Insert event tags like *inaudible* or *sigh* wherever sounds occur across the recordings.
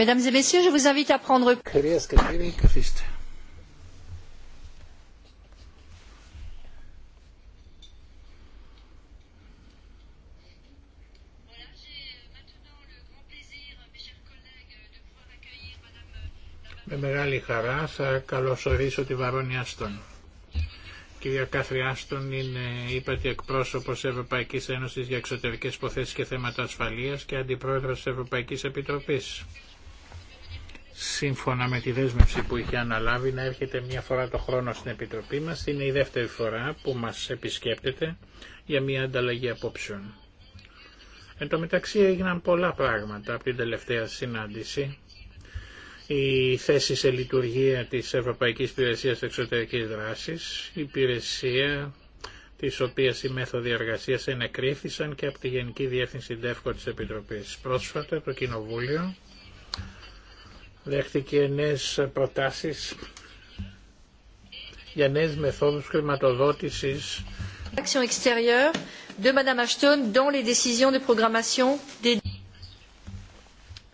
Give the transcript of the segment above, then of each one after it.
Mesdames et messieurs, je vous invite à prendre... Με μεγάλη χαρά θα καλωσορίσω τη Βαρόνια Άστον. Κυρία Κάθρι Άστον είναι ύπατη εκπρόσωπος Ευρωπαϊκής Ένωσης για Εξωτερικές Υποθέσεις και Θέματα Ασφαλείας και Αντιπρόεδρος τη Ευρωπαϊκής Επιτροπής σύμφωνα με τη δέσμευση που είχε αναλάβει να έρχεται μια φορά το χρόνο στην Επιτροπή μας. Είναι η δεύτερη φορά που μας επισκέπτεται για μια ανταλλαγή απόψεων. Εν τω μεταξύ έγιναν πολλά πράγματα από την τελευταία συνάντηση. Η θέση σε λειτουργία της Ευρωπαϊκής Υπηρεσίας Εξωτερικής Δράσης, η υπηρεσία της οποίας οι μέθοδοι εργασίας ενεκρίθησαν και από τη Γενική Διεύθυνση ΔΕΦΚΟ της Επιτροπής. Πρόσφατα το Κοινοβούλιο δέχτηκε νέες προτάσεις για νέες μεθόδους χρηματοδότησης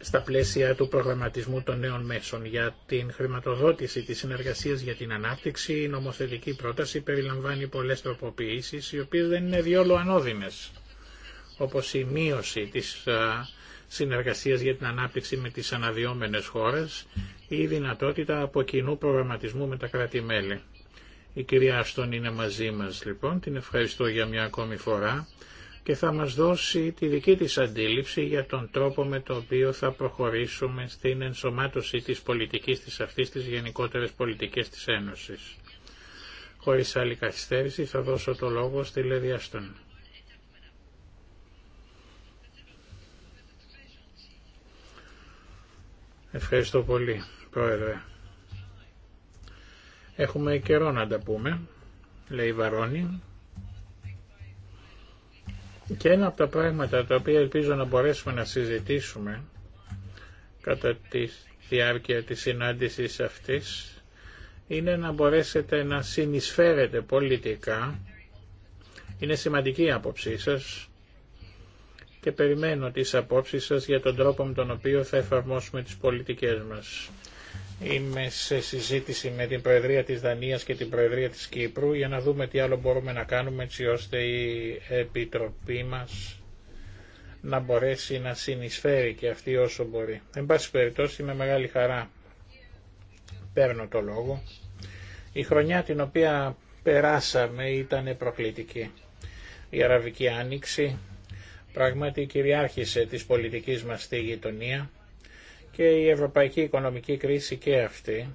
στα πλαίσια του προγραμματισμού των νέων μέσων για την χρηματοδότηση της συνεργασίας για την ανάπτυξη, η νομοθετική πρόταση περιλαμβάνει πολλές τροποποιήσεις, οι οποίες δεν είναι διόλου ανώδυνες, όπως η μείωση της συνεργασίας για την ανάπτυξη με τις αναδυόμενες χώρες ή η δυνατοτητα από κοινού προγραμματισμού με τα κράτη-μέλη. Η κυρία Αστόν είναι μαζί μας λοιπόν, την ευχαριστώ για μια ακόμη φορά και θα μας δώσει τη δική της αντίληψη για τον τρόπο με τον οποίο θα προχωρήσουμε στην ενσωμάτωση της πολιτικής της αυτής της γενικότερες πολιτικές της Ένωσης. Χωρίς άλλη καθυστέρηση θα δώσω το λόγο στη Λεδιάστον. Ευχαριστώ πολύ, Πρόεδρε. Έχουμε καιρό να τα πούμε, λέει η Βαρόνη. Και ένα από τα πράγματα τα οποία ελπίζω να μπορέσουμε να συζητήσουμε κατά τη διάρκεια της συνάντησης αυτής είναι να μπορέσετε να συνεισφέρετε πολιτικά. Είναι σημαντική η άποψή σας και περιμένω τις απόψεις σας για τον τρόπο με τον οποίο θα εφαρμόσουμε τις πολιτικές μας. Είμαι σε συζήτηση με την Προεδρία της Δανίας και την Προεδρία της Κύπρου για να δούμε τι άλλο μπορούμε να κάνουμε έτσι ώστε η Επιτροπή μας να μπορέσει να συνεισφέρει και αυτή όσο μπορεί. Εν πάση περιπτώσει με μεγάλη χαρά παίρνω το λόγο. Η χρονιά την οποία περάσαμε ήταν προκλητική. Η Αραβική Άνοιξη, Πράγματι κυριάρχησε της πολιτικής μας στη γειτονία και η ευρωπαϊκή οικονομική κρίση και αυτή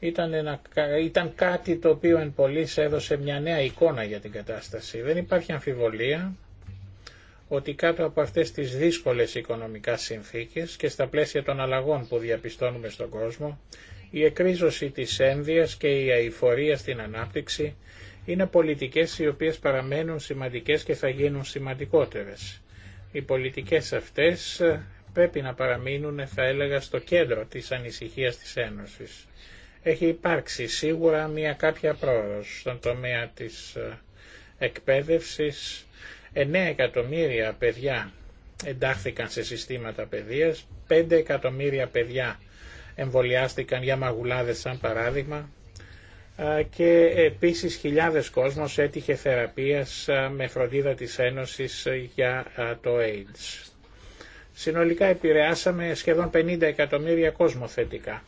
ήταν, ήταν κάτι το οποίο εν πολλής έδωσε μια νέα εικόνα για την κατάσταση. Δεν υπάρχει αμφιβολία ότι κάτω από αυτές τις δύσκολες οικονομικά συνθήκες και στα πλαίσια των αλλαγών που διαπιστώνουμε στον κόσμο, η εκρίζωση της ένδυας και η αηφορία στην ανάπτυξη είναι πολιτικές οι οποίες παραμένουν σημαντικές και θα γίνουν σημαντικότερες. Οι πολιτικές αυτές ε, πρέπει να παραμείνουν, θα έλεγα, στο κέντρο της ανησυχίας της Ένωσης. Έχει υπάρξει σίγουρα μια κάποια πρόοδος στον τομέα της ε, εκπαίδευσης. 9 εκατομμύρια παιδιά εντάχθηκαν σε συστήματα παιδείας, 5 εκατομμύρια παιδιά εμβολιάστηκαν για μαγουλάδες σαν παράδειγμα, ε, και επίσης χιλιάδες κόσμος έτυχε θεραπείας ε, με φροντίδα της Ένωσης ε, για το AIDS. Συνολικά επηρεάσαμε σχεδόν 50 εκατομμύρια κόσμο θετικά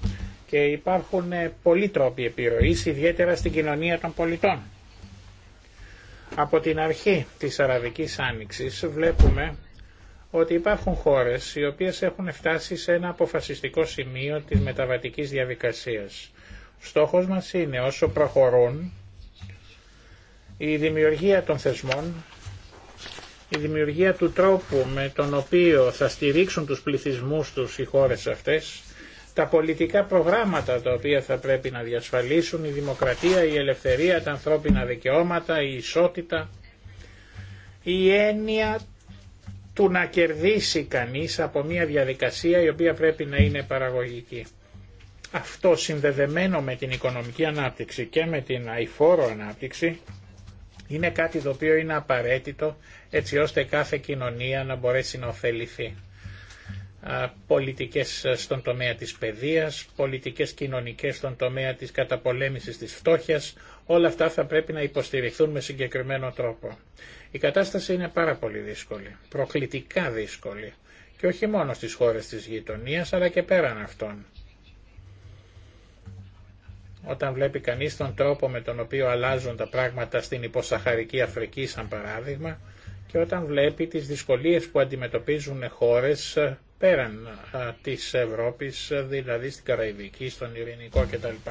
και υπάρχουν πολλοί τρόποι επιρροής, ιδιαίτερα στην κοινωνία των πολιτών. Από την αρχή της Αραβικής Άνοιξης βλέπουμε ότι υπάρχουν χώρες οι οποίες έχουν φτάσει σε ένα αποφασιστικό σημείο της μεταβατικής διαδικασίας Στόχος μας είναι όσο προχωρούν η δημιουργία των θεσμών, η δημιουργία του τρόπου με τον οποίο θα στηρίξουν τους πληθυσμούς τους οι χώρες αυτές, τα πολιτικά προγράμματα τα οποία θα πρέπει να διασφαλίσουν η δημοκρατία, η ελευθερία, τα ανθρώπινα δικαιώματα, η ισότητα, η έννοια του να κερδίσει κανείς από μια διαδικασία η οποία πρέπει να είναι παραγωγική. Αυτό συνδεδεμένο με την οικονομική ανάπτυξη και με την αηφόρο ανάπτυξη είναι κάτι το οποίο είναι απαραίτητο έτσι ώστε κάθε κοινωνία να μπορέσει να ωφεληθεί. Πολιτικές στον τομέα της παιδείας, πολιτικές κοινωνικές στον τομέα της καταπολέμησης της φτώχειας, όλα αυτά θα πρέπει να υποστηριχθούν με συγκεκριμένο τρόπο. Η κατάσταση είναι πάρα πολύ δύσκολη, προκλητικά δύσκολη και όχι μόνο στις χώρες της γειτονίας αλλά και πέραν αυτών. Όταν βλέπει κανείς τον τρόπο με τον οποίο αλλάζουν τα πράγματα στην υποσαχαρική Αφρική σαν παράδειγμα και όταν βλέπει τις δυσκολίες που αντιμετωπίζουν χώρες ε, πέραν ε, της Ευρώπης, ε, δηλαδή στην Καραϊβική, στον Ειρηνικό κτλ.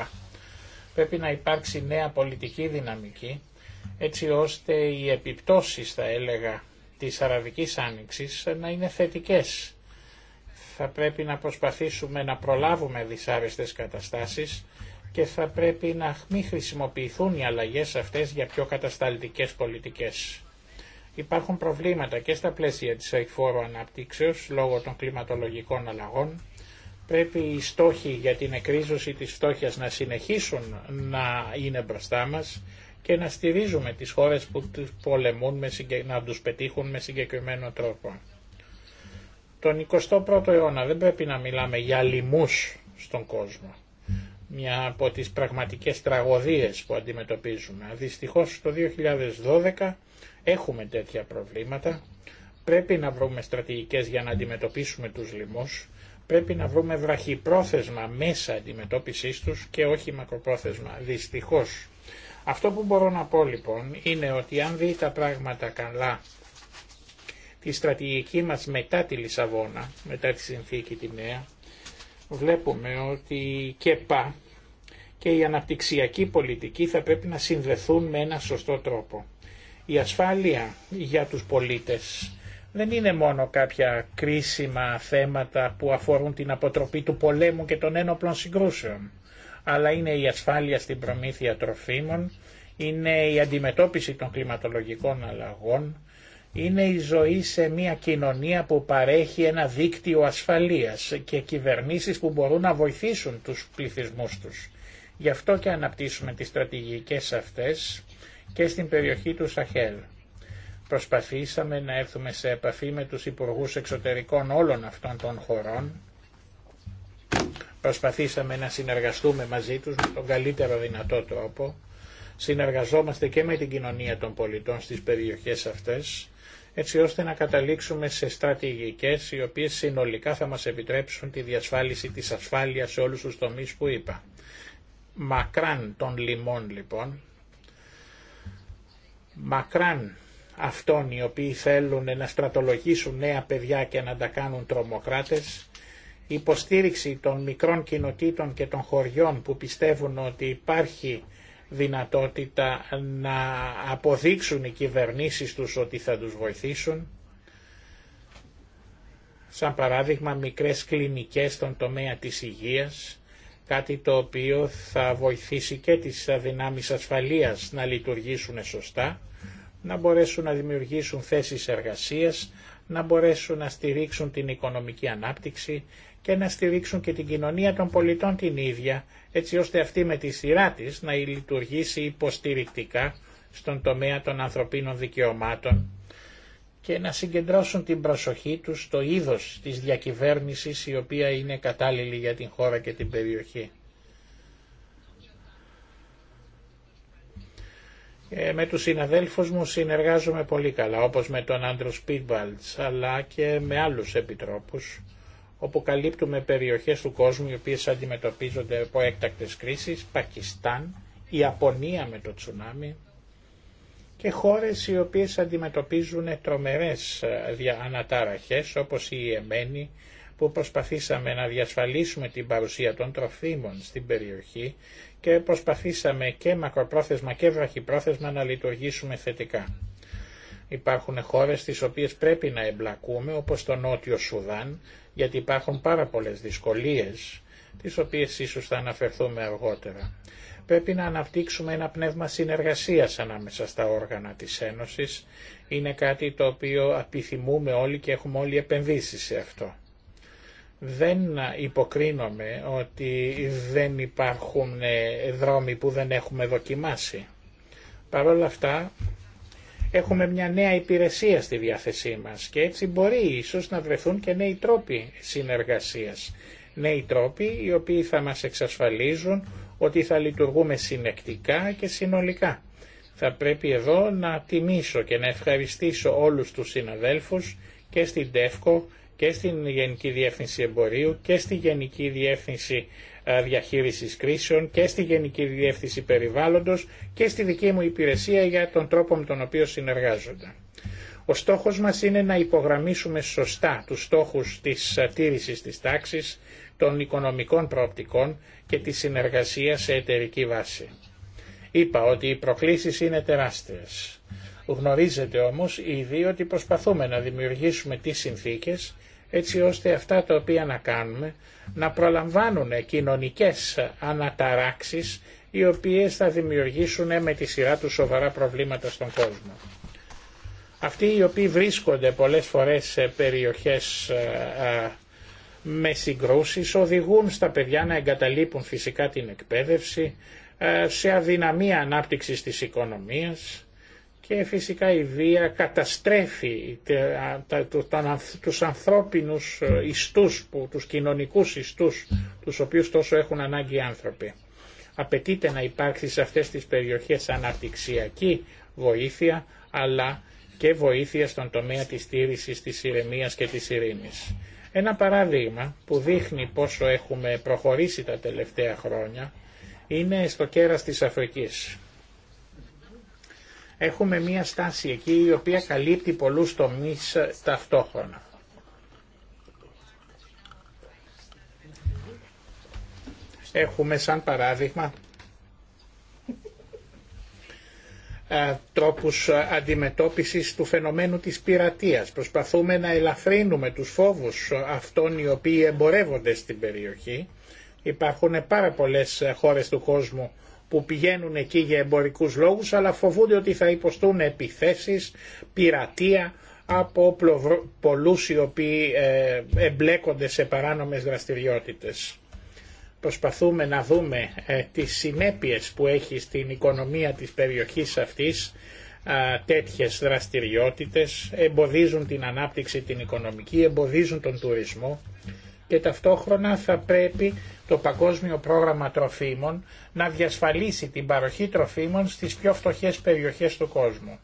Πρέπει να υπάρξει νέα πολιτική δυναμική έτσι ώστε οι επιπτώσεις θα έλεγα της Αραβικής Άνοιξης να είναι θετικές. Θα πρέπει να προσπαθήσουμε να προλάβουμε δυσάρεστες καταστάσεις και θα πρέπει να μην χρησιμοποιηθούν οι αλλαγές αυτές για πιο κατασταλτικές πολιτικές. Υπάρχουν προβλήματα και στα πλαίσια της αηφόρου αναπτύξεως λόγω των κλιματολογικών αλλαγών. Πρέπει οι στόχοι για την εκρίζωση της φτώχειας να συνεχίσουν να είναι μπροστά μας και να στηρίζουμε τις χώρες που πολεμούν να τους πετύχουν με συγκεκριμένο τρόπο. Τον 21ο αιώνα δεν πρέπει να μιλάμε για λοιμούς στον κόσμο μια από τις πραγματικές τραγωδίες που αντιμετωπίζουμε. Δυστυχώς το 2012 έχουμε τέτοια προβλήματα, πρέπει να βρούμε στρατηγικές για να αντιμετωπίσουμε τους λοιμούς, πρέπει να βρούμε βραχυπρόθεσμα μέσα αντιμετώπισης τους και όχι μακροπρόθεσμα, δυστυχώς. Αυτό που μπορώ να πω λοιπόν είναι ότι αν δει τα πράγματα καλά τη στρατηγική μας μετά τη Λισαβόνα, μετά τη συνθήκη τη νέα, βλέπουμε ότι και πά και η αναπτυξιακή πολιτική θα πρέπει να συνδεθούν με ένα σωστό τρόπο. Η ασφάλεια για τους πολίτες δεν είναι μόνο κάποια κρίσιμα θέματα που αφορούν την αποτροπή του πολέμου και των ένοπλων συγκρούσεων, αλλά είναι η ασφάλεια στην προμήθεια τροφίμων, είναι η αντιμετώπιση των κλιματολογικών αλλαγών, είναι η ζωή σε μια κοινωνία που παρέχει ένα δίκτυο ασφαλείας και κυβερνήσεις που μπορούν να βοηθήσουν τους πληθυσμούς τους. Γι' αυτό και αναπτύσσουμε τις στρατηγικές αυτές και στην περιοχή του Σαχέλ. Προσπαθήσαμε να έρθουμε σε επαφή με τους υπουργούς εξωτερικών όλων αυτών των χωρών. Προσπαθήσαμε να συνεργαστούμε μαζί τους με τον καλύτερο δυνατό τρόπο. Συνεργαζόμαστε και με την κοινωνία των πολιτών στις περιοχές αυτές έτσι ώστε να καταλήξουμε σε στρατηγικές οι οποίες συνολικά θα μας επιτρέψουν τη διασφάλιση της ασφάλειας σε όλους τους τομείς που είπα. Μακράν των λιμών λοιπόν, μακράν αυτών οι οποίοι θέλουν να στρατολογήσουν νέα παιδιά και να τα κάνουν τρομοκράτες, υποστήριξη των μικρών κοινοτήτων και των χωριών που πιστεύουν ότι υπάρχει δυνατότητα να αποδείξουν οι κυβερνήσεις τους ότι θα τους βοηθήσουν. Σαν παράδειγμα μικρές κλινικές στον τομέα της υγείας, κάτι το οποίο θα βοηθήσει και τις αδυνάμεις ασφαλείας να λειτουργήσουν σωστά, να μπορέσουν να δημιουργήσουν θέσεις εργασίας, να μπορέσουν να στηρίξουν την οικονομική ανάπτυξη και να στηρίξουν και την κοινωνία των πολιτών την ίδια έτσι ώστε αυτή με τη σειρά της να λειτουργήσει υποστηρικτικά στον τομέα των ανθρωπίνων δικαιωμάτων και να συγκεντρώσουν την προσοχή τους στο είδος της διακυβέρνησης η οποία είναι κατάλληλη για την χώρα και την περιοχή. Ε, με τους συναδέλφους μου συνεργάζομαι πολύ καλά, όπως με τον άντρο Σπίτβαλτς, αλλά και με άλλους επιτρόπους όπου καλύπτουμε περιοχές του κόσμου οι οποίες αντιμετωπίζονται από έκτακτες κρίσεις, Πακιστάν, η Ιαπωνία με το τσουνάμι και χώρες οι οποίες αντιμετωπίζουν τρομερές ε, ανατάραχες όπως η Εμένη που προσπαθήσαμε να διασφαλίσουμε την παρουσία των τροφίμων στην περιοχή και προσπαθήσαμε και μακροπρόθεσμα και βραχυπρόθεσμα να λειτουργήσουμε θετικά. Υπάρχουν χώρες τις οποίες πρέπει να εμπλακούμε όπως το Νότιο Σουδάν γιατί υπάρχουν πάρα πολλές δυσκολίες, τις οποίες ίσως θα αναφερθούμε αργότερα. Πρέπει να αναπτύξουμε ένα πνεύμα συνεργασίας ανάμεσα στα όργανα της Ένωσης. Είναι κάτι το οποίο επιθυμούμε όλοι και έχουμε όλοι επενδύσει σε αυτό. Δεν υποκρίνομαι ότι δεν υπάρχουν δρόμοι που δεν έχουμε δοκιμάσει. Παρ' αυτά έχουμε μια νέα υπηρεσία στη διάθεσή μας και έτσι μπορεί ίσως να βρεθούν και νέοι τρόποι συνεργασίας. Νέοι τρόποι οι οποίοι θα μας εξασφαλίζουν ότι θα λειτουργούμε συνεκτικά και συνολικά. Θα πρέπει εδώ να τιμήσω και να ευχαριστήσω όλους τους συναδέλφους και στην ΤΕΦΚΟ και στην Γενική Διεύθυνση Εμπορίου και στη Γενική Διεύθυνση ε, διαχείρισης κρίσεων και στη Γενική Διεύθυνση Περιβάλλοντος και στη δική μου υπηρεσία για τον τρόπο με τον οποίο συνεργάζονται. Ο στόχος μας είναι να υπογραμμίσουμε σωστά τους στόχους της ε, τήρησης της τάξης, των οικονομικών προοπτικών και τη συνεργασία σε εταιρική βάση. Είπα ότι οι προκλήσεις είναι τεράστιες. Γνωρίζετε όμως ήδη ότι προσπαθούμε να δημιουργήσουμε τις συνθήκες έτσι ώστε αυτά τα οποία να κάνουμε να προλαμβάνουν κοινωνικές αναταράξεις οι οποίες θα δημιουργήσουν με τη σειρά του σοβαρά προβλήματα στον κόσμο. Αυτοί οι οποίοι βρίσκονται πολλές φορές σε περιοχές ε, ε, με συγκρούσεις οδηγούν στα παιδιά να εγκαταλείπουν φυσικά την εκπαίδευση, ε, σε αδυναμία ανάπτυξης της οικονομίας, και φυσικά η βία καταστρέφει τους ανθρώπινους ε, ιστούς, τους κοινωνικούς ιστούς, τους οποίους τόσο έχουν ανάγκη οι άνθρωποι. Απαιτείται να υπάρξει σε αυτές τις περιοχές αναπτυξιακή βοήθεια, αλλά και βοήθεια στον τομέα της στήρησης της ηρεμίας και της ειρήνης. Ένα παράδειγμα που δείχνει πόσο έχουμε προχωρήσει τα τελευταία χρόνια είναι στο κέρας της Αφρικής έχουμε μία στάση εκεί η οποία καλύπτει πολλούς τομείς ταυτόχρονα. Έχουμε σαν παράδειγμα ε, τρόπους αντιμετώπισης του φαινομένου της πειρατείας. Προσπαθούμε να ελαφρύνουμε τους φόβους αυτών οι οποίοι εμπορεύονται στην περιοχή. Υπάρχουν πάρα πολλές χώρες του κόσμου που πηγαίνουν εκεί για εμπορικούς λόγους αλλά φοβούνται ότι θα υποστούν επιθέσεις, πειρατεία από πολλούς οι οποίοι ε, εμπλέκονται σε παράνομες δραστηριότητες. Προσπαθούμε να δούμε ε, τις συνέπειες που έχει στην οικονομία της περιοχής αυτής τέτοιες δραστηριότητες, εμποδίζουν την ανάπτυξη την οικονομική, εμποδίζουν τον τουρισμό και ταυτόχρονα θα πρέπει το Παγκόσμιο Πρόγραμμα Τροφίμων να διασφαλίσει την παροχή τροφίμων στις πιο φτωχές περιοχές του κόσμου.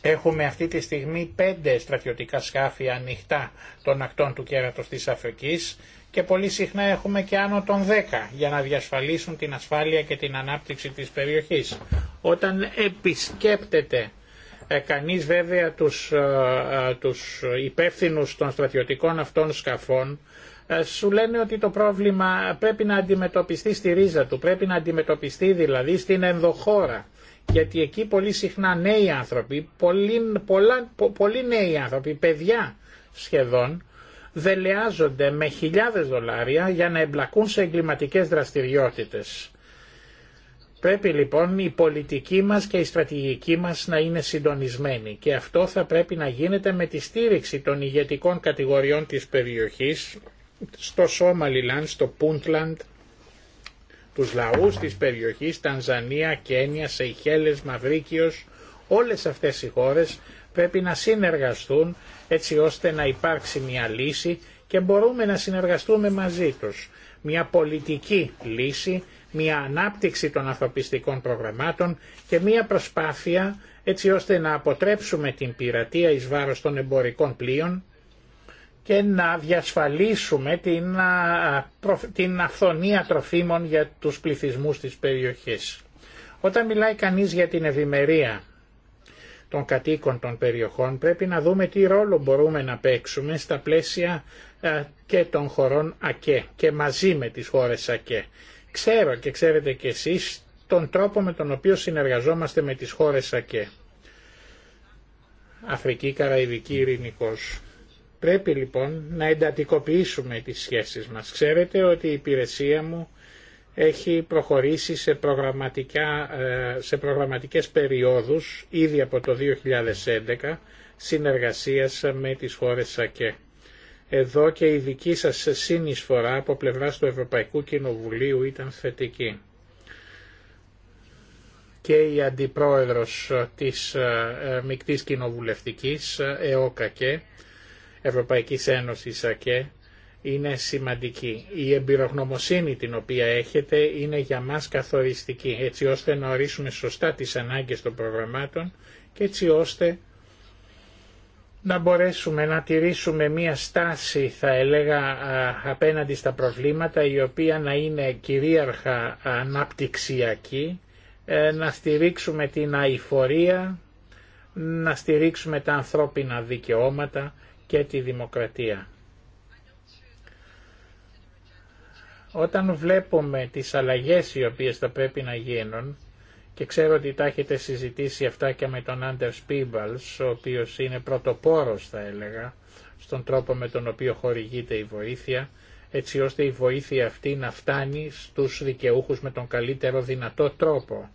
Έχουμε αυτή τη στιγμή πέντε στρατιωτικά σκάφη ανοιχτά των ακτών του κέρατος της Αφρικής και πολύ συχνά έχουμε και άνω των 10 για να διασφαλίσουν την ασφάλεια και την ανάπτυξη της περιοχής. Όταν επισκέπτεται Κανείς βέβαια τους, ε, ε, τους υπεύθυνους των στρατιωτικών αυτών σκαφών ε, σου λένε ότι το πρόβλημα πρέπει να αντιμετωπιστεί στη ρίζα του, πρέπει να αντιμετωπιστεί δηλαδή στην ενδοχώρα. Γιατί εκεί πολύ συχνά νέοι άνθρωποι, πολλοί, πολλά, πολλοί νέοι άνθρωποι, παιδιά σχεδόν, δελεάζονται με χιλιάδες δολάρια για να εμπλακούν σε εγκληματικές δραστηριότητες. Πρέπει λοιπόν η πολιτική μας και η στρατηγική μας να είναι συντονισμένη και αυτό θα πρέπει να γίνεται με τη στήριξη των ηγετικών κατηγοριών της περιοχής στο Σόμαλιλάν, στο Πούντλαντ, τους λαούς της περιοχής, Τανζανία, Κένια, Σεϊχέλες, Μαυρίκιος, όλες αυτές οι χώρες πρέπει να συνεργαστούν έτσι ώστε να υπάρξει μια λύση και μπορούμε να συνεργαστούμε μαζί τους. Μια πολιτική λύση μια ανάπτυξη των ανθρωπιστικών προγραμμάτων και μια προσπάθεια έτσι ώστε να αποτρέψουμε την πειρατεία εις βάρος των εμπορικών πλοίων και να διασφαλίσουμε την, την αυθονία τροφίμων για τους πληθυσμούς της περιοχής. Όταν μιλάει κανείς για την ευημερία των κατοίκων των περιοχών πρέπει να δούμε τι ρόλο μπορούμε να παίξουμε στα πλαίσια και των χωρών ΑΚΕ και μαζί με τις χώρες ΑΚΕ. Ξέρω και ξέρετε κι εσείς τον τρόπο με τον οποίο συνεργαζόμαστε με τις χώρες ΑΚΕ. Αφρική, Καραϊβική, Ειρηνικός. Πρέπει λοιπόν να εντατικοποιήσουμε τις σχέσεις μας. Ξέρετε ότι η υπηρεσία μου έχει προχωρήσει σε, προγραμματικά, ε, σε προγραμματικές περιόδους ήδη από το 2011 συνεργασίας με τις χώρες ΣΑΚΕ. Εδώ και η δική σας συνεισφορά από πλευράς του Ευρωπαϊκού Κοινοβουλίου ήταν θετική. Και η αντιπρόεδρος της ε, ε, Μικτής Κοινοβουλευτικής, ε, ΕΟΚΑΚΕ, Ευρωπαϊκής Ένωσης ΑΚΕ, είναι σημαντική. Η εμπειρογνωμοσύνη την οποία έχετε είναι για μας καθοριστική, έτσι ώστε να ορίσουμε σωστά τις ανάγκες των προγραμμάτων και έτσι ώστε να μπορέσουμε να τηρήσουμε μία στάση θα έλεγα απέναντι στα προβλήματα η οποία να είναι κυρίαρχα αναπτυξιακή, ε, να στηρίξουμε την αηφορία, να στηρίξουμε τα ανθρώπινα δικαιώματα και τη δημοκρατία. Όταν βλέπουμε τις αλλαγές οι οποίες θα πρέπει να γίνουν, και ξέρω ότι τα έχετε συζητήσει αυτά και με τον Άντερ Σπίμπαλς, ο οποίος είναι πρωτοπόρος θα έλεγα, στον τρόπο με τον οποίο χορηγείται η βοήθεια, έτσι ώστε η βοήθεια αυτή να φτάνει στους δικαιούχους με τον καλύτερο δυνατό τρόπο.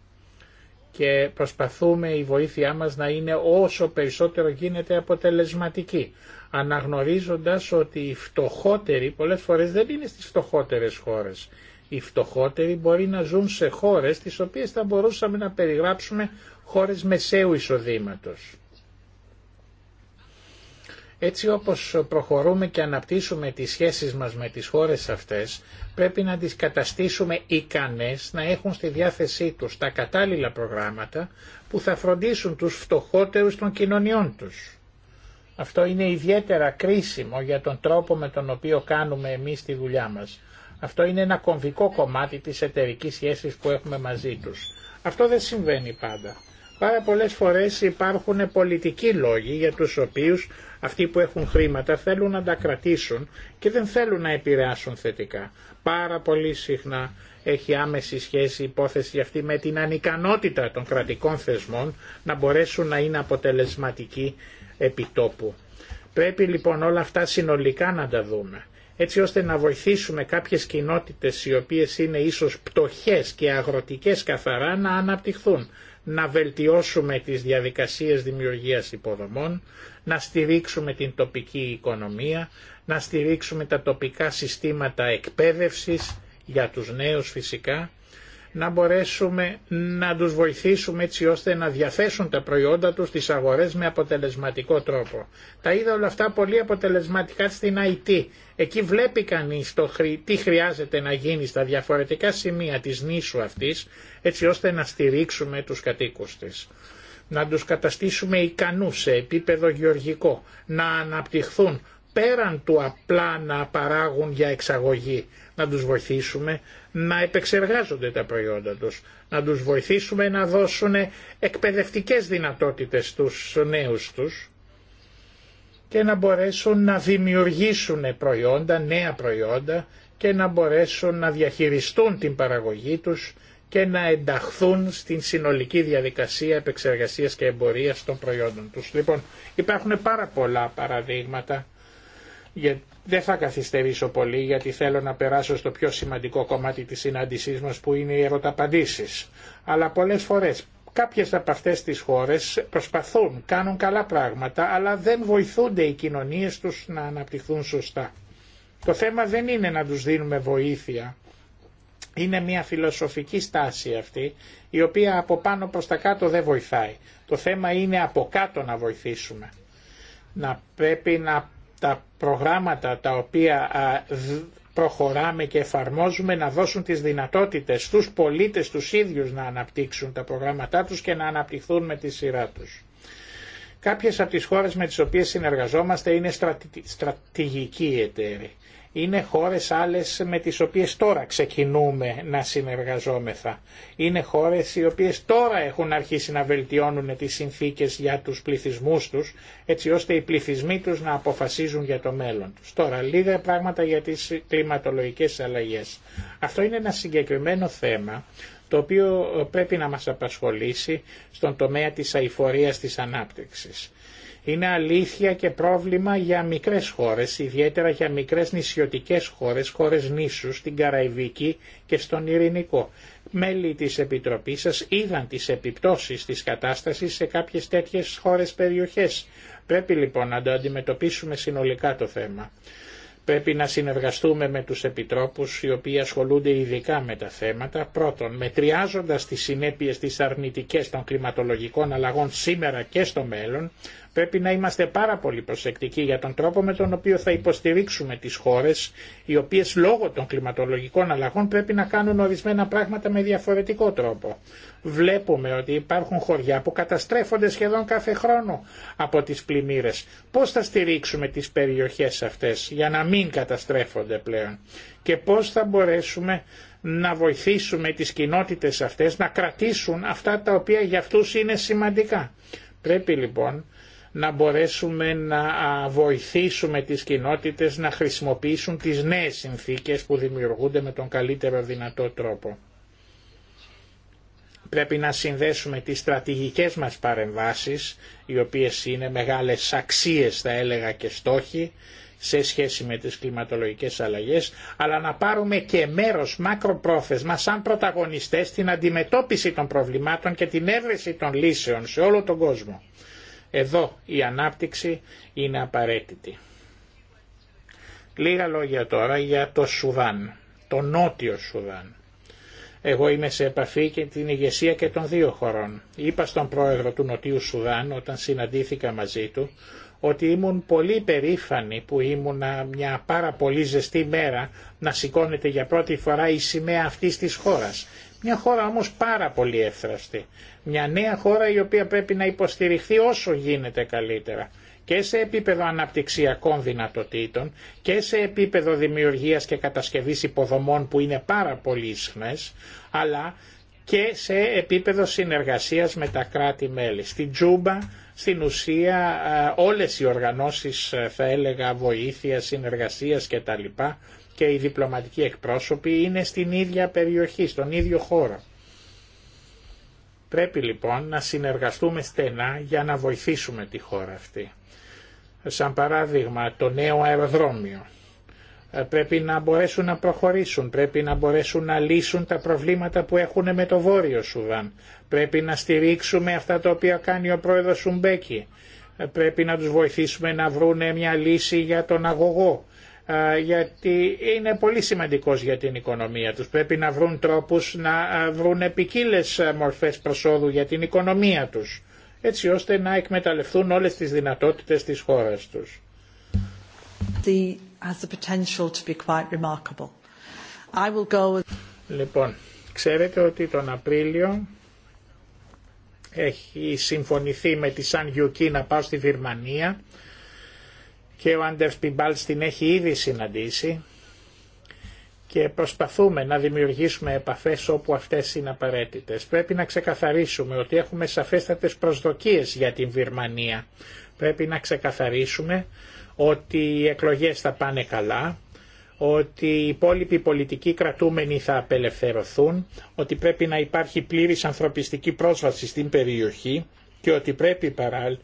Και προσπαθούμε η βοήθειά μας να είναι όσο περισσότερο γίνεται αποτελεσματική, αναγνωρίζοντας ότι οι φτωχότεροι πολλές φορές δεν είναι στις φτωχότερες χώρες οι φτωχότεροι μπορεί να ζουν σε χώρες τις οποίες θα μπορούσαμε να περιγράψουμε χώρες μεσαίου εισοδήματος. Έτσι όπως προχωρούμε και αναπτύσσουμε τις σχέσεις μας με τις χώρες αυτές, πρέπει να τις καταστήσουμε ικανές να έχουν στη διάθεσή τους τα κατάλληλα προγράμματα που θα φροντίσουν τους φτωχότερους των κοινωνιών τους. Αυτό είναι ιδιαίτερα κρίσιμο για τον τρόπο με τον οποίο κάνουμε εμείς τη δουλειά μας. Αυτό είναι ένα κομβικό κομμάτι της εταιρική σχέσης που έχουμε μαζί τους. Αυτό δεν συμβαίνει πάντα. Πάρα πολλές φορές υπάρχουν πολιτικοί λόγοι για τους οποίους αυτοί που έχουν χρήματα θέλουν να τα κρατήσουν και δεν θέλουν να επηρεάσουν θετικά. Πάρα πολύ συχνά έχει άμεση σχέση η υπόθεση αυτή με την ανικανότητα των κρατικών θεσμών να μπορέσουν να είναι αποτελεσματικοί επιτόπου. Πρέπει λοιπόν όλα αυτά συνολικά να τα δούμε έτσι ώστε να βοηθήσουμε κάποιες κοινότητες οι οποίες είναι ίσως πτωχές και αγροτικές καθαρά να αναπτυχθούν, να βελτιώσουμε τις διαδικασίες δημιουργίας υποδομών, να στηρίξουμε την τοπική οικονομία, να στηρίξουμε τα τοπικά συστήματα εκπαίδευσης για τους νέους φυσικά, να μπορέσουμε να τους βοηθήσουμε έτσι ώστε να διαθέσουν τα προϊόντα τους στις αγορές με αποτελεσματικό τρόπο. Τα είδα όλα αυτά πολύ αποτελεσματικά στην IT. Εκεί βλέπει κανείς το, τι χρειάζεται να γίνει στα διαφορετικά σημεία της νήσου αυτής έτσι ώστε να στηρίξουμε τους κατοίκους της να τους καταστήσουμε ικανούς σε επίπεδο γεωργικό, να αναπτυχθούν πέραν του απλά να παράγουν για εξαγωγή, να τους βοηθήσουμε να επεξεργάζονται τα προϊόντα τους, να τους βοηθήσουμε να δώσουν εκπαιδευτικές δυνατότητες στους νέους τους και να μπορέσουν να δημιουργήσουν προϊόντα, νέα προϊόντα και να μπορέσουν να διαχειριστούν την παραγωγή τους και να ενταχθούν στην συνολική διαδικασία επεξεργασίας και εμπορίας των προϊόντων τους. Λοιπόν, υπάρχουν πάρα πολλά παραδείγματα δεν θα καθυστερήσω πολύ γιατί θέλω να περάσω στο πιο σημαντικό κομμάτι της συνάντησής μας που είναι οι ερωταπαντήσεις. Αλλά πολλές φορές κάποιες από αυτές τις χώρες προσπαθούν, κάνουν καλά πράγματα αλλά δεν βοηθούνται οι κοινωνίες τους να αναπτυχθούν σωστά. Το θέμα δεν είναι να τους δίνουμε βοήθεια. Είναι μια φιλοσοφική στάση αυτή, η οποία από πάνω προς τα κάτω δεν βοηθάει. Το θέμα είναι από κάτω να βοηθήσουμε. Να πρέπει να τα προγράμματα τα οποία προχωράμε και εφαρμόζουμε να δώσουν τις δυνατότητες στους πολίτες τους ίδιους να αναπτύξουν τα προγράμματά τους και να αναπτυχθούν με τη σειρά τους. Κάποιες από τις χώρες με τις οποίες συνεργαζόμαστε είναι στρατη, στρατηγικοί εταίροι είναι χώρες άλλες με τις οποίες τώρα ξεκινούμε να συνεργαζόμεθα. Είναι χώρες οι οποίες τώρα έχουν αρχίσει να βελτιώνουν τις συνθήκες για τους πληθυσμούς τους, έτσι ώστε οι πληθυσμοί τους να αποφασίζουν για το μέλλον τους. Τώρα, λίγα πράγματα για τις κλιματολογικές αλλαγές. Αυτό είναι ένα συγκεκριμένο θέμα, το οποίο πρέπει να μας απασχολήσει στον τομέα της αηφορίας της ανάπτυξης είναι αλήθεια και πρόβλημα για μικρές χώρες, ιδιαίτερα για μικρές νησιωτικές χώρες, χώρες νήσου στην Καραϊβική και στον Ειρηνικό. Μέλη της Επιτροπής σας είδαν τις επιπτώσεις της κατάστασης σε κάποιες τέτοιες χώρες περιοχές. Πρέπει λοιπόν να το αντιμετωπίσουμε συνολικά το θέμα. Πρέπει να συνεργαστούμε με τους επιτρόπους οι οποίοι ασχολούνται ειδικά με τα θέματα. Πρώτον, μετριάζοντας τις συνέπειες της αρνητικές των κλιματολογικών αλλαγών σήμερα και στο μέλλον, Πρέπει να είμαστε πάρα πολύ προσεκτικοί για τον τρόπο με τον οποίο θα υποστηρίξουμε τις χώρες οι οποίες λόγω των κλιματολογικών αλλαγών πρέπει να κάνουν ορισμένα πράγματα με διαφορετικό τρόπο. Βλέπουμε ότι υπάρχουν χωριά που καταστρέφονται σχεδόν κάθε χρόνο από τις πλημμύρες. Πώς θα στηρίξουμε τις περιοχές αυτές για να μην καταστρέφονται πλέον και πώς θα μπορέσουμε να βοηθήσουμε τις κοινότητες αυτές να κρατήσουν αυτά τα οποία για αυτούς είναι σημαντικά. Πρέπει λοιπόν να μπορέσουμε να βοηθήσουμε τις κοινότητες να χρησιμοποιήσουν τις νέες συνθήκες που δημιουργούνται με τον καλύτερο δυνατό τρόπο. Πρέπει να συνδέσουμε τις στρατηγικές μας παρεμβάσεις, οι οποίες είναι μεγάλες αξίες θα έλεγα και στόχοι, σε σχέση με τις κλιματολογικές αλλαγές, αλλά να πάρουμε και μέρος μακροπρόθεσμα σαν πρωταγωνιστές στην αντιμετώπιση των προβλημάτων και την έβρεση των λύσεων σε όλο τον κόσμο. Εδώ η ανάπτυξη είναι απαραίτητη. Λίγα λόγια τώρα για το Σουδάν, το νότιο Σουδάν. Εγώ είμαι σε επαφή και την ηγεσία και των δύο χωρών. Είπα στον πρόεδρο του Νοτιού Σουδάν όταν συναντήθηκα μαζί του ότι ήμουν πολύ περήφανη που ήμουν μια πάρα πολύ ζεστή μέρα να σηκώνεται για πρώτη φορά η σημαία αυτής της χώρας. Μια χώρα όμως πάρα πολύ εύθραστη. Μια νέα χώρα η οποία πρέπει να υποστηριχθεί όσο γίνεται καλύτερα και σε επίπεδο αναπτυξιακών δυνατοτήτων και σε επίπεδο δημιουργίας και κατασκευής υποδομών που είναι πάρα πολύ ισχνές, αλλά και σε επίπεδο συνεργασίας με τα κράτη-μέλη. Στην Τζούμπα, στην ουσία, ε, όλες οι οργανώσεις, ε, θα έλεγα, βοήθεια, συνεργασίας κτλ και οι διπλωματικοί εκπρόσωποι είναι στην ίδια περιοχή, στον ίδιο χώρο. Πρέπει λοιπόν να συνεργαστούμε στενά για να βοηθήσουμε τη χώρα αυτή. Σαν παράδειγμα το νέο αεροδρόμιο. Ε, πρέπει να μπορέσουν να προχωρήσουν, πρέπει να μπορέσουν να λύσουν τα προβλήματα που έχουν με το Βόρειο Σουδάν. Πρέπει να στηρίξουμε αυτά τα οποία κάνει ο πρόεδρος Σουμπέκη. Ε, πρέπει να τους βοηθήσουμε να βρουν μια λύση για τον αγωγό γιατί είναι πολύ σημαντικός για την οικονομία τους. Πρέπει να βρουν τρόπους να βρουν ποικίλε μορφές προσόδου για την οικονομία τους, έτσι ώστε να εκμεταλλευτούν όλες τις δυνατότητες της χώρας τους. Λοιπόν, ξέρετε ότι τον Απρίλιο έχει συμφωνηθεί με τη Σαν Γιουκή να πάω στη Βυρμανία και ο Άντερς Πιμπάλς την έχει ήδη συναντήσει και προσπαθούμε να δημιουργήσουμε επαφές όπου αυτές είναι απαραίτητες. Πρέπει να ξεκαθαρίσουμε ότι έχουμε σαφέστατες προσδοκίες για την Βυρμανία. Πρέπει να ξεκαθαρίσουμε ότι οι εκλογές θα πάνε καλά, ότι οι υπόλοιποι πολιτικοί κρατούμενοι θα απελευθερωθούν, ότι πρέπει να υπάρχει πλήρης ανθρωπιστική πρόσβαση στην περιοχή και ότι πρέπει παράλληλα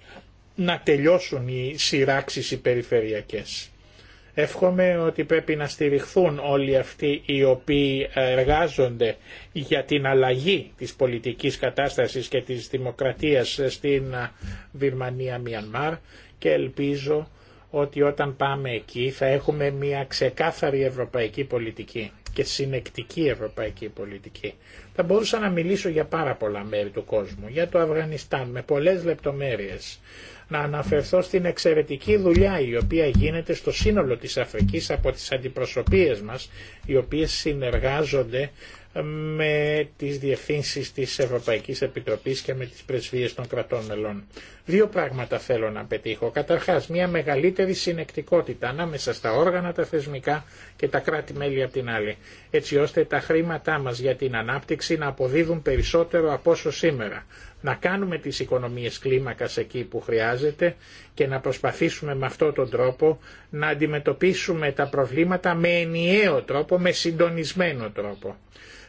να τελειώσουν οι σειράξεις οι περιφερειακές. Εύχομαι ότι πρέπει να στηριχθούν όλοι αυτοί οι οποίοι εργάζονται για την αλλαγή της πολιτικής κατάστασης και της δημοκρατίας στην βιρμανια Μιανμάρ και ελπίζω ότι όταν πάμε εκεί θα έχουμε μια ξεκάθαρη ευρωπαϊκή πολιτική και συνεκτική ευρωπαϊκή πολιτική. Θα μπορούσα να μιλήσω για πάρα πολλά μέρη του κόσμου, για το Αφγανιστάν με πολλές λεπτομέρειες να αναφερθώ στην εξαιρετική δουλειά η οποία γίνεται στο σύνολο της Αφρικής από τις αντιπροσωπείες μας, οι οποίες συνεργάζονται ε, με τις διευθύνσεις της Ευρωπαϊκής Επιτροπής και με τις πρεσβείες των κρατών μελών. Δύο πράγματα θέλω να πετύχω. Καταρχάς, μια μεγαλύτερη συνεκτικότητα ανάμεσα στα όργανα, τα θεσμικά και τα κράτη-μέλη από την άλλη, έτσι ώστε τα χρήματά μας για την ανάπτυξη να αποδίδουν περισσότερο από όσο σήμερα. Να κάνουμε τις οικονομίες κλίμακας εκεί που χρειάζεται και να προσπαθήσουμε με αυτόν τον τρόπο να αντιμετωπίσουμε τα προβλήματα με ενιαίο τρόπο, με συντονισμένο τρόπο.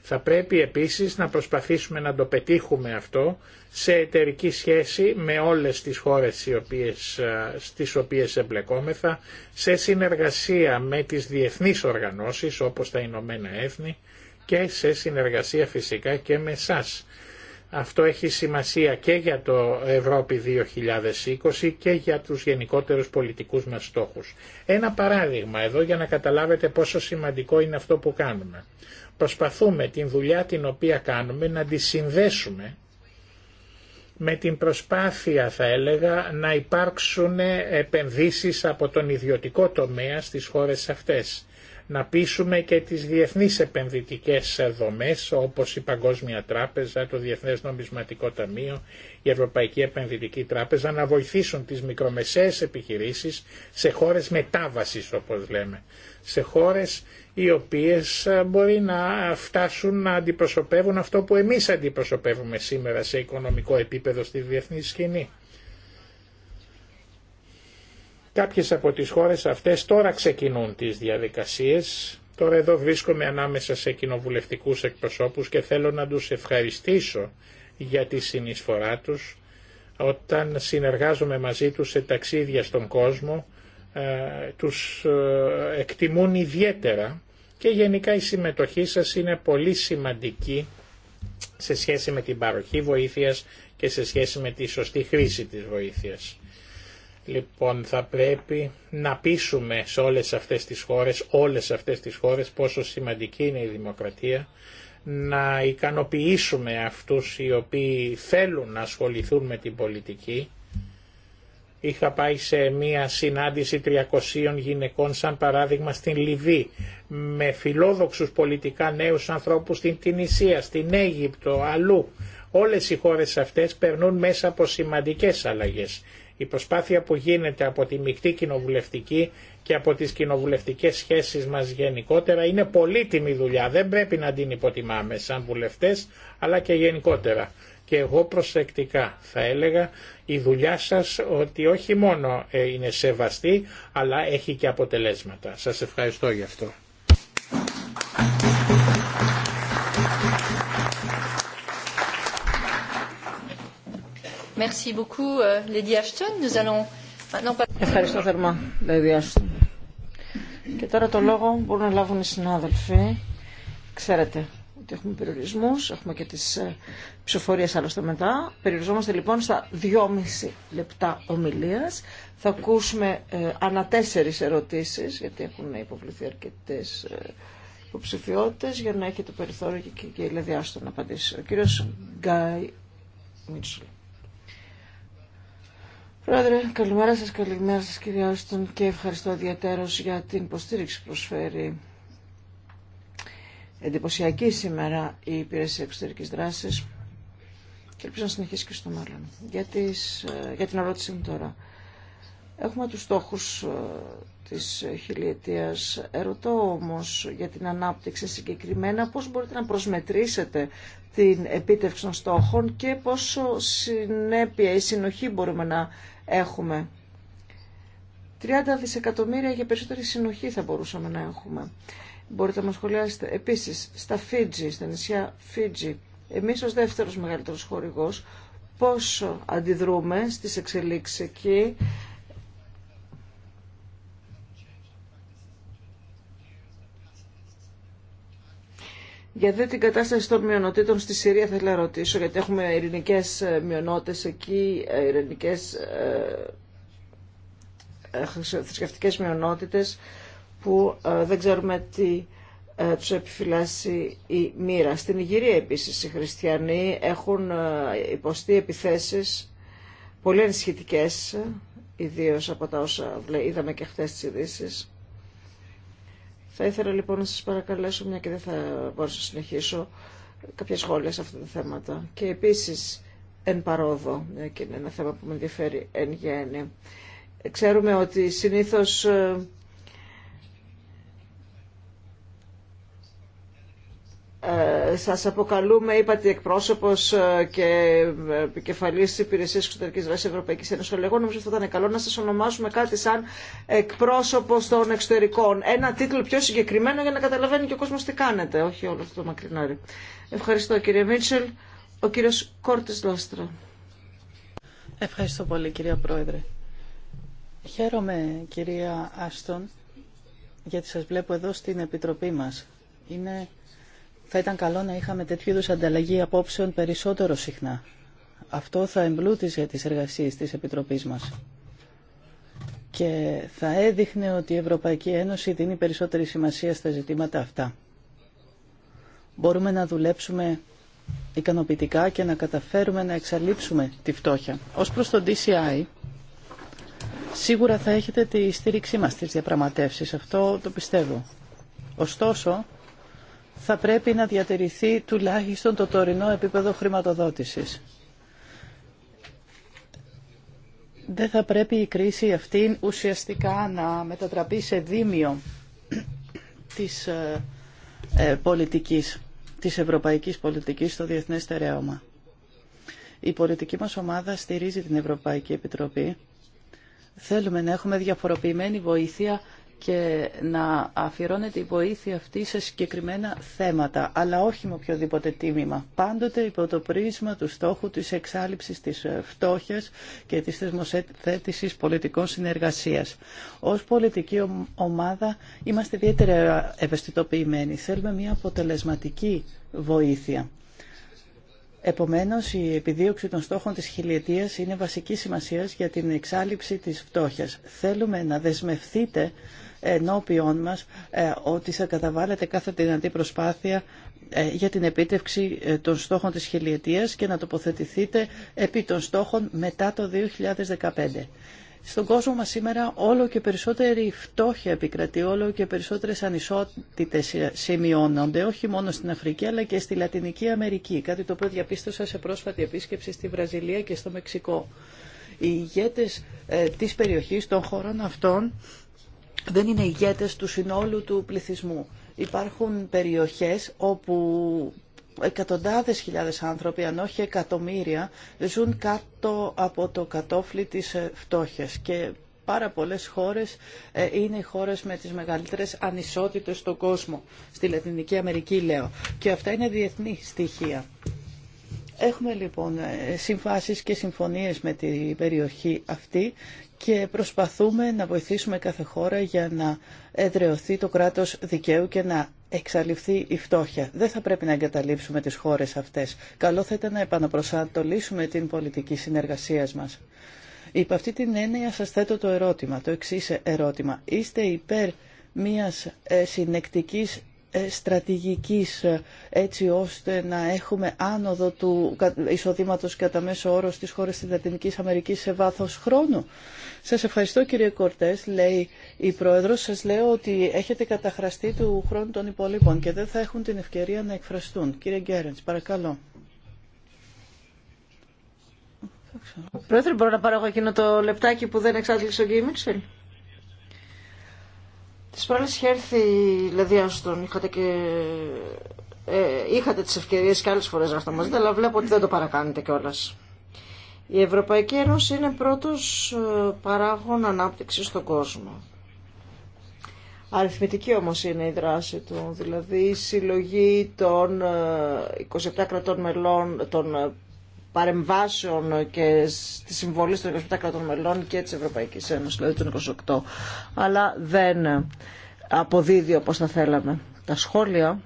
Θα πρέπει επίσης να προσπαθήσουμε να το πετύχουμε αυτό σε εταιρική σχέση με όλες τις χώρες οι οποίες, ε, στις οποίες εμπλεκόμεθα, σε συνεργασία με τις διεθνείς οργανώσεις όπως τα Ηνωμένα Έθνη και σε συνεργασία φυσικά και με σας. Αυτό έχει σημασία και για το Ευρώπη 2020 και για τους γενικότερους πολιτικούς μας στόχους. Ένα παράδειγμα εδώ για να καταλάβετε πόσο σημαντικό είναι αυτό που κάνουμε. Προσπαθούμε την δουλειά την οποία κάνουμε να τη συνδέσουμε με την προσπάθεια θα έλεγα να υπάρξουν επενδύσεις από τον ιδιωτικό τομέα στις χώρες αυτές. Να πείσουμε και τις διεθνείς επενδυτικές δομές όπως η Παγκόσμια Τράπεζα, το Διεθνές Νομισματικό Ταμείο, η Ευρωπαϊκή Επενδυτική Τράπεζα να βοηθήσουν τις μικρομεσαίες επιχειρήσεις σε χώρες μετάβασης όπως λέμε. Σε χώρες οι οποίες ε, μπορεί να φτάσουν να αντιπροσωπεύουν αυτό που εμείς αντιπροσωπεύουμε σήμερα σε οικονομικό επίπεδο στη διεθνή σκηνή. Κάποιες από τις χώρες αυτές τώρα ξεκινούν τις διαδικασίες. Τώρα εδώ βρίσκομαι ανάμεσα σε κοινοβουλευτικού εκπροσώπους και θέλω να τους ευχαριστήσω για τη συνεισφορά τους όταν συνεργάζομαι μαζί τους σε ταξίδια στον κόσμο ε, τους ε, εκτιμούν ιδιαίτερα και γενικά η συμμετοχή σας είναι πολύ σημαντική σε σχέση με την παροχή βοήθειας και σε σχέση με τη σωστή χρήση της βοήθειας. Λοιπόν, θα πρέπει να πείσουμε σε όλες αυτές τις χώρες, όλες αυτές τις χώρες πόσο σημαντική είναι η δημοκρατία, να ικανοποιήσουμε αυτούς οι οποίοι θέλουν να ασχοληθούν με την πολιτική Είχα πάει σε μια συνάντηση 300 γυναικών σαν παράδειγμα στην Λιβύη με φιλόδοξους πολιτικά νέους ανθρώπους στην Τινησία, στην Αίγυπτο, αλλού. Όλες οι χώρες αυτές περνούν μέσα από σημαντικές αλλαγές. Η προσπάθεια που γίνεται από τη μεικτή κοινοβουλευτική και από τις κοινοβουλευτικές σχέσεις μας γενικότερα είναι πολύτιμη δουλειά. Δεν πρέπει να την υποτιμάμε σαν βουλευτές αλλά και γενικότερα και εγώ προσεκτικά θα έλεγα η δουλειά σας ότι όχι μόνο ε, είναι σεβαστή αλλά έχει και αποτελέσματα. Σας ευχαριστώ γι' αυτό. Merci beaucoup, euh, Lady Ashton. Nous allons Ευχαριστώ θερμά, Lady Ashton. Και τώρα το λόγο μπορούν να λάβουν οι συνάδελφοι. Ξέρετε, έχουμε περιορισμού έχουμε και τις ε, ψηφοφορίες άλλωστε μετά. Περιοριζόμαστε λοιπόν στα 2,5 λεπτά ομιλία. Θα ακούσουμε ε, ανά ερωτήσεις, γιατί έχουν υποβληθεί αρκετέ ε, για να έχετε περιθώριο και, και, η Λεδιά να απαντήσει. Ο κύριο Γκάι Μίτσουλ. Πρόεδρε, καλημέρα σας, καλημέρα σας κυρία Άστον και ευχαριστώ ιδιαίτερως για την υποστήριξη που προσφέρει εντυπωσιακή σήμερα η υπηρεσία εξωτερικής δράσης και ελπίζω να συνεχίσει και στο μέλλον. Για, τις, ε, για την ερώτηση μου τώρα. Έχουμε τους στόχους ε, της χιλιετίας. Ερωτώ όμως για την ανάπτυξη συγκεκριμένα πώς μπορείτε να προσμετρήσετε την επίτευξη των στόχων και πόσο συνέπεια ή συνοχή μπορούμε να έχουμε. 30 δισεκατομμύρια για περισσότερη συνοχή θα μπορούσαμε να έχουμε. Μπορείτε να μας σχολιάσετε. Επίσης, στα Φίτζι, στα νησιά Φίτζι, εμείς ως δεύτερος μεγαλύτερος χορηγός, πόσο αντιδρούμε στις εξελίξεις εκεί, Για δε την κατάσταση των μειονοτήτων στη Συρία θα ήθελα να ρωτήσω, γιατί έχουμε ειρηνικές ε, μειονότητες εκεί, ε, ειρηνικές ε, θρησκευτικές μειονότητες που ε, δεν ξέρουμε τι ε, τους επιφυλάσσει η μοίρα. Στην Ιγυρία επίσης οι χριστιανοί έχουν ε, υποστεί επιθέσεις πολύ ενισχυτικές, ιδίως από τα όσα είδαμε και χθες τις ειδήσει. Θα ήθελα λοιπόν να σας παρακαλέσω, μια και δεν θα μπορούσα να συνεχίσω, κάποια σχόλια σε αυτά τα θέματα. Και επίσης, εν παρόδο, και είναι ένα θέμα που με ενδιαφέρει εν γέννη. Ξέρουμε ότι συνήθως ε, σας αποκαλούμε, είπατε εκπρόσωπος ε, και ε, επικεφαλής υπηρεσίας εξωτερικής δράσης Ευρωπαϊκής Ένωσης. Εγώ νομίζω ότι θα ήταν καλό να σας ονομάσουμε κάτι σαν εκπρόσωπος των εξωτερικών. Ένα τίτλο πιο συγκεκριμένο για να καταλαβαίνει και ο κόσμος τι κάνετε, όχι όλο αυτό το μακρινάρι. Ευχαριστώ κύριε Μίτσελ. Ο κύριος Κόρτης Λάστρα. Ευχαριστώ πολύ κυρία Πρόεδρε. Χαίρομαι κυρία Άστον γιατί σας βλέπω εδώ στην Επιτροπή μας. Είναι θα ήταν καλό να είχαμε τέτοιου είδου ανταλλαγή απόψεων περισσότερο συχνά. Αυτό θα εμπλούτιζε τις εργασίες της Επιτροπής μας και θα έδειχνε ότι η Ευρωπαϊκή Ένωση δίνει περισσότερη σημασία στα ζητήματα αυτά. Μπορούμε να δουλέψουμε ικανοποιητικά και να καταφέρουμε να εξαλείψουμε τη φτώχεια. Ως προς το DCI, ε, σίγουρα θα έχετε τη στήριξή μας στις διαπραγματεύσεις. Αυτό το πιστεύω. Ωστόσο, θα πρέπει να διατηρηθεί τουλάχιστον το τωρινό επίπεδο χρηματοδότησης. Δεν θα πρέπει η κρίση αυτή ουσιαστικά να μετατραπεί σε δίμιο της ε, ε, πολιτικής, της ευρωπαϊκής πολιτικής στο διεθνές στερέωμα. Η πολιτική μας ομάδα στηρίζει την Ευρωπαϊκή Επιτροπή. Θέλουμε να έχουμε διαφοροποιημένη βοήθεια και να αφιερώνεται η βοήθεια αυτή σε συγκεκριμένα θέματα, αλλά όχι με οποιοδήποτε τίμημα. Πάντοτε υπό το πρίσμα του στόχου της εξάλληψης της ε, φτώχειας και της θεσμοθέτησης πολιτικών συνεργασίας. Ως πολιτική ομάδα είμαστε ιδιαίτερα ευαισθητοποιημένοι. Θέλουμε μια αποτελεσματική βοήθεια. Επομένως, η επιδίωξη των στόχων της χιλιετίας είναι βασική σημασίας για την εξάλληψη της φτώχειας. Θέλουμε να δεσμευθείτε ενώπιόν μας ε, ότι θα καταβάλλεται κάθε δυνατή προσπάθεια ε, για την επίτευξη ε, των στόχων της χιλιετίας και να τοποθετηθείτε επί των στόχων μετά το 2015. Στον κόσμο μας σήμερα όλο και περισσότερη φτώχεια επικρατεί, όλο και περισσότερες ανισότητες σημειώνονται, όχι μόνο στην Αφρική αλλά και στη Λατινική Αμερική, κάτι το οποίο διαπίστωσα σε πρόσφατη επίσκεψη στη Βραζιλία και στο Μεξικό. Οι ηγέτες της περιοχής των χωρών αυτών δεν είναι ηγέτες του συνόλου του πληθυσμού. Υπάρχουν περιοχές όπου εκατοντάδες χιλιάδες άνθρωποι, αν όχι εκατομμύρια, ζουν κάτω από το κατόφλι της ε, φτώχειας και πάρα πολλές χώρες ε, είναι οι χώρες με τις μεγαλύτερες ανισότητες στον κόσμο, στη Λατινική Αμερική λέω. Και αυτά είναι διεθνή στοιχεία. Έχουμε λοιπόν ε, συμφάσεις και συμφωνίες με την περιοχή αυτή και προσπαθούμε να βοηθήσουμε κάθε χώρα για να εδρεωθεί το κράτος δικαίου και να εξαλειφθεί η φτώχεια. Δεν θα πρέπει να εγκαταλείψουμε τις χώρες αυτές. Καλό θα ήταν να επαναπροσανατολίσουμε την πολιτική συνεργασία μας. Υπ' αυτή την έννοια σας θέτω το ερώτημα, το εξή ερώτημα. Είστε υπέρ μιας ε, συνεκτικής ε, στρατηγικής ε, έτσι ώστε να έχουμε άνοδο του εισοδήματος κατά μέσο όρο στις χώρες της Λατινικής Αμερικής σε βάθος χρόνου. Σας ευχαριστώ κύριε Κορτές, λέει η Πρόεδρος. Σας λέω ότι έχετε καταχραστεί του χρόνου των υπολείπων και δεν θα έχουν την ευκαιρία να εκφραστούν. Κύριε Γκέρεντς, παρακαλώ. Πρόεδρε, μπορώ να πάρω εκείνο το λεπτάκι που δεν εξάντλησε ο Γκίμιξελ. Τις παρόλες είχε έρθει δηλαδή είχατε και... Ε, είχατε τις ευκαιρίες και άλλες φορές να αυτό μαζί, αλλά βλέπω ότι δεν το παρακάνετε κιόλα. Η Ευρωπαϊκή Ένωση είναι πρώτος ε, παράγων ανάπτυξης στον κόσμο. Αριθμητική όμως είναι η δράση του, δηλαδή η συλλογή των 27 ε, κρατών μελών, των ε, παρεμβάσεων και τη συμβολή των 27 κρατών μελών και της Ευρωπαϊκής Ένωσης, δηλαδή των 28. Αλλά δεν αποδίδει όπως θα θέλαμε. Τα σχόλια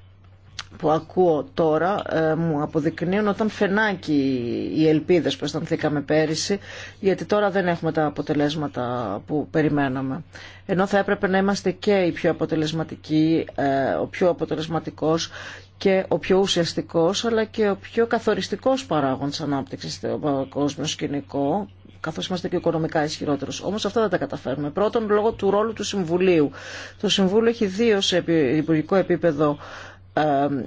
που ακούω τώρα ε, μου αποδεικνύουν όταν φαινάκι οι ελπίδες που αισθανθήκαμε πέρυσι γιατί τώρα δεν έχουμε τα αποτελέσματα που περιμέναμε. Ενώ θα έπρεπε να είμαστε και οι πιο αποτελεσματικοί, ε, ο πιο αποτελεσματικός και ο πιο ουσιαστικός αλλά και ο πιο καθοριστικός παράγοντας ανάπτυξης στο παγκόσμιο σκηνικό καθώ είμαστε και οικονομικά ισχυρότερο. Όμω αυτά δεν τα καταφέρουμε. Πρώτον, λόγω του ρόλου του Συμβουλίου. Το Συμβούλιο έχει δύο σε υπουργικό επίπεδο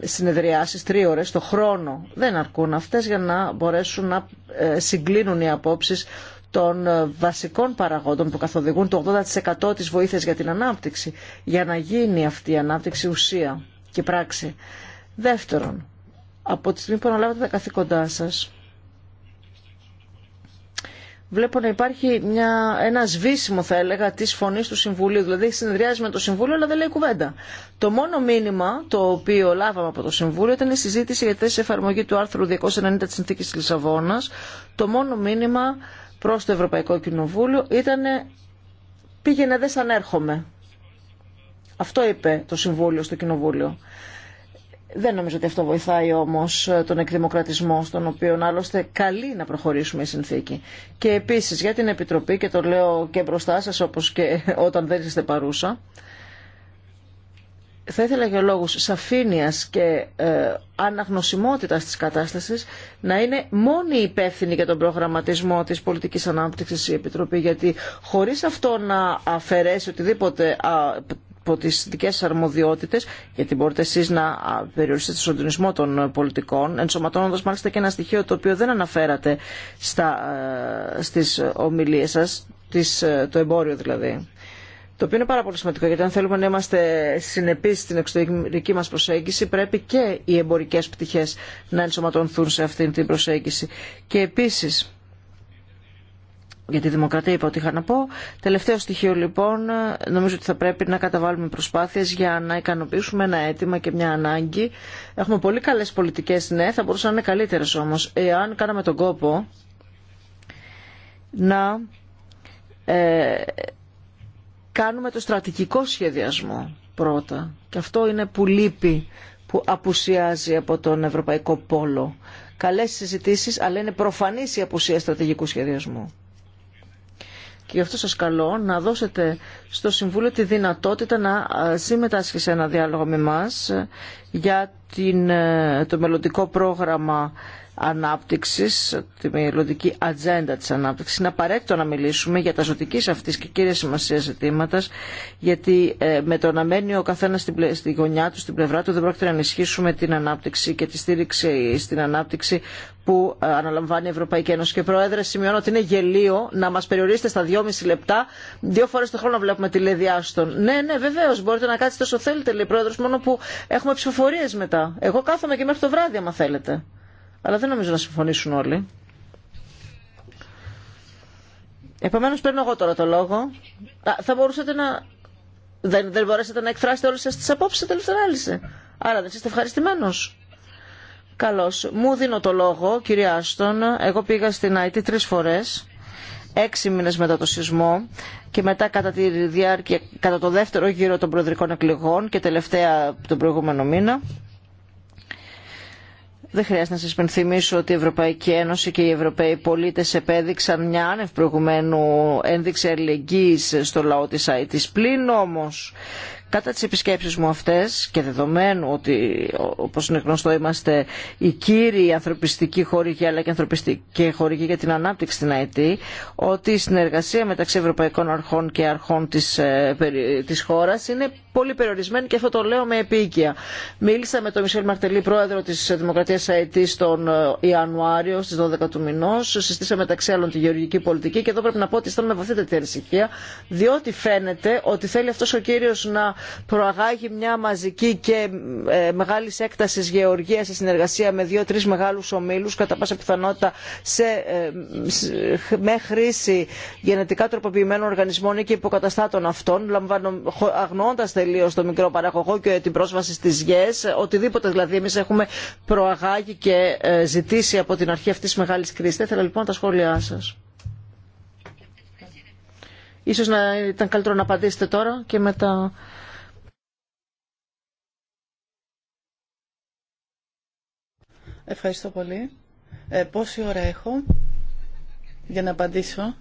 συνεδριάσεις τρία ώρες το χρόνο δεν αρκούν αυτές για να μπορέσουν να ε, συγκλίνουν οι απόψεις των ε, βασικών παραγόντων που καθοδηγούν το 80% της βοήθειας για την ανάπτυξη για να γίνει αυτή η ανάπτυξη ουσία και πράξη. Δεύτερον, από τη στιγμή που αναλάβατε τα καθήκοντά σας, βλέπω να υπάρχει μια, ένα σβήσιμο θα έλεγα της φωνής του Συμβουλίου. Δηλαδή συνεδριάζει με το Συμβούλιο αλλά δεν λέει κουβέντα. Το μόνο μήνυμα το οποίο λάβαμε από το Συμβούλιο ήταν η συζήτηση για θέση εφαρμογή του άρθρου 290 της Συνθήκης Λισαβόνας. Το μόνο μήνυμα προς το Ευρωπαϊκό Κοινοβούλιο ήταν πήγαινε δεν σαν έρχομαι. Αυτό είπε το Συμβούλιο στο Κοινοβούλιο. Δεν νομίζω ότι αυτό βοηθάει όμως ε, τον εκδημοκρατισμό, στον οποίο άλλωστε καλεί να προχωρήσουμε η συνθήκη. Και επίσης για την Επιτροπή, και το λέω και μπροστά σα, όπως και *laughs* όταν δεν είστε παρούσα, θα ήθελα για λόγους σαφήνειας και ε, αναγνωσιμότητας της κατάστασης να είναι μόνη υπεύθυνη για τον προγραμματισμό της πολιτικής ανάπτυξης η Επιτροπή γιατί χωρίς αυτό να αφαιρέσει οτιδήποτε από τι δικέ σα αρμοδιότητες, γιατί μπορείτε εσείς να περιορίσετε τον συντονισμό των πολιτικών, ενσωματώνοντας μάλιστα και ένα στοιχείο το οποίο δεν αναφέρατε στι ε, στις ομιλίες σας, ε, το εμπόριο δηλαδή. Το οποίο είναι πάρα πολύ σημαντικό, γιατί αν θέλουμε να είμαστε συνεπεί στην εξωτερική μα προσέγγιση, πρέπει και οι εμπορικέ πτυχέ να ενσωματωθούν σε αυτή την προσέγγιση. Και επίση, για τη δημοκρατία είπα ότι είχα να πω. Τελευταίο στοιχείο λοιπόν, νομίζω ότι θα πρέπει να καταβάλουμε προσπάθειες για να ικανοποιήσουμε ένα αίτημα και μια ανάγκη. Έχουμε πολύ καλές πολιτικές, ναι, θα μπορούσαν να είναι καλύτερες όμως. Εάν κάναμε τον κόπο να ε, κάνουμε το στρατηγικό σχεδιασμό πρώτα. Και αυτό είναι που λείπει, που απουσιάζει από τον ευρωπαϊκό πόλο. Καλές συζητήσεις, αλλά είναι προφανής η απουσία στρατηγικού σχεδιασμού. Και γι' αυτό σας καλώ να δώσετε στο Συμβούλιο τη δυνατότητα να ε, συμμετάσχει σε ένα διάλογο με μας για την, ε, το μελλοντικό πρόγραμμα ανάπτυξης, τη μελλοντική ατζέντα της ανάπτυξης. Είναι απαραίτητο να μιλήσουμε για τα ζωτικής αυτής και κύρια σημασία ζητήματα, γιατί ε, με το να μένει ο καθένας στη γωνιά του, στην πλευρά του, δεν πρόκειται να ενισχύσουμε την ανάπτυξη και τη στήριξη στην ανάπτυξη που ε, αναλαμβάνει η Ευρωπαϊκή Ένωση. Και Πρόεδρε, σημειώνω ότι είναι γελίο να μα περιορίσετε στα 2,5 λεπτά. Δύο φορέ το χρόνο βλέπουμε τη Λέδη Ναι, ναι, βεβαίω, μπορείτε να κάτσετε όσο θέλετε, λέει Πρόεδρο, μόνο που έχουμε ψηφοφορίε μετά. Εγώ κάθομαι και μέχρι το βράδυ, άμα θέλετε αλλά δεν νομίζω να συμφωνήσουν όλοι. Επομένως παίρνω εγώ τώρα το λόγο. θα μπορούσατε να... Δεν, δεν μπορέσατε να εκφράσετε όλε σας τις απόψεις σε τελευταία ανάλυση. Άρα δεν είστε ευχαριστημένος. Καλώς. Μου δίνω το λόγο, κυρία Άστον. Εγώ πήγα στην ΑΕΤ τρεις φορές, έξι μήνες μετά το σεισμό και μετά κατά, τη διάρκεια, κατά το δεύτερο γύρο των προεδρικών εκλογών και τελευταία τον προηγούμενο μήνα. Δεν χρειάζεται να σας πενθυμίσω ότι η Ευρωπαϊκή Ένωση και οι Ευρωπαίοι πολίτες επέδειξαν μια άνευ προηγουμένου ένδειξη αλληλεγγύης στο λαό της ΑΕΤΙΣ. Πλην όμως, κατά τις επισκέψεις μου αυτές και δεδομένου ότι όπως είναι γνωστό είμαστε οι κύριοι ανθρωπιστικοί χορηγοί αλλά και ανθρωπιστικοί χορηγοί για την ανάπτυξη στην ΑΕΤ ότι η συνεργασία μεταξύ ευρωπαϊκών αρχών και αρχών της, ε, της χώρας είναι πολύ περιορισμένη και αυτό το λέω με επίοικια. Μίλησα με τον Μισελ Μαρτελή, πρόεδρο τη Δημοκρατία ΑΕΤ, τον ε, Ιανουάριο στι 12 του μηνό. Συστήσαμε μεταξύ άλλων τη γεωργική πολιτική και εδώ πρέπει να πω ότι αισθάνομαι βαθύτερη ανησυχία, διότι φαίνεται ότι θέλει αυτό ο κύριο να προαγάγει μια μαζική και ε, μεγάλη έκταση γεωργία σε συνεργασία με δύο-τρει μεγάλου ομίλου, κατά πάσα πιθανότητα σε, ε, με χρήση γενετικά τροποποιημένων οργανισμών ή και υποκαταστάτων αυτών, αγνοώντα τελείω το μικρό παραγωγό και την πρόσβαση στις ΓΕΣ. Οτιδήποτε δηλαδή εμείς έχουμε προαγάγει και ε, ζητήσει από την αρχή αυτής της μεγάλης κρίσης. Θα λοιπόν τα σχόλιά σας. Ίσως να ήταν καλύτερο να απαντήσετε τώρα και μετά... Ευχαριστώ πολύ. Ε, πόση ώρα έχω για να απαντήσω.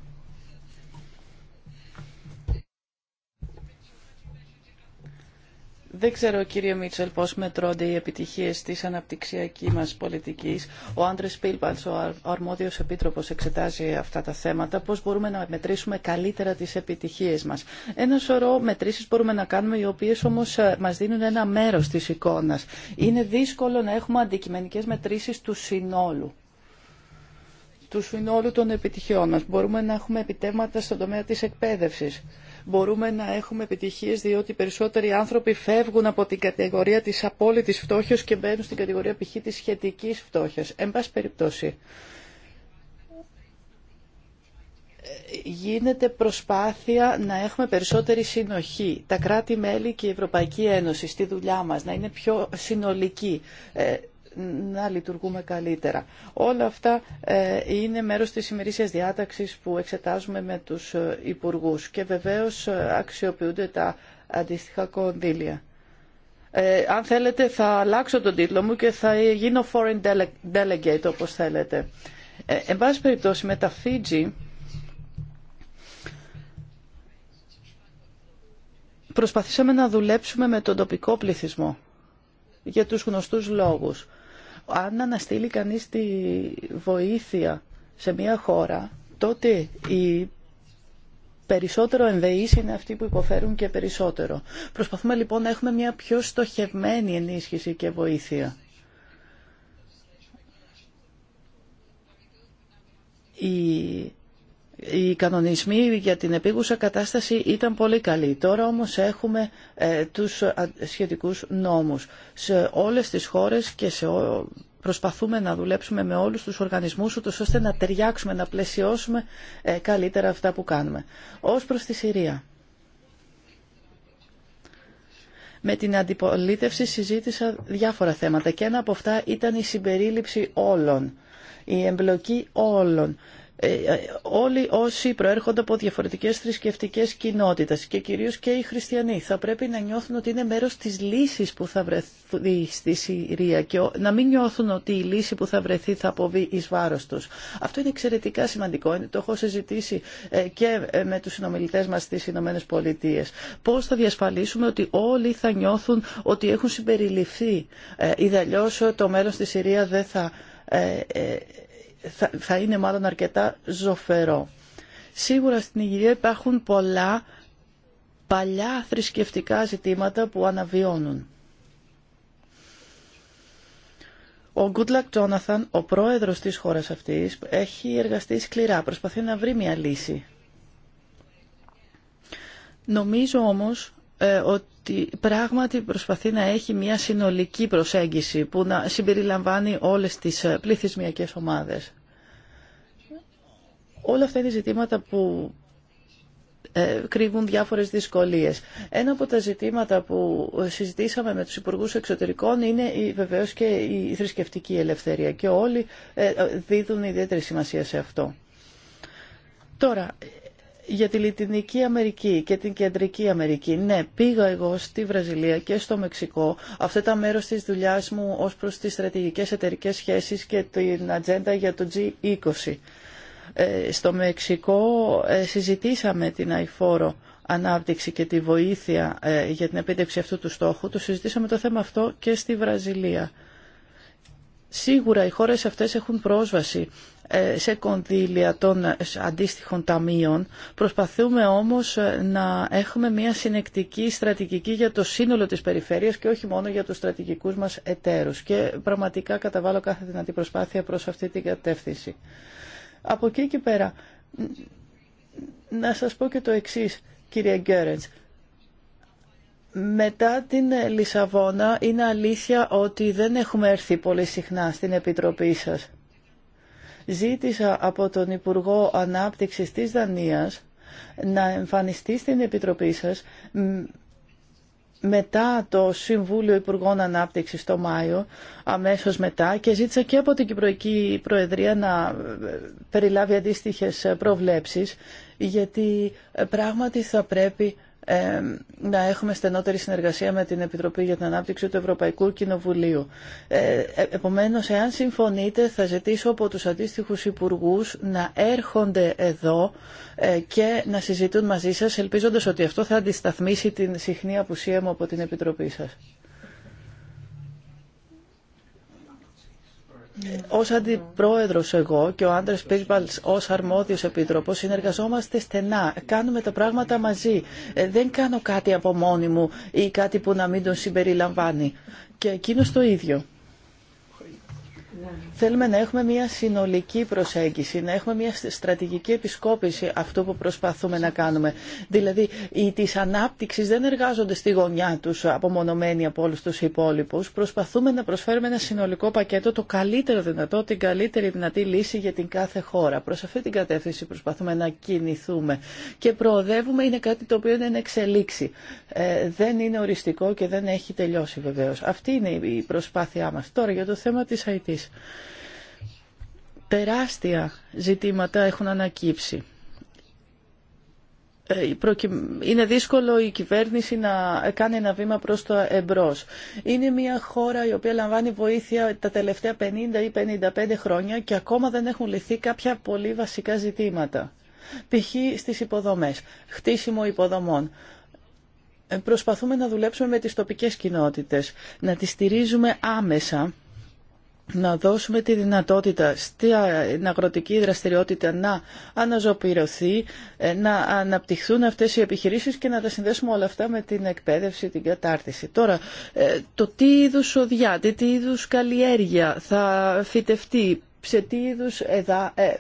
Δεν ξέρω κύριε Μίτσελ πώς μετρώνται οι επιτυχίες της αναπτυξιακής μας πολιτικής. Ο Άντρες Πίλπαλς, ο αρμόδιος επίτροπος, εξετάζει αυτά τα θέματα. Πώς μπορούμε να μετρήσουμε καλύτερα τις επιτυχίες μας. Ένα σωρό μετρήσεις μπορούμε να κάνουμε οι οποίες όμως ε, μας δίνουν ένα μέρος της εικόνας. Είναι δύσκολο να έχουμε αντικειμενικές μετρήσεις του συνόλου του συνόλου των επιτυχιών μας. Μπορούμε να έχουμε επιτεύγματα στον τομέα της εκπαίδευσης μπορούμε να έχουμε επιτυχίες διότι περισσότεροι άνθρωποι φεύγουν από την κατηγορία της απόλυτης φτώχειας και μπαίνουν στην κατηγορία π.χ. της σχετικής φτώχειας. Εν πάση περιπτώσει, γίνεται προσπάθεια να έχουμε περισσότερη συνοχή. Τα κράτη-μέλη και η Ευρωπαϊκή Ένωση στη δουλειά μας να είναι πιο συνολική. Ε, να λειτουργούμε καλύτερα. Όλα αυτά ε, είναι μέρος της ημερήσιας διάταξης που εξετάζουμε με τους ε, υπουργούς και βεβαίως ε, αξιοποιούνται τα αντίστοιχα κονδύλια. αν θέλετε θα αλλάξω τον τίτλο μου και θα γίνω foreign delegate όπως θέλετε. Ε, εν πάση περιπτώσει με τα Fiji προσπαθήσαμε να δουλέψουμε με τον τοπικό πληθυσμό για τους γνωστούς λόγους. Αν αναστείλει κανείς τη βοήθεια σε μια χώρα, τότε η περισσότερο ενδεείς είναι αυτοί που υποφέρουν και περισσότερο. Προσπαθούμε λοιπόν να έχουμε μια πιο στοχευμένη ενίσχυση και βοήθεια οι κανονισμοί για την επίγουσα κατάσταση ήταν πολύ καλοί. Τώρα όμως έχουμε ε, τους σχετικούς νόμους σε όλες τις χώρες και σε προσπαθούμε να δουλέψουμε με όλους τους οργανισμούς ούτως ώστε να ταιριάξουμε, να πλαισιώσουμε ε, καλύτερα αυτά που κάνουμε. Ως προς τη Συρία. Με την αντιπολίτευση συζήτησα διάφορα θέματα και ένα από αυτά ήταν η συμπερίληψη όλων, η εμπλοκή όλων ε, ε, όλοι όσοι προέρχονται από διαφορετικές θρησκευτικές κοινότητες και κυρίως και οι χριστιανοί θα πρέπει να νιώθουν ότι είναι μέρος της λύσης που θα βρεθεί στη Συρία και να μην νιώθουν ότι η λύση που θα βρεθεί θα αποβεί εις βάρος τους. Αυτό είναι εξαιρετικά σημαντικό. Το έχω συζητήσει ε, και με τους συνομιλητές μας στις Ηνωμένες Πολιτείες. Πώς θα διασφαλίσουμε ότι όλοι θα νιώθουν ότι έχουν συμπεριληφθεί. Ιδαλλιώς το μέλλον στη Συρία δεν θα θα, είναι μάλλον αρκετά ζωφερό. Σίγουρα στην Ιγυρία υπάρχουν πολλά παλιά θρησκευτικά ζητήματα που αναβιώνουν. Ο Goodluck Jonathan, ο πρόεδρος της χώρας αυτής, έχει εργαστεί σκληρά, προσπαθεί να βρει μια λύση. Νομίζω όμως ε, ότι πράγματι προσπαθεί να έχει μια συνολική προσέγγιση που να συμπεριλαμβάνει όλες τις ε, πληθυσμιακές ομάδες. Όλα αυτά είναι ζητήματα που ε, κρύβουν διάφορες δυσκολίες. Ένα από τα ζητήματα που συζητήσαμε με τους Υπουργούς Εξωτερικών είναι η, βεβαίως και η θρησκευτική ελευθερία και όλοι ε, δίδουν ιδιαίτερη σημασία σε αυτό. Τώρα, για τη Λιτινική Αμερική και την Κεντρική Αμερική. Ναι, πήγα εγώ στη Βραζιλία και στο Μεξικό. Αυτά τα μέρος της δουλειάς μου ως προς τις στρατηγικές εταιρικές σχέσεις και την ατζέντα για το G20. Ε, στο Μεξικό ε, συζητήσαμε την αηφόρο ανάπτυξη και τη βοήθεια ε, για την επίτευξη αυτού του στόχου. Το συζητήσαμε το θέμα αυτό και στη Βραζιλία. Σίγουρα οι χώρες αυτές έχουν πρόσβαση σε κονδύλια των αντίστοιχων ταμείων. Προσπαθούμε όμως να έχουμε μια συνεκτική στρατηγική για το σύνολο της περιφέρειας και όχι μόνο για τους στρατηγικούς μας εταίρους. Και πραγματικά καταβάλω κάθε δυνατή προσπάθεια προς αυτή την κατεύθυνση. Από εκεί και πέρα, να σας πω και το εξής, κύριε Γκέρετς. Μετά την Λισαβόνα είναι αλήθεια ότι δεν έχουμε έρθει πολύ συχνά στην Επιτροπή σας. Ζήτησα από τον Υπουργό Ανάπτυξης της Δανίας να εμφανιστεί στην Επιτροπή σας μετά το Συμβούλιο Υπουργών Ανάπτυξης το Μάιο, αμέσως μετά, και ζήτησα και από την Κυπροϊκή Προεδρία να ε, περιλάβει αντίστοιχες προβλέψεις, γιατί ε, πράγματι θα πρέπει ε, να έχουμε στενότερη συνεργασία με την Επιτροπή για την Ανάπτυξη του Ευρωπαϊκού Κοινοβουλίου. Ε, ε επομένως, εάν συμφωνείτε, θα ζητήσω από τους αντίστοιχους υπουργούς να έρχονται εδώ ε, και να συζητούν μαζί σας, ελπίζοντας ότι αυτό θα αντισταθμίσει την συχνή απουσία μου από την Επιτροπή σας. Ναι. Ως αντιπρόεδρο εγώ και ο Άντρες Πίσμπαλ ως αρμόδιος επίτροπος συνεργαζόμαστε στενά, κάνουμε τα πράγματα μαζί. Ε, δεν κάνω κάτι από μόνη μου ή κάτι που να μην τον συμπεριλαμβάνει. Και εκείνο το ίδιο. Θέλουμε να έχουμε μια συνολική προσέγγιση, να έχουμε μια στρατηγική επισκόπηση αυτού που προσπαθούμε να κάνουμε. Δηλαδή, οι τη ανάπτυξη δεν εργάζονται στη γωνιά τους απομονωμένοι από όλους τους υπόλοιπους. Προσπαθούμε να προσφέρουμε ένα συνολικό πακέτο, το καλύτερο δυνατό, την καλύτερη δυνατή λύση για την κάθε χώρα. Προς αυτή την κατεύθυνση προσπαθούμε να κινηθούμε και προοδεύουμε, είναι κάτι το οποίο είναι εξελίξη. Ε, δεν είναι οριστικό και δεν έχει τελειώσει βεβαίω. Αυτή είναι η προσπάθειά μας. Τώρα για το θέμα της ITs. Τεράστια ζητήματα έχουν ανακύψει. Ε, είναι δύσκολο η κυβέρνηση να κάνει ένα βήμα προς το εμπρός. Είναι μια χώρα η οποία λαμβάνει βοήθεια τα τελευταία 50 ή 55 χρόνια και ακόμα δεν έχουν λυθεί κάποια πολύ βασικά ζητήματα. Π.χ. στις υποδομές, χτίσιμο υποδομών. Ε, προσπαθούμε να δουλέψουμε με τις τοπικές κοινότητες, να τις στηρίζουμε άμεσα να δώσουμε τη δυνατότητα στην αγροτική δραστηριότητα να αναζωπηρωθεί, ε, να αναπτυχθούν αυτές οι επιχειρήσεις και να τα συνδέσουμε όλα αυτά με την εκπαίδευση, την κατάρτιση. Τώρα, ε, το τι είδους οδιά, τι είδους καλλιέργεια θα φυτευτεί, σε τι είδου εδα, ε,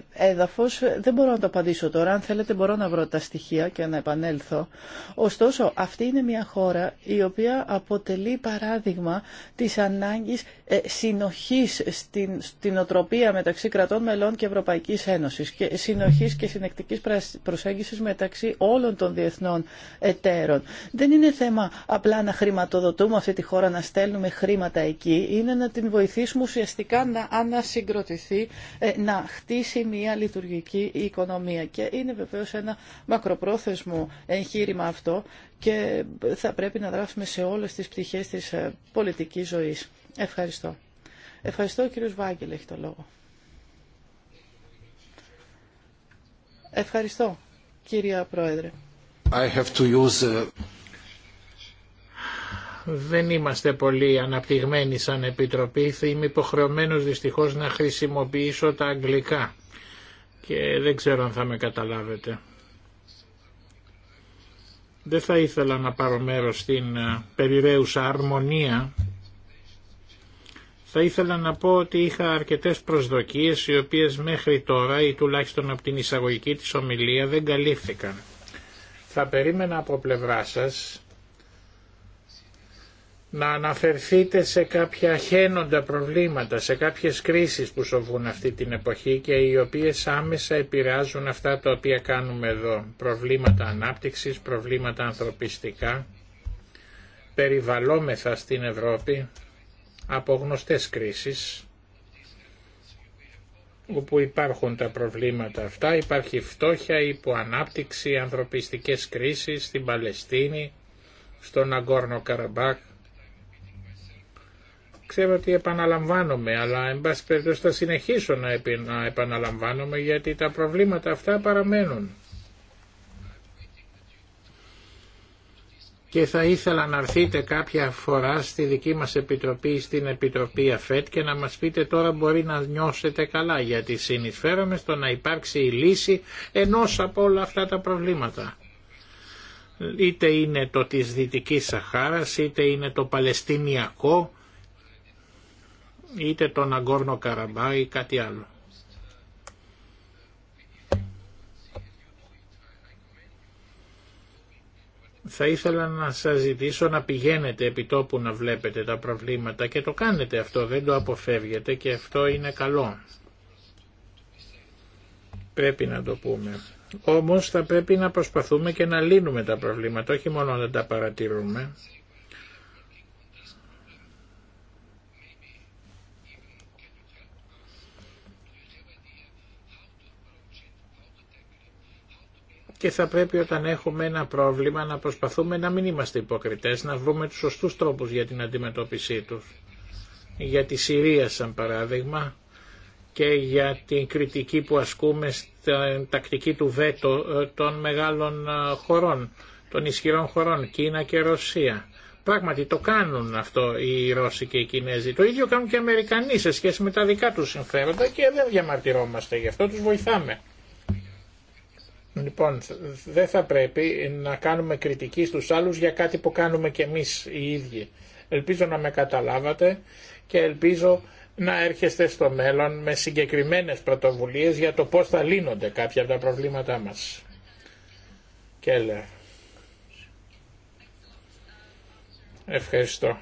δεν μπορώ να το απαντήσω τώρα. Αν θέλετε μπορώ να βρω τα στοιχεία και να επανέλθω. Ωστόσο, αυτή είναι μια χώρα η οποία αποτελεί παράδειγμα της ανάγκης ε, συνοχή στην, στην οτροπία μεταξύ κρατών μελών και Ευρωπαϊκή Ένωση και συνοχή και συνεκτική προσέγγιση μεταξύ όλων των διεθνών εταίρων. Δεν είναι θέμα απλά να χρηματοδοτούμε αυτή τη χώρα, να στέλνουμε χρήματα εκεί. Είναι να την βοηθήσουμε ουσιαστικά να ανασυγκροτηθεί ε, να χτίσει μια λειτουργική οικονομία. Και είναι βεβαίως ένα μακροπρόθεσμο εγχείρημα αυτό και θα πρέπει να δράσουμε σε όλες τις πτυχές της ε, πολιτικής ζωής. Ευχαριστώ. Ευχαριστώ ο κύριος Βάγκελ έχει το λόγο. Ευχαριστώ κύριε Πρόεδρε. I have to use... Ε, δεν είμαστε πολύ αναπτυγμένοι σαν Επιτροπή, είμαι υποχρεωμένος δυστυχώς να χρησιμοποιήσω τα αγγλικά και δεν ξέρω αν θα με καταλάβετε. Δεν θα ήθελα να πάρω μέρος στην ε, περιραίουσα αρμονία. Θα ήθελα να πω ότι είχα αρκετές προσδοκίες οι οποίες μέχρι τώρα ή τουλάχιστον από την εισαγωγική της ομιλία δεν καλύφθηκαν. Θα περίμενα από πλευρά σας να αναφερθείτε σε κάποια χαίνοντα προβλήματα, σε κάποιες κρίσεις που σοβούν αυτή την εποχή και οι οποίες άμεσα επηρεάζουν αυτά τα οποία κάνουμε εδώ. Προβλήματα ανάπτυξης, προβλήματα ανθρωπιστικά, περιβαλλόμεθα στην Ευρώπη από γνωστές κρίσεις όπου υπάρχουν τα προβλήματα αυτά, υπάρχει φτώχεια, υποανάπτυξη, ανθρωπιστικές κρίσεις στην Παλαιστίνη, στον Αγκόρνο Καραμπάκ, Ξέρω ότι επαναλαμβάνομαι, αλλά εν πάση περιπτώσει θα συνεχίσω να επαναλαμβάνομαι γιατί τα προβλήματα αυτά παραμένουν. Και θα ήθελα να έρθετε κάποια φορά στη δική μας επιτροπή, στην επιτροπή ΑΦΕΤ και να μας πείτε τώρα μπορεί να νιώσετε καλά γιατί συνεισφέρομαι στο να υπάρξει η λύση ενός από όλα αυτά τα προβλήματα είτε είναι το της Δυτικής Σαχάρας, είτε είναι το Παλαιστινιακό, είτε τον Αγκόρνο Καραμπά ή κάτι άλλο. θα ήθελα να σας ζητήσω να πηγαίνετε επί τόπου να βλέπετε τα προβλήματα και το κάνετε αυτό, δεν το αποφεύγετε και αυτό είναι καλό. Πρέπει να το πούμε. Όμως θα πρέπει να προσπαθούμε και να λύνουμε τα προβλήματα, όχι μόνο να τα παρατηρούμε. και θα πρέπει όταν έχουμε ένα πρόβλημα να προσπαθούμε να μην είμαστε υποκριτές, να βρούμε τους σωστούς τρόπους για την αντιμετώπιση τους. Για τη Συρία σαν παράδειγμα και για την κριτική που ασκούμε στην τακτική του βέτο ε, των μεγάλων ε, χωρών, των ισχυρών χωρών, Κίνα και Ρωσία. Πράγματι το κάνουν αυτό οι Ρώσοι και οι Κινέζοι. Το ίδιο κάνουν και οι Αμερικανοί σε σχέση με τα δικά τους συμφέροντα και δεν διαμαρτυρόμαστε γι' αυτό, τους βοηθάμε. Λοιπόν, δεν θα πρέπει να κάνουμε κριτική στους άλλους για κάτι που κάνουμε και εμείς οι ίδιοι. Ελπίζω να με καταλάβατε και ελπίζω να έρχεστε στο μέλλον με συγκεκριμένες πρωτοβουλίες για το πώς θα λύνονται κάποια από τα προβλήματά μας. Κέλλερ. Ευχαριστώ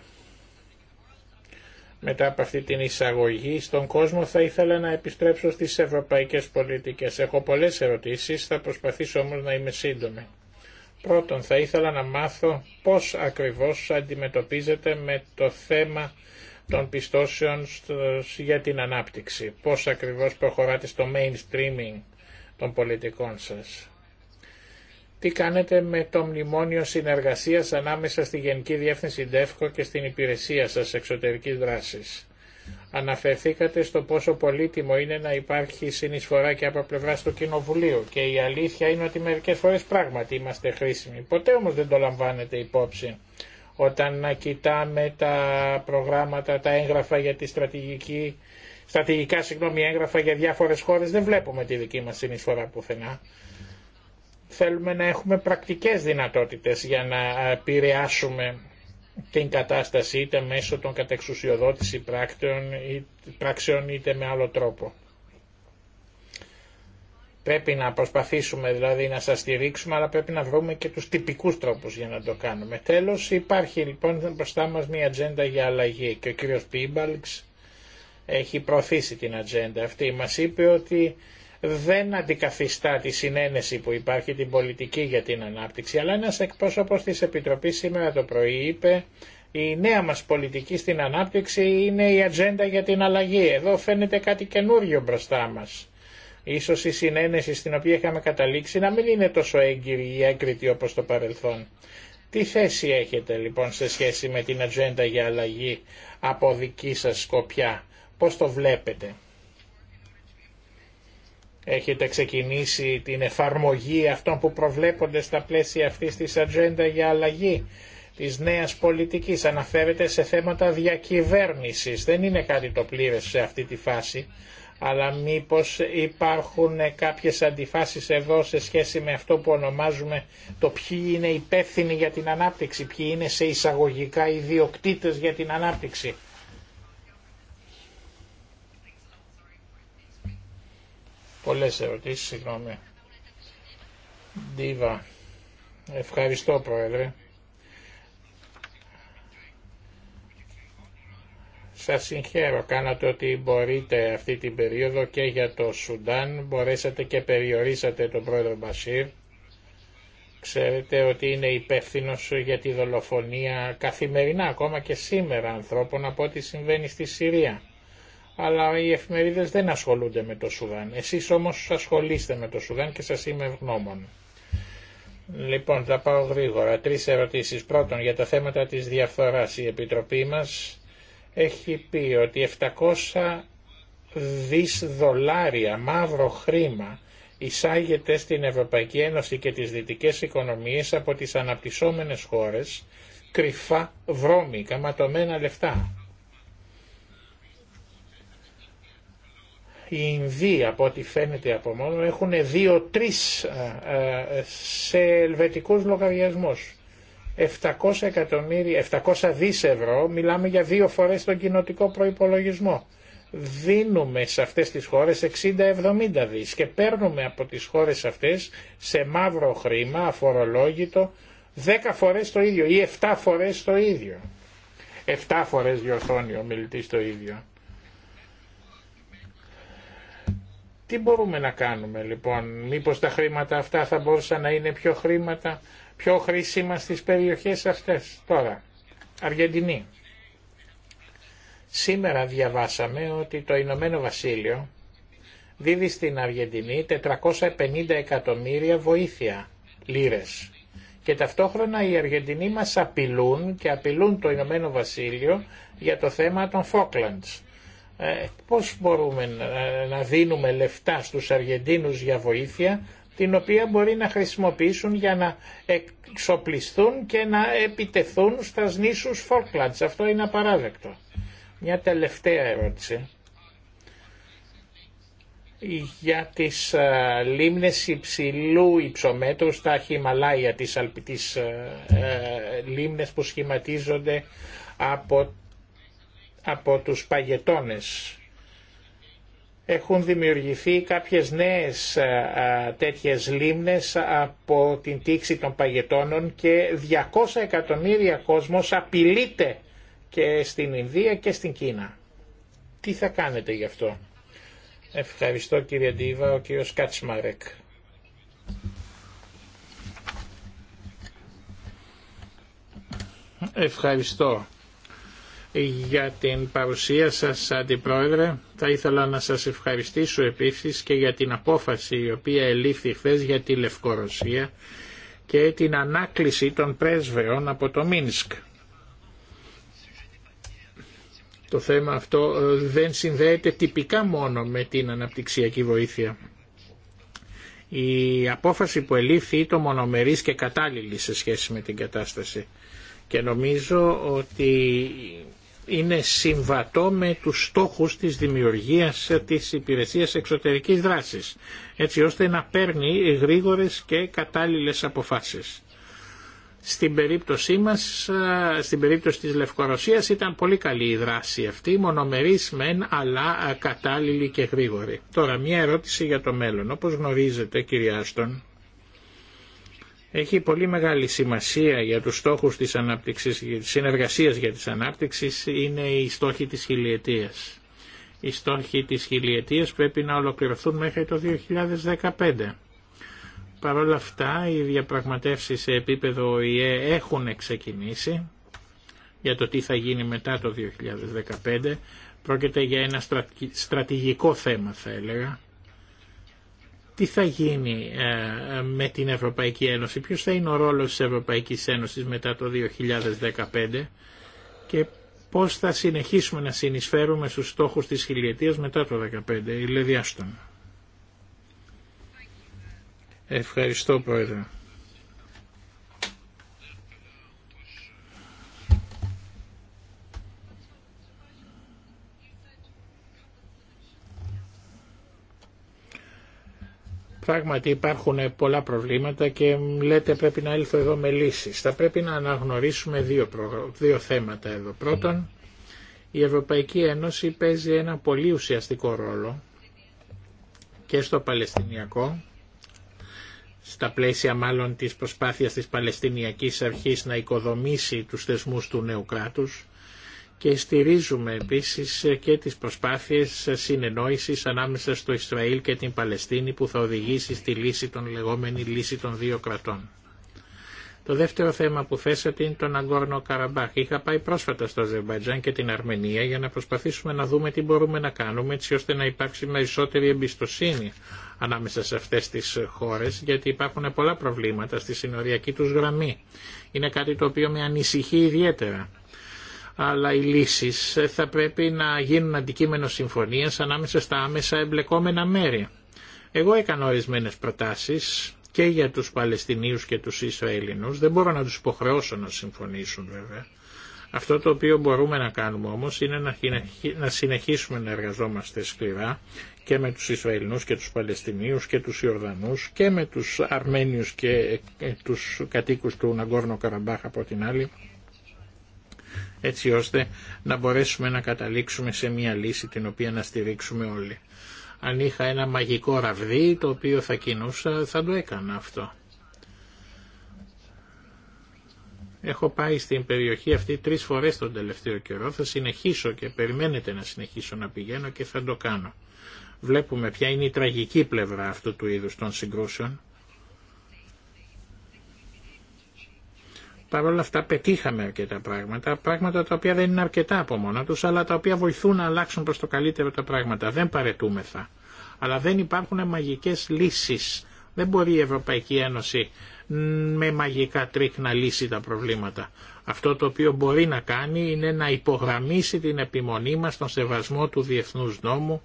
μετά από αυτή την εισαγωγή στον κόσμο θα ήθελα να επιστρέψω στις ευρωπαϊκές πολιτικές. Έχω πολλές ερωτήσεις, θα προσπαθήσω όμως να είμαι σύντομη. Πρώτον, θα ήθελα να μάθω πώς ακριβώς αντιμετωπίζετε με το θέμα των πιστώσεων για την ανάπτυξη. Πώς ακριβώς προχωράτε στο mainstreaming των πολιτικών σας τι κάνετε με το μνημόνιο συνεργασίας ανάμεσα στη Γενική Διεύθυνση ΔΕΦΚΟ και στην υπηρεσία σας εξωτερικής δράσης. Αναφερθήκατε στο πόσο πολύτιμο είναι να υπάρχει συνεισφορά και από πλευρά του Κοινοβουλίου και η αλήθεια είναι ότι μερικές φορές πράγματι είμαστε χρήσιμοι. Ποτέ όμως δεν το λαμβάνετε υπόψη. Όταν κοιτάμε τα προγράμματα, τα έγγραφα για τη στρατηγική, στρατηγικά συγγνώμη, έγγραφα για διάφορες χώρες δεν βλέπουμε τη δική μας συνεισφορά πουθενά. Θέλουμε να έχουμε πρακτικές δυνατότητες για να επηρεάσουμε την κατάσταση είτε μέσω των κατεξουσιοδότηση πράκτεων, πράξεων είτε με άλλο τρόπο. Πρέπει να προσπαθήσουμε δηλαδή να σας στηρίξουμε, αλλά πρέπει να βρούμε και τους τυπικούς τρόπους για να το κάνουμε. Τέλος, υπάρχει λοιπόν μπροστά μας μια ατζέντα για αλλαγή και ο κύριος Πίμπαλξ έχει προωθήσει την ατζέντα αυτή. Μας είπε ότι δεν αντικαθιστά τη συνένεση που υπάρχει την πολιτική για την ανάπτυξη, αλλά ένας εκπρόσωπος της Επιτροπής σήμερα το πρωί είπε η νέα μας πολιτική στην ανάπτυξη είναι η ατζέντα για την αλλαγή. Εδώ φαίνεται κάτι καινούριο μπροστά μας. Ίσως η συνένεση στην οποία είχαμε καταλήξει να μην είναι τόσο έγκυρη ή έγκριτη όπως το παρελθόν. Τι θέση έχετε λοιπόν σε σχέση με την ατζέντα για αλλαγή από δική σας σκοπιά. Πώς το βλέπετε. Έχετε ξεκινήσει την εφαρμογή αυτών που προβλέπονται στα πλαίσια αυτής της ατζέντα για αλλαγή της νέας πολιτικής. Αναφέρεται σε θέματα διακυβέρνησης. Δεν είναι κάτι το πλήρες σε αυτή τη φάση. Αλλά μήπως υπάρχουν κάποιες αντιφάσεις εδώ σε σχέση με αυτό που ονομάζουμε το ποιοι είναι υπεύθυνοι για την ανάπτυξη, ποιοι είναι σε εισαγωγικά ιδιοκτήτες για την ανάπτυξη. Πολλές ερωτήσεις, συγγνώμη. Ντίβα, ευχαριστώ Πρόεδρε. Σας συγχαίρω, κάνατε ό,τι μπορείτε αυτή την περίοδο και για το Σουντάν, μπορέσατε και περιορίσατε τον πρόεδρο Μπασίρ. Ξέρετε ότι είναι υπεύθυνο για τη δολοφονία καθημερινά, ακόμα και σήμερα ανθρώπων από ό,τι συμβαίνει στη Συρία αλλά οι εφημερίδες δεν ασχολούνται με το Σουδάν. Εσείς όμως ασχολείστε με το Σουδάν και σας είμαι ευγνώμων. Λοιπόν, θα πάω γρήγορα. Τρεις ερωτήσεις. Πρώτον, για τα θέματα της διαφθοράς. Η Επιτροπή μας έχει πει ότι 700 δις δολάρια μαύρο χρήμα εισάγεται στην Ευρωπαϊκή Ένωση και τις δυτικές οικονομίες από τις αναπτυσσόμενες χώρες κρυφά βρώμικα, ματωμένα λεφτά οι Ινδοί από ό,τι φαίνεται από μόνο έχουν δύο-τρει ε, ε, σε ελβετικού λογαριασμούς. 700, εκατομμύρια, 700 δις ευρώ μιλάμε για δύο φορές τον κοινοτικό προϋπολογισμό. Δίνουμε σε αυτές τις χώρες 60-70 δις και παίρνουμε από τις χώρες αυτές σε μαύρο χρήμα αφορολόγητο 10 φορές το ίδιο ή 7 φορές το ίδιο. 7 φορές διορθώνει ο μιλητής το ίδιο. Τι μπορούμε να κάνουμε λοιπόν, μήπως τα χρήματα αυτά θα μπορούσαν να είναι πιο χρήματα, πιο χρήσιμα στις περιοχές αυτές τώρα. Αργεντινή. Σήμερα διαβάσαμε ότι το Ηνωμένο Βασίλειο δίδει στην Αργεντινή 450 εκατομμύρια βοήθεια λίρες. Και ταυτόχρονα οι Αργεντινοί μας απειλούν και απειλούν το Ηνωμένο Βασίλειο για το θέμα των Φόκλαντς. Ε, πώς μπορούμε να δίνουμε λεφτά στους Αργεντίνους για βοήθεια την οποία μπορεί να χρησιμοποιήσουν για να εξοπλιστούν και να επιτεθούν στα νήσους Φόρκλαντς. Αυτό είναι απαράδεκτο. Μια τελευταία ερώτηση για τις ε, λίμνες υψηλού υψομέτρου στα Χιμαλάια, τις αλπιτής ε, λίμνες που σχηματίζονται από από τους παγετώνες. Έχουν δημιουργηθεί κάποιες νέες τέτοιες λίμνες από την τήξη των παγετώνων και 200 εκατομμύρια κόσμος απειλείται και στην Ινδία και στην Κίνα. Τι θα κάνετε γι' αυτό. Ευχαριστώ κύριε Ντίβα, ο κύριος Κατσμαρέκ. Ευχαριστώ για την παρουσία σας Αντιπρόεδρε. Θα ήθελα να σας ευχαριστήσω επίσης και για την απόφαση η οποία ελήφθη χθε για τη Λευκορωσία και την ανάκληση των πρέσβεων από το Μίνσκ. Το θέμα αυτό ε, δεν συνδέεται τυπικά μόνο με την αναπτυξιακή βοήθεια. Η απόφαση που ελήφθη ήταν μονομερής και κατάλληλη σε σχέση με την κατάσταση. Και νομίζω ότι είναι συμβατό με τους στόχους της δημιουργίας της υπηρεσίας εξωτερικής δράσης, έτσι ώστε να παίρνει γρήγορες και κατάλληλες αποφάσεις. Στην περίπτωσή μας, στην περίπτωση της Λευκορωσίας ήταν πολύ καλή η δράση αυτή, μονομερής μεν, αλλά κατάλληλη και γρήγορη. Τώρα, μια ερώτηση για το μέλλον. Όπως γνωρίζετε, κυρία Άστον, έχει πολύ μεγάλη σημασία για τους στόχους της, ανάπτυξης, της συνεργασίας για τις ανάπτυξης είναι οι στόχοι της χιλιετίας. Οι στόχοι της χιλιετίας πρέπει να ολοκληρωθούν μέχρι το 2015. Παρ' όλα αυτά οι διαπραγματεύσεις σε επίπεδο ΟΗΕ έχουν ξεκινήσει για το τι θα γίνει μετά το 2015. Πρόκειται για ένα στρατηγικό θέμα θα έλεγα τι θα γίνει ε, με την Ευρωπαϊκή Ένωση, ποιος θα είναι ο ρόλος της Ευρωπαϊκής Ένωσης μετά το 2015 και πώς θα συνεχίσουμε να συνεισφέρουμε στους στόχους της χιλιετίας μετά το 2015. Η Ευχαριστώ Πρόεδρε. Πράγματι υπάρχουν πολλά προβλήματα και λέτε πρέπει να έλθω εδώ με λύσεις. Θα πρέπει να αναγνωρίσουμε δύο, δύο θέματα εδώ. Πρώτον, η Ευρωπαϊκή Ένωση παίζει ένα πολύ ουσιαστικό ρόλο και στο Παλαιστινιακό, στα πλαίσια μάλλον της προσπάθειας της Παλαιστινιακής Αρχής να οικοδομήσει τους θεσμούς του νέου κράτους, και στηρίζουμε επίσης και τις προσπάθειες συνεννόησης ανάμεσα στο Ισραήλ και την Παλαιστίνη που θα οδηγήσει στη λύση των λεγόμενη λύση των δύο κρατών. Το δεύτερο θέμα που θέσατε είναι τον Αγκόρνο Καραμπάχ. Είχα πάει πρόσφατα στο Αζερβαϊτζάν και την Αρμενία για να προσπαθήσουμε να δούμε τι μπορούμε να κάνουμε έτσι ώστε να υπάρξει περισσότερη εμπιστοσύνη ανάμεσα σε αυτές τις χώρες γιατί υπάρχουν πολλά προβλήματα στη συνοριακή τους γραμμή. Είναι κάτι το οποίο με ανησυχεί ιδιαίτερα αλλά οι λύσει θα πρέπει να γίνουν αντικείμενο συμφωνίας ανάμεσα στα άμεσα εμπλεκόμενα μέρη. Εγώ έκανα ορισμένε προτάσει και για του Παλαιστινίου και του Ισραηλινούς, δεν μπορώ να του υποχρεώσω να συμφωνήσουν βέβαια. Αυτό το οποίο μπορούμε να κάνουμε όμως είναι να συνεχίσουμε να εργαζόμαστε σκληρά και με τους Ισραηλινούς και τους Παλαιστινίους και τους Ιορδανούς και με τους Αρμένιους και ε, τους κατοίκους του Ναγκόρνο Καραμπάχ από την άλλη έτσι ώστε να μπορέσουμε να καταλήξουμε σε μια λύση την οποία να στηρίξουμε όλοι. Αν είχα ένα μαγικό ραβδί το οποίο θα κινούσα θα το έκανα αυτό. Έχω πάει στην περιοχή αυτή τρεις φορές τον τελευταίο καιρό, θα συνεχίσω και περιμένετε να συνεχίσω να πηγαίνω και θα το κάνω. Βλέπουμε ποια είναι η τραγική πλευρά αυτού του είδους των συγκρούσεων Παρ' όλα αυτά πετύχαμε αρκετά πράγματα, πράγματα τα οποία δεν είναι αρκετά από μόνα τους, αλλά τα οποία βοηθούν να αλλάξουν προς το καλύτερο τα πράγματα. Δεν παρετούμεθα. Αλλά δεν υπάρχουν μαγικές λύσεις. Δεν μπορεί η Ευρωπαϊκή Ένωση με μαγικά τρίκ να λύσει τα προβλήματα. Αυτό το οποίο μπορεί να κάνει είναι να υπογραμμίσει την επιμονή μας στον σεβασμό του διεθνούς νόμου.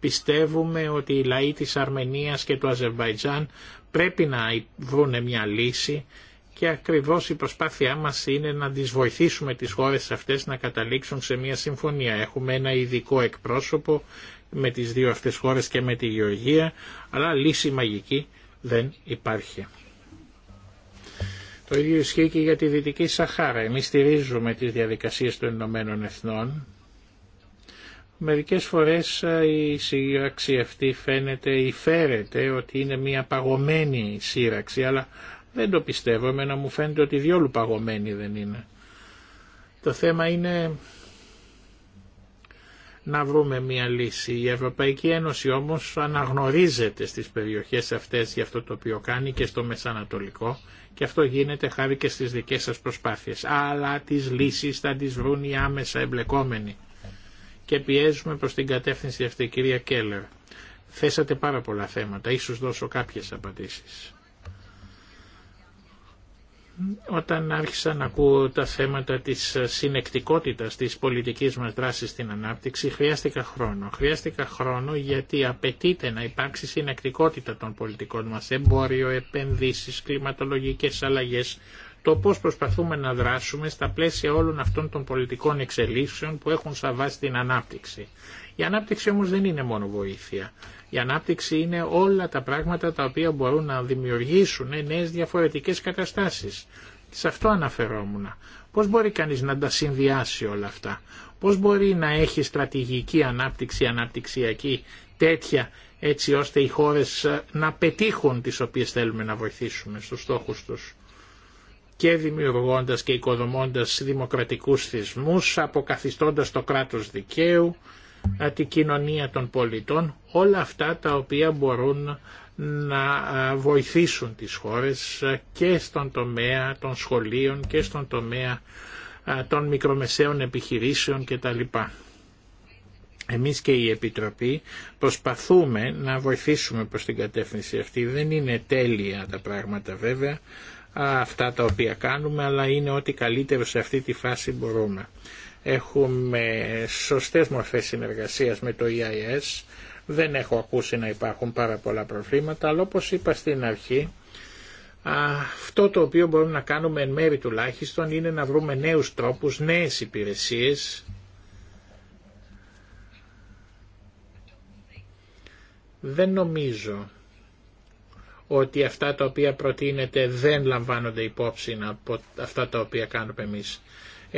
Πιστεύουμε ότι οι λαοί της Αρμενίας και του Αζερβαϊτζάν πρέπει να βρουν μια λύση και ακριβώς η προσπάθειά μας είναι να τις βοηθήσουμε τις χώρες αυτές να καταλήξουν σε μια συμφωνία. Έχουμε ένα ειδικό εκπρόσωπο με τις δύο αυτές χώρες και με τη Γεωργία, αλλά λύση μαγική δεν υπάρχει. Το ίδιο ισχύει και για τη Δυτική Σαχάρα. Εμείς στηρίζουμε τις διαδικασίες των Ηνωμένων Εθνών. Μερικές φορές ε, η σύραξη αυτή φαίνεται ή φέρεται ότι είναι μια παγωμένη σύραξη, αλλά δεν το πιστεύω, εμένα μου φαίνεται ότι διόλου παγωμένη δεν είναι. Το θέμα είναι να βρούμε μια λύση. Η Ευρωπαϊκή Ένωση όμως αναγνωρίζεται στις περιοχές αυτές για αυτό το οποίο κάνει και στο Μεσανατολικό και αυτό γίνεται χάρη και στις δικές σας προσπάθειες. Αλλά τις λύσεις θα τις βρουν οι άμεσα εμπλεκόμενοι. Και πιέζουμε προς την κατεύθυνση αυτή κυρία Κέλλερ. Θέσατε πάρα πολλά θέματα, ίσως δώσω κάποιες απαντήσεις. Όταν άρχισα να ακούω τα θέματα της συνεκτικότητας της πολιτικής μας δράσης στην ανάπτυξη, χρειάστηκα χρόνο. Χρειάστηκα χρόνο γιατί απαιτείται να υπάρξει συνεκτικότητα των πολιτικών μας. Εμπόριο, επενδύσεις, κλιματολογικές αλλαγές, το πώς προσπαθούμε να δράσουμε στα πλαίσια όλων αυτών των πολιτικών εξελίξεων που έχουν σαν την ανάπτυξη. Η ανάπτυξη όμως δεν είναι μόνο βοήθεια. Η ανάπτυξη είναι όλα τα πράγματα τα οποία μπορούν να δημιουργήσουν νέες διαφορετικές καταστάσεις. Σε αυτό αναφερόμουν. Πώς μπορεί κανείς να τα συνδυάσει όλα αυτά. Πώς μπορεί να έχει στρατηγική ανάπτυξη, αναπτυξιακή τέτοια έτσι ώστε οι χώρες ε, να πετύχουν τις οποίες θέλουμε να βοηθήσουμε στους στόχους τους και δημιουργώντας και οικοδομώντας δημοκρατικούς θεσμούς, αποκαθιστώντας το κράτος δικαίου, την κοινωνία των πολιτών, όλα αυτά τα οποία μπορούν να ε, βοηθήσουν τις χώρες ε, και στον τομέα των σχολείων και στον τομέα ε, των μικρομεσαίων επιχειρήσεων κτλ. Εμείς και η Επιτροπή προσπαθούμε να βοηθήσουμε προς την κατεύθυνση αυτή. Δεν είναι τέλεια τα πράγματα βέβαια, αυτά τα οποία κάνουμε, αλλά είναι ό,τι καλύτερο σε αυτή τη φάση μπορούμε. Έχουμε σωστές μορφές συνεργασίας με το EIS. Δεν έχω ακούσει να υπάρχουν πάρα πολλά προβλήματα, αλλά όπως είπα στην αρχή, αυτό το οποίο μπορούμε να κάνουμε εν μέρη τουλάχιστον είναι να βρούμε νέους τρόπους, νέες υπηρεσίες. Δεν νομίζω ότι αυτά τα οποία προτείνεται δεν λαμβάνονται υπόψη από αυτά τα οποία κάνουμε εμείς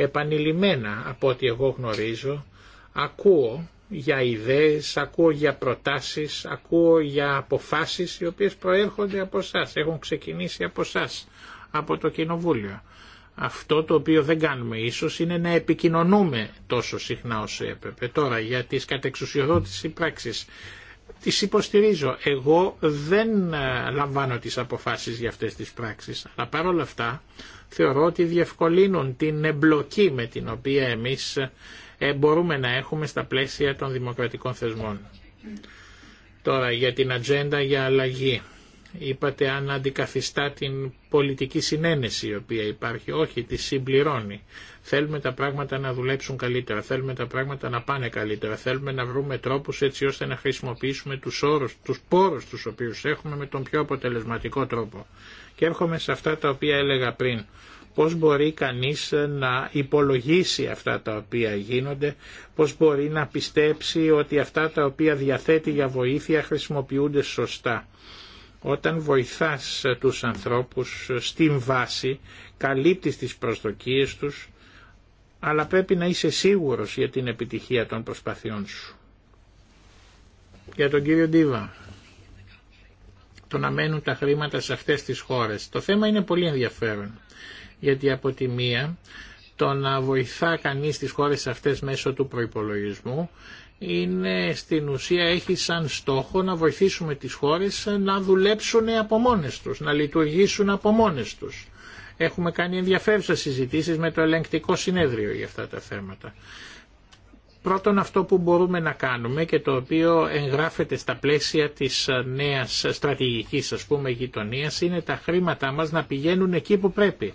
επανειλημμένα από ό,τι εγώ γνωρίζω, ακούω για ιδέες, ακούω για προτάσεις, ακούω για αποφάσεις οι οποίες προέρχονται από εσά, έχουν ξεκινήσει από εσά, από το Κοινοβούλιο. Αυτό το οποίο δεν κάνουμε ίσως είναι να επικοινωνούμε τόσο συχνά όσο έπρεπε. Τώρα για τις κατεξουσιοδότηση πράξεις τις υποστηρίζω. Εγώ δεν ε, λαμβάνω τις αποφάσεις για αυτές τις πράξεις, αλλά παρόλα αυτά θεωρώ ότι διευκολύνουν την εμπλοκή με την οποία εμείς ε, μπορούμε να έχουμε στα πλαίσια των δημοκρατικών θεσμών. Τώρα για την ατζέντα για αλλαγή. Είπατε αν αντικαθιστά την πολιτική συνένεση η οποία υπάρχει. Όχι, τη συμπληρώνει. Θέλουμε τα πράγματα να δουλέψουν καλύτερα, θέλουμε τα πράγματα να πάνε καλύτερα, θέλουμε να βρούμε τρόπους έτσι ώστε να χρησιμοποιήσουμε τους όρους, τους πόρους τους οποίους έχουμε με τον πιο αποτελεσματικό τρόπο. Και έρχομαι σε αυτά τα οποία έλεγα πριν. Πώς μπορεί κανείς να υπολογίσει αυτά τα οποία γίνονται, πώς μπορεί να πιστέψει ότι αυτά τα οποία διαθέτει για βοήθεια χρησιμοποιούνται σωστά. Όταν βοηθάς τους ανθρώπους στην βάση, καλύπτεις τις προσδοκίες τους, αλλά πρέπει να είσαι σίγουρος για την επιτυχία των προσπαθειών σου. Για τον κύριο Ντίβα το να μένουν τα χρήματα σε αυτές τις χώρες. Το θέμα είναι πολύ ενδιαφέρον, γιατί από τη μία το να βοηθά κανείς τις χώρες αυτές μέσω του προϋπολογισμού είναι στην ουσία έχει σαν στόχο να βοηθήσουμε τις χώρες να δουλέψουν από μόνες τους, να λειτουργήσουν από μόνες τους. Έχουμε κάνει ενδιαφέρουσες συζητήσεις με το ελεγκτικό συνέδριο για αυτά τα θέματα. Πρώτον αυτό που μπορούμε να κάνουμε και το οποίο εγγράφεται στα πλαίσια της νέας στρατηγικής ας πούμε γειτονίας είναι τα χρήματά μας να πηγαίνουν εκεί που πρέπει.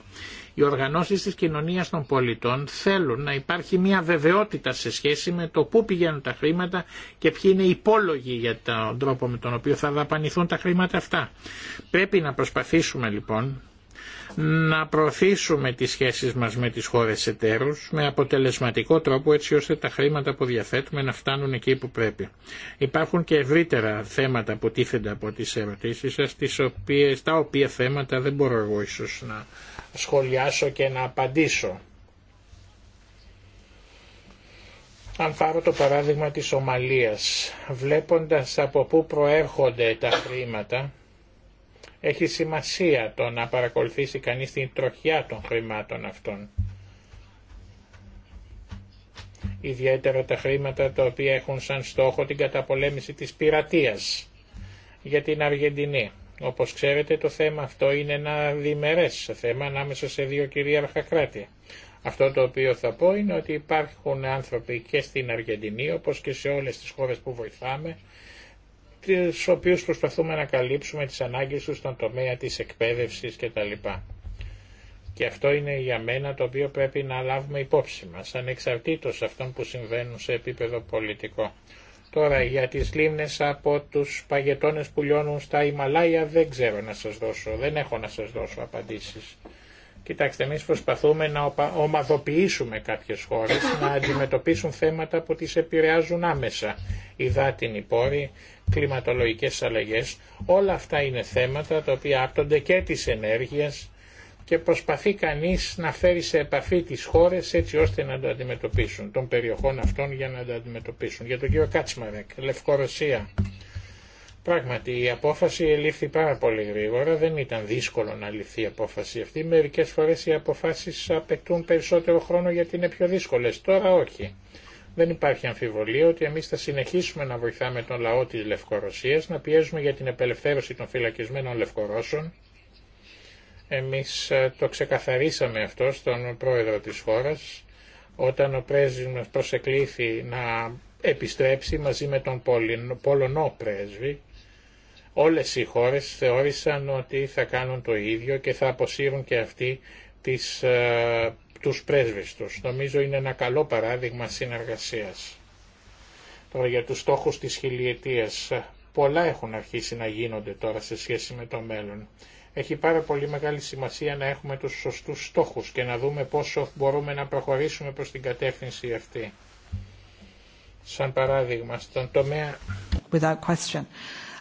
Οι οργανώσεις της κοινωνίας των πολιτών θέλουν να υπάρχει μια βεβαιότητα σε σχέση με το πού πηγαίνουν τα χρήματα και ποιοι είναι υπόλογοι για τον τρόπο με τον οποίο θα δαπανηθούν τα χρήματα αυτά. Πρέπει να προσπαθήσουμε λοιπόν να προωθήσουμε τις σχέσεις μας με τις χώρες εταίρους με αποτελεσματικό τρόπο έτσι ώστε τα χρήματα που διαθέτουμε να φτάνουν εκεί που πρέπει. Υπάρχουν και ευρύτερα θέματα που τίθενται από τις ερωτήσεις σας, τις οποίες, τα οποία θέματα δεν μπορώ εγώ ίσως να σχολιάσω και να απαντήσω. Αν φάρω το παράδειγμα της Ομαλίας, βλέποντας από πού προέρχονται τα χρήματα, έχει σημασία το να παρακολουθήσει κανείς την τροχιά των χρημάτων αυτών. Ιδιαίτερα τα χρήματα τα οποία έχουν σαν στόχο την καταπολέμηση της πειρατείας για την Αργεντινή. Όπως ξέρετε το θέμα αυτό είναι ένα διμερές θέμα ανάμεσα σε δύο κυρίαρχα κράτη. Αυτό το οποίο θα πω είναι ότι υπάρχουν άνθρωποι και στην Αργεντινή όπως και σε όλες τις χώρες που βοηθάμε τους οποίους προσπαθούμε να καλύψουμε τις ανάγκες τους στον τομέα της εκπαίδευσης κτλ. Και αυτό είναι για μένα το οποίο πρέπει να λάβουμε υπόψη μας, ανεξαρτήτως αυτών που συμβαίνουν σε επίπεδο πολιτικό. Τώρα για τις λίμνες από τους παγετώνες που λιώνουν στα Ιμαλάια δεν ξέρω να σας δώσω, δεν έχω να σας δώσω απαντήσεις. Κοιτάξτε, εμείς προσπαθούμε να ομαδοποιήσουμε κάποιες χώρες να αντιμετωπίσουν θέματα που τις επηρεάζουν άμεσα. Υδάτινοι πόροι, κλιματολογικές αλλαγές, όλα αυτά είναι θέματα τα οποία άπτονται και της ενέργειας και προσπαθεί κανείς να φέρει σε επαφή τις χώρες έτσι ώστε να τα αντιμετωπίσουν, των περιοχών αυτών για να τα αντιμετωπίσουν. Για τον κύριο Κάτσμαρεκ, Λευκορωσία. Πράγματι, η απόφαση ελήφθη πάρα πολύ γρήγορα, δεν ήταν δύσκολο να ληφθεί η απόφαση αυτή. Μερικέ φορέ οι αποφάσει απαιτούν περισσότερο χρόνο γιατί είναι πιο δύσκολε. Τώρα όχι. Δεν υπάρχει αμφιβολία ότι εμεί θα συνεχίσουμε να βοηθάμε τον λαό τη Λευκορωσίας, να πιέζουμε για την απελευθέρωση των φυλακισμένων Λευκορώσων. Εμεί ε, το ξεκαθαρίσαμε αυτό στον πρόεδρο τη χώρα, όταν ο πρέσβη μα προσεκλήθη να επιστρέψει μαζί με τον Πολωνό πρέσβη Όλες οι χώρες θεώρησαν ότι θα κάνουν το ίδιο και θα αποσύρουν και αυτοί τις, ε, τους πρέσβες τους. Νομίζω είναι ένα καλό παράδειγμα συνεργασίας. Τώρα για τους στόχους της χιλιετίας. Πολλά έχουν αρχίσει να γίνονται τώρα σε σχέση με το μέλλον. Έχει πάρα πολύ μεγάλη σημασία να έχουμε τους σωστούς στόχους και να δούμε πόσο μπορούμε να προχωρήσουμε προς την κατεύθυνση αυτή. Σαν παράδειγμα, στον τομέα...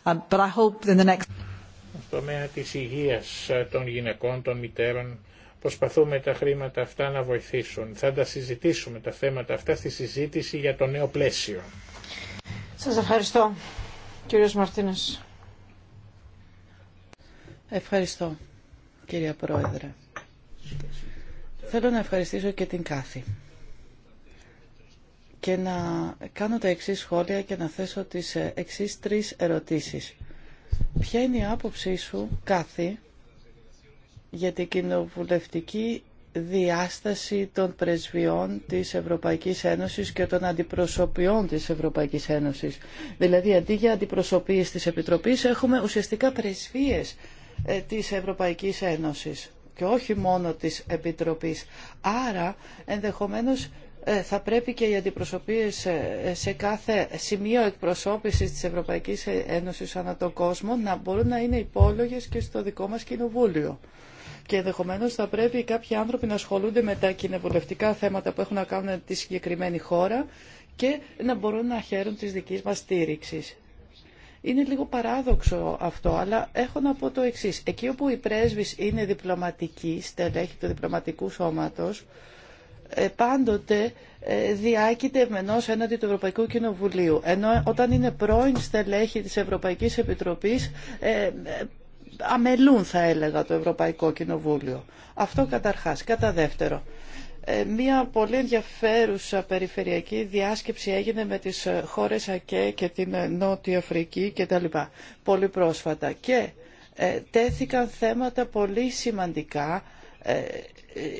Στο um, I hope της υγείας ε, των γυναικών, των μητέρων, προσπαθούμε τα χρήματα αυτά να βοηθήσουν. Θα τα συζητήσουμε τα θέματα αυτά στη συζήτηση για το νέο πλαίσιο. Σας ευχαριστώ, κύριος Μαρτίνες. Ευχαριστώ, κυρία Πρόεδρε. Θέλω να ευχαριστήσω και την Κάθη και να κάνω τα εξής σχόλια και να θέσω τις ε, εξής τρεις ερωτήσεις. Ποια είναι η άποψή σου, Κάθη, για την κοινοβουλευτική διάσταση των πρεσβειών της Ευρωπαϊκής Ένωσης και των αντιπροσωπιών της Ευρωπαϊκής Ένωσης. Δηλαδή, αντί για αντιπροσωπείες της Επιτροπής, έχουμε ουσιαστικά πρεσβείες ε, της Ευρωπαϊκής Ένωσης και όχι μόνο της Επιτροπής. Άρα, ενδεχομένως, ε, θα πρέπει και οι αντιπροσωπείες ε, σε κάθε σημείο εκπροσώπησης της Ευρωπαϊκής Ένωσης ανά τον κόσμο να μπορούν να είναι υπόλογες και στο δικό μας κοινοβούλιο. Και ενδεχομένω θα πρέπει κάποιοι άνθρωποι να ασχολούνται με τα κοινοβουλευτικά θέματα που έχουν να κάνουν τη συγκεκριμένη χώρα και να μπορούν να χαίρουν τη δική μα στήριξη. Είναι λίγο παράδοξο αυτό, αλλά έχω να πω το εξή. Εκεί όπου η πρέσβη είναι διπλωματική, στελέχη του διπλωματικού σώματος, ε, πάντοτε ε, διάκειται ευμενώς έναντι του Ευρωπαϊκού Κοινοβουλίου. Ενώ όταν είναι πρώην στελέχη της Ευρωπαϊκής Επιτροπής ε, αμελούν θα έλεγα το Ευρωπαϊκό Κοινοβούλιο. Αυτό καταρχάς. Κατά δεύτερο, μία πολύ ενδιαφέρουσα περιφερειακή διάσκεψη έγινε με τις χώρες ΑΚΕ και την Νότια Αφρική και τα λοιπά, πολύ πρόσφατα. Και τέθηκαν θέματα πολύ σημαντικά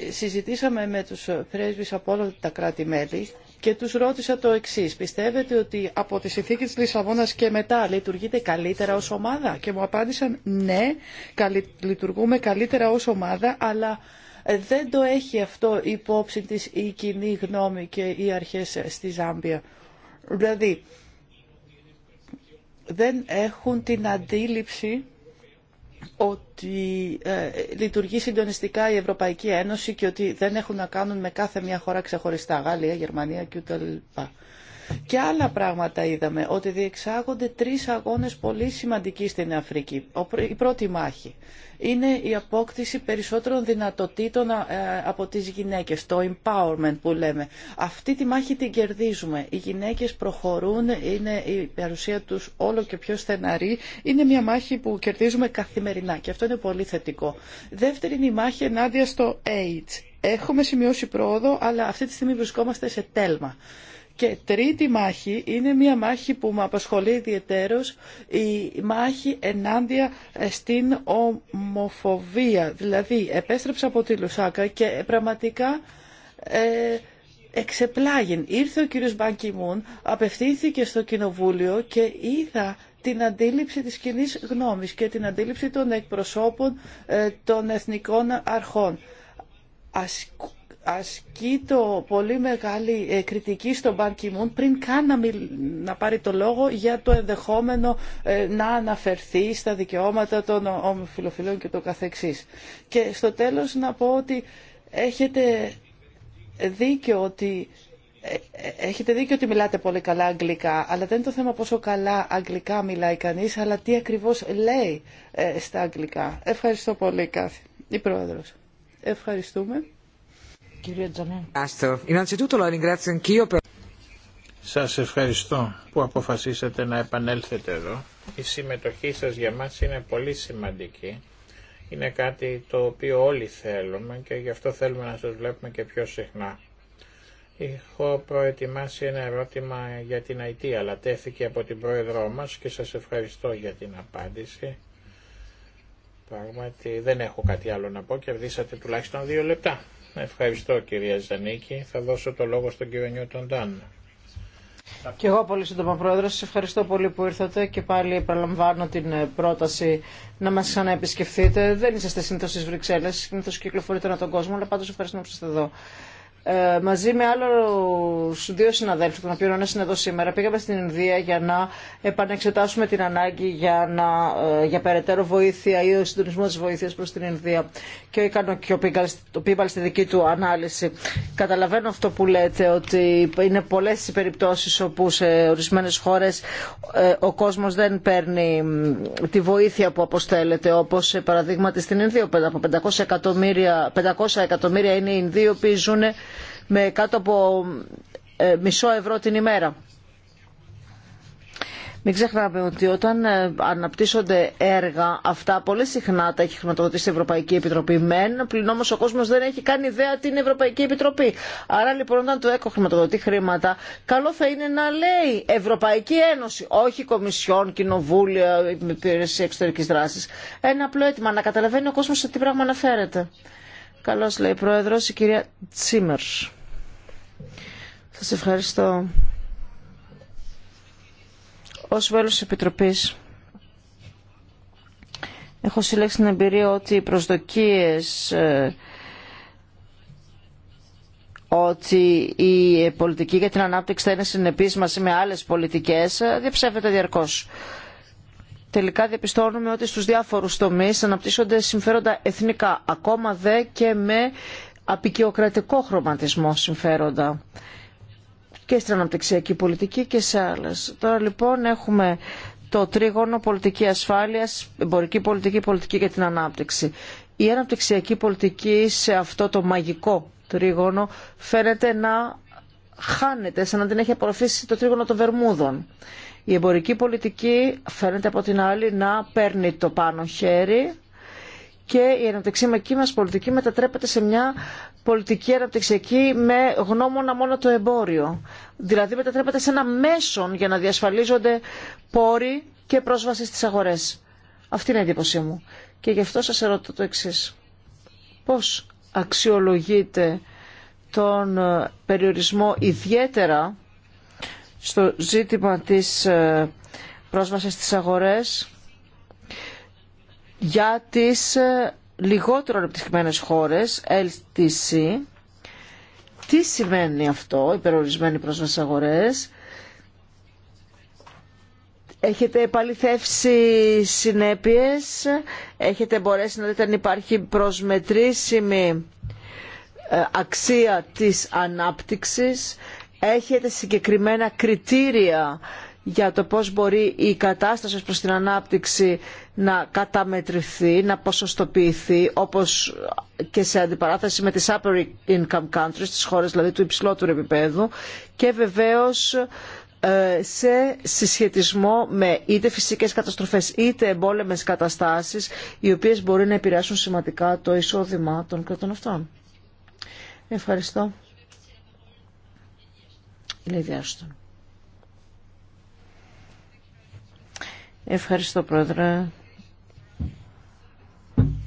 συζητήσαμε με τους πρέσβεις από όλα τα κράτη-μέλη και τους ρώτησα το εξής. Πιστεύετε ότι από τη συνθήκη της Λισαβόνας και μετά λειτουργείτε καλύτερα ως ομάδα. Και μου απάντησαν ναι, λειτουργούμε καλύτερα ως ομάδα, αλλά ε, δεν το έχει αυτό υπόψη της η κοινή γνώμη και οι αρχές ε, στη Ζάμπια. Δηλαδή, δεν έχουν την αντίληψη ότι ε, λειτουργεί συντονιστικά η Ευρωπαϊκή Ένωση και ότι δεν έχουν να κάνουν με κάθε μια χώρα ξεχωριστά, Γαλλία, Γερμανία κλπ. Και άλλα πράγματα είδαμε, ότι διεξάγονται τρεις αγώνες πολύ σημαντικοί στην Αφρική. Η πρώτη μάχη είναι η απόκτηση περισσότερων δυνατοτήτων ε, από τις γυναίκες, το empowerment που λέμε. Αυτή τη μάχη την κερδίζουμε. Οι γυναίκες προχωρούν, είναι η παρουσία τους όλο και πιο στεναρή. Είναι μια μάχη που κερδίζουμε καθημερινά και αυτό είναι πολύ θετικό. Δεύτερη είναι η μάχη ενάντια στο AIDS. Έχουμε σημειώσει πρόοδο, αλλά αυτή τη στιγμή βρισκόμαστε σε τέλμα. Και τρίτη μάχη είναι μια μάχη που με απασχολεί ιδιαιτέρως, η μάχη ενάντια ε, στην ομοφοβία. Δηλαδή, επέστρεψα από τη Λουσάκα και πραγματικά... Ε, Ήρθε ο κύριος Μπανκιμούν, απευθύνθηκε στο κοινοβούλιο και είδα την αντίληψη της κοινή γνώμης και την αντίληψη των εκπροσώπων ε, των εθνικών αρχών ασκεί το πολύ μεγάλη ε, κριτική στον παρκιμούν, πριν καν να, να πάρει το λόγο για το ενδεχόμενο ε, να αναφερθεί στα δικαιώματα των ομοφιλοφιλών και το καθεξής. Και στο τέλος να πω ότι έχετε δίκιο ότι ε, Έχετε δίκιο ότι μιλάτε πολύ καλά αγγλικά, αλλά δεν είναι το θέμα πόσο καλά αγγλικά μιλάει κανείς, αλλά τι ακριβώς λέει στα αγγλικά. Ευχαριστώ πολύ, Κάθη, η Πρόεδρος. Ευχαριστούμε. Κύριε Σας ευχαριστώ που αποφασίσατε να επανέλθετε εδώ. Η συμμετοχή σας για μας είναι πολύ σημαντική. Είναι κάτι το οποίο όλοι θέλουμε και γι' αυτό θέλουμε να σας βλέπουμε και πιο συχνά. Έχω προετοιμάσει ένα ερώτημα για την Αιτία, αλλά τέθηκε από την πρόεδρό μας και σας ευχαριστώ για την απάντηση. Πράγματι δεν έχω κάτι άλλο να πω, κερδίσατε τουλάχιστον δύο λεπτά. Ευχαριστώ κυρία Ζανίκη. Θα δώσω το λόγο στον κύριο Νιούτον Τάν. Κι εγώ πολύ σύντομα πρόεδρε, σας ευχαριστώ πολύ που ήρθατε και πάλι επαναλαμβάνω την ε, πρόταση να μας ξαναεπισκεφθείτε. Δεν είσαστε συνήθως στις Βρυξέλλες, συνήθως κυκλοφορείτε ανά τον κόσμο, αλλά πάντως ευχαριστούμε που είστε εδώ. Ε, μαζί με άλλου δύο συναδέλφου, των οποίων ένα είναι εδώ σήμερα, πήγαμε στην Ινδία για να επανεξετάσουμε την ανάγκη για, να, ε, για περαιτέρω βοήθεια ή ο συντονισμό τη βοήθεια προ την Ινδία. Και ο Ικανό και ο στη δική του ανάλυση. Καταλαβαίνω αυτό που λέτε, ότι είναι πολλέ οι περιπτώσει όπου σε ορισμένε χώρε ε, ο κόσμο δεν παίρνει τη βοήθεια που αποστέλλεται, όπω παραδείγματι στην Ινδία. Από 500 εκατομμύρια, είναι οι Ινδοί, οι με κάτω από ε, μισό ευρώ την ημέρα. Μην ξεχνάμε ότι όταν ε, αναπτύσσονται έργα, αυτά πολύ συχνά τα έχει χρηματοδοτήσει η Ευρωπαϊκή Επιτροπή. Μεν, πλην όμω ο κόσμο δεν έχει καν ιδέα την Ευρωπαϊκή Επιτροπή. Άρα λοιπόν, όταν το ΕΚΟ χρηματοδοτεί χρήματα, καλό θα είναι να λέει Ευρωπαϊκή Ένωση, όχι Κομισιόν, Κοινοβούλια, Υπηρεσία Εξωτερική Δράση. Ένα απλό αίτημα, να καταλαβαίνει ο κόσμο σε τι πράγμα αναφέρεται. Καλώς λέει η Πρόεδρος, η κυρία Τσίμερ. Σας ευχαριστώ. Ως μέλος της Επιτροπής, έχω συλλέξει την εμπειρία ότι οι προσδοκίες ε, ότι η πολιτική για την ανάπτυξη θα είναι συνεπής μαζί με άλλες πολιτικές ε, διαψεύεται διαρκώς τελικά διαπιστώνουμε ότι στους διάφορους τομείς αναπτύσσονται συμφέροντα εθνικά, ακόμα δε και με απεικιοκρατικό χρωματισμό συμφέροντα και στην αναπτυξιακή πολιτική και σε άλλες. Τώρα λοιπόν έχουμε το τρίγωνο πολιτική ασφάλειας, εμπορική πολιτική, πολιτική για την ανάπτυξη. Η αναπτυξιακή πολιτική σε αυτό το μαγικό τρίγωνο φαίνεται να χάνεται, σαν να την έχει απορροφήσει το τρίγωνο των Βερμούδων. Η εμπορική πολιτική φαίνεται από την άλλη να παίρνει το πάνω χέρι και η αναπτυξιακή μας πολιτική μετατρέπεται σε μια πολιτική αναπτυξιακή με γνώμονα μόνο το εμπόριο. Δηλαδή μετατρέπεται σε ένα μέσον για να διασφαλίζονται πόροι και πρόσβαση στις αγορές. Αυτή είναι η εντύπωσή μου. Και γι' αυτό σας ερωτώ το εξή. Πώς αξιολογείτε τον ε, περιορισμό ιδιαίτερα στο ζήτημα της ε, πρόσβασης στις αγορές για τις ε, λιγότερο ανεπτυχημένες χώρες, LTC. Τι σημαίνει αυτό, η περιορισμένη πρόσβαση αγορές. Έχετε επαληθεύσει συνέπειες, έχετε μπορέσει να δείτε αν υπάρχει προσμετρήσιμη ε, αξία της ανάπτυξης Έχετε συγκεκριμένα κριτήρια για το πώς μπορεί η κατάσταση προς την ανάπτυξη να καταμετρηθεί, να ποσοστοποιηθεί, όπως και σε αντιπαράθεση με τις upper income countries, τις χώρες δηλαδή του υψηλότερου επίπεδου και βεβαίως ε, σε συσχετισμό με είτε φυσικές καταστροφές είτε εμπόλεμες καταστάσεις οι οποίες μπορεί να επηρεάσουν σημαντικά το εισόδημα των κρατών αυτών. Ευχαριστώ. Ευχαριστώ πρόεδρε.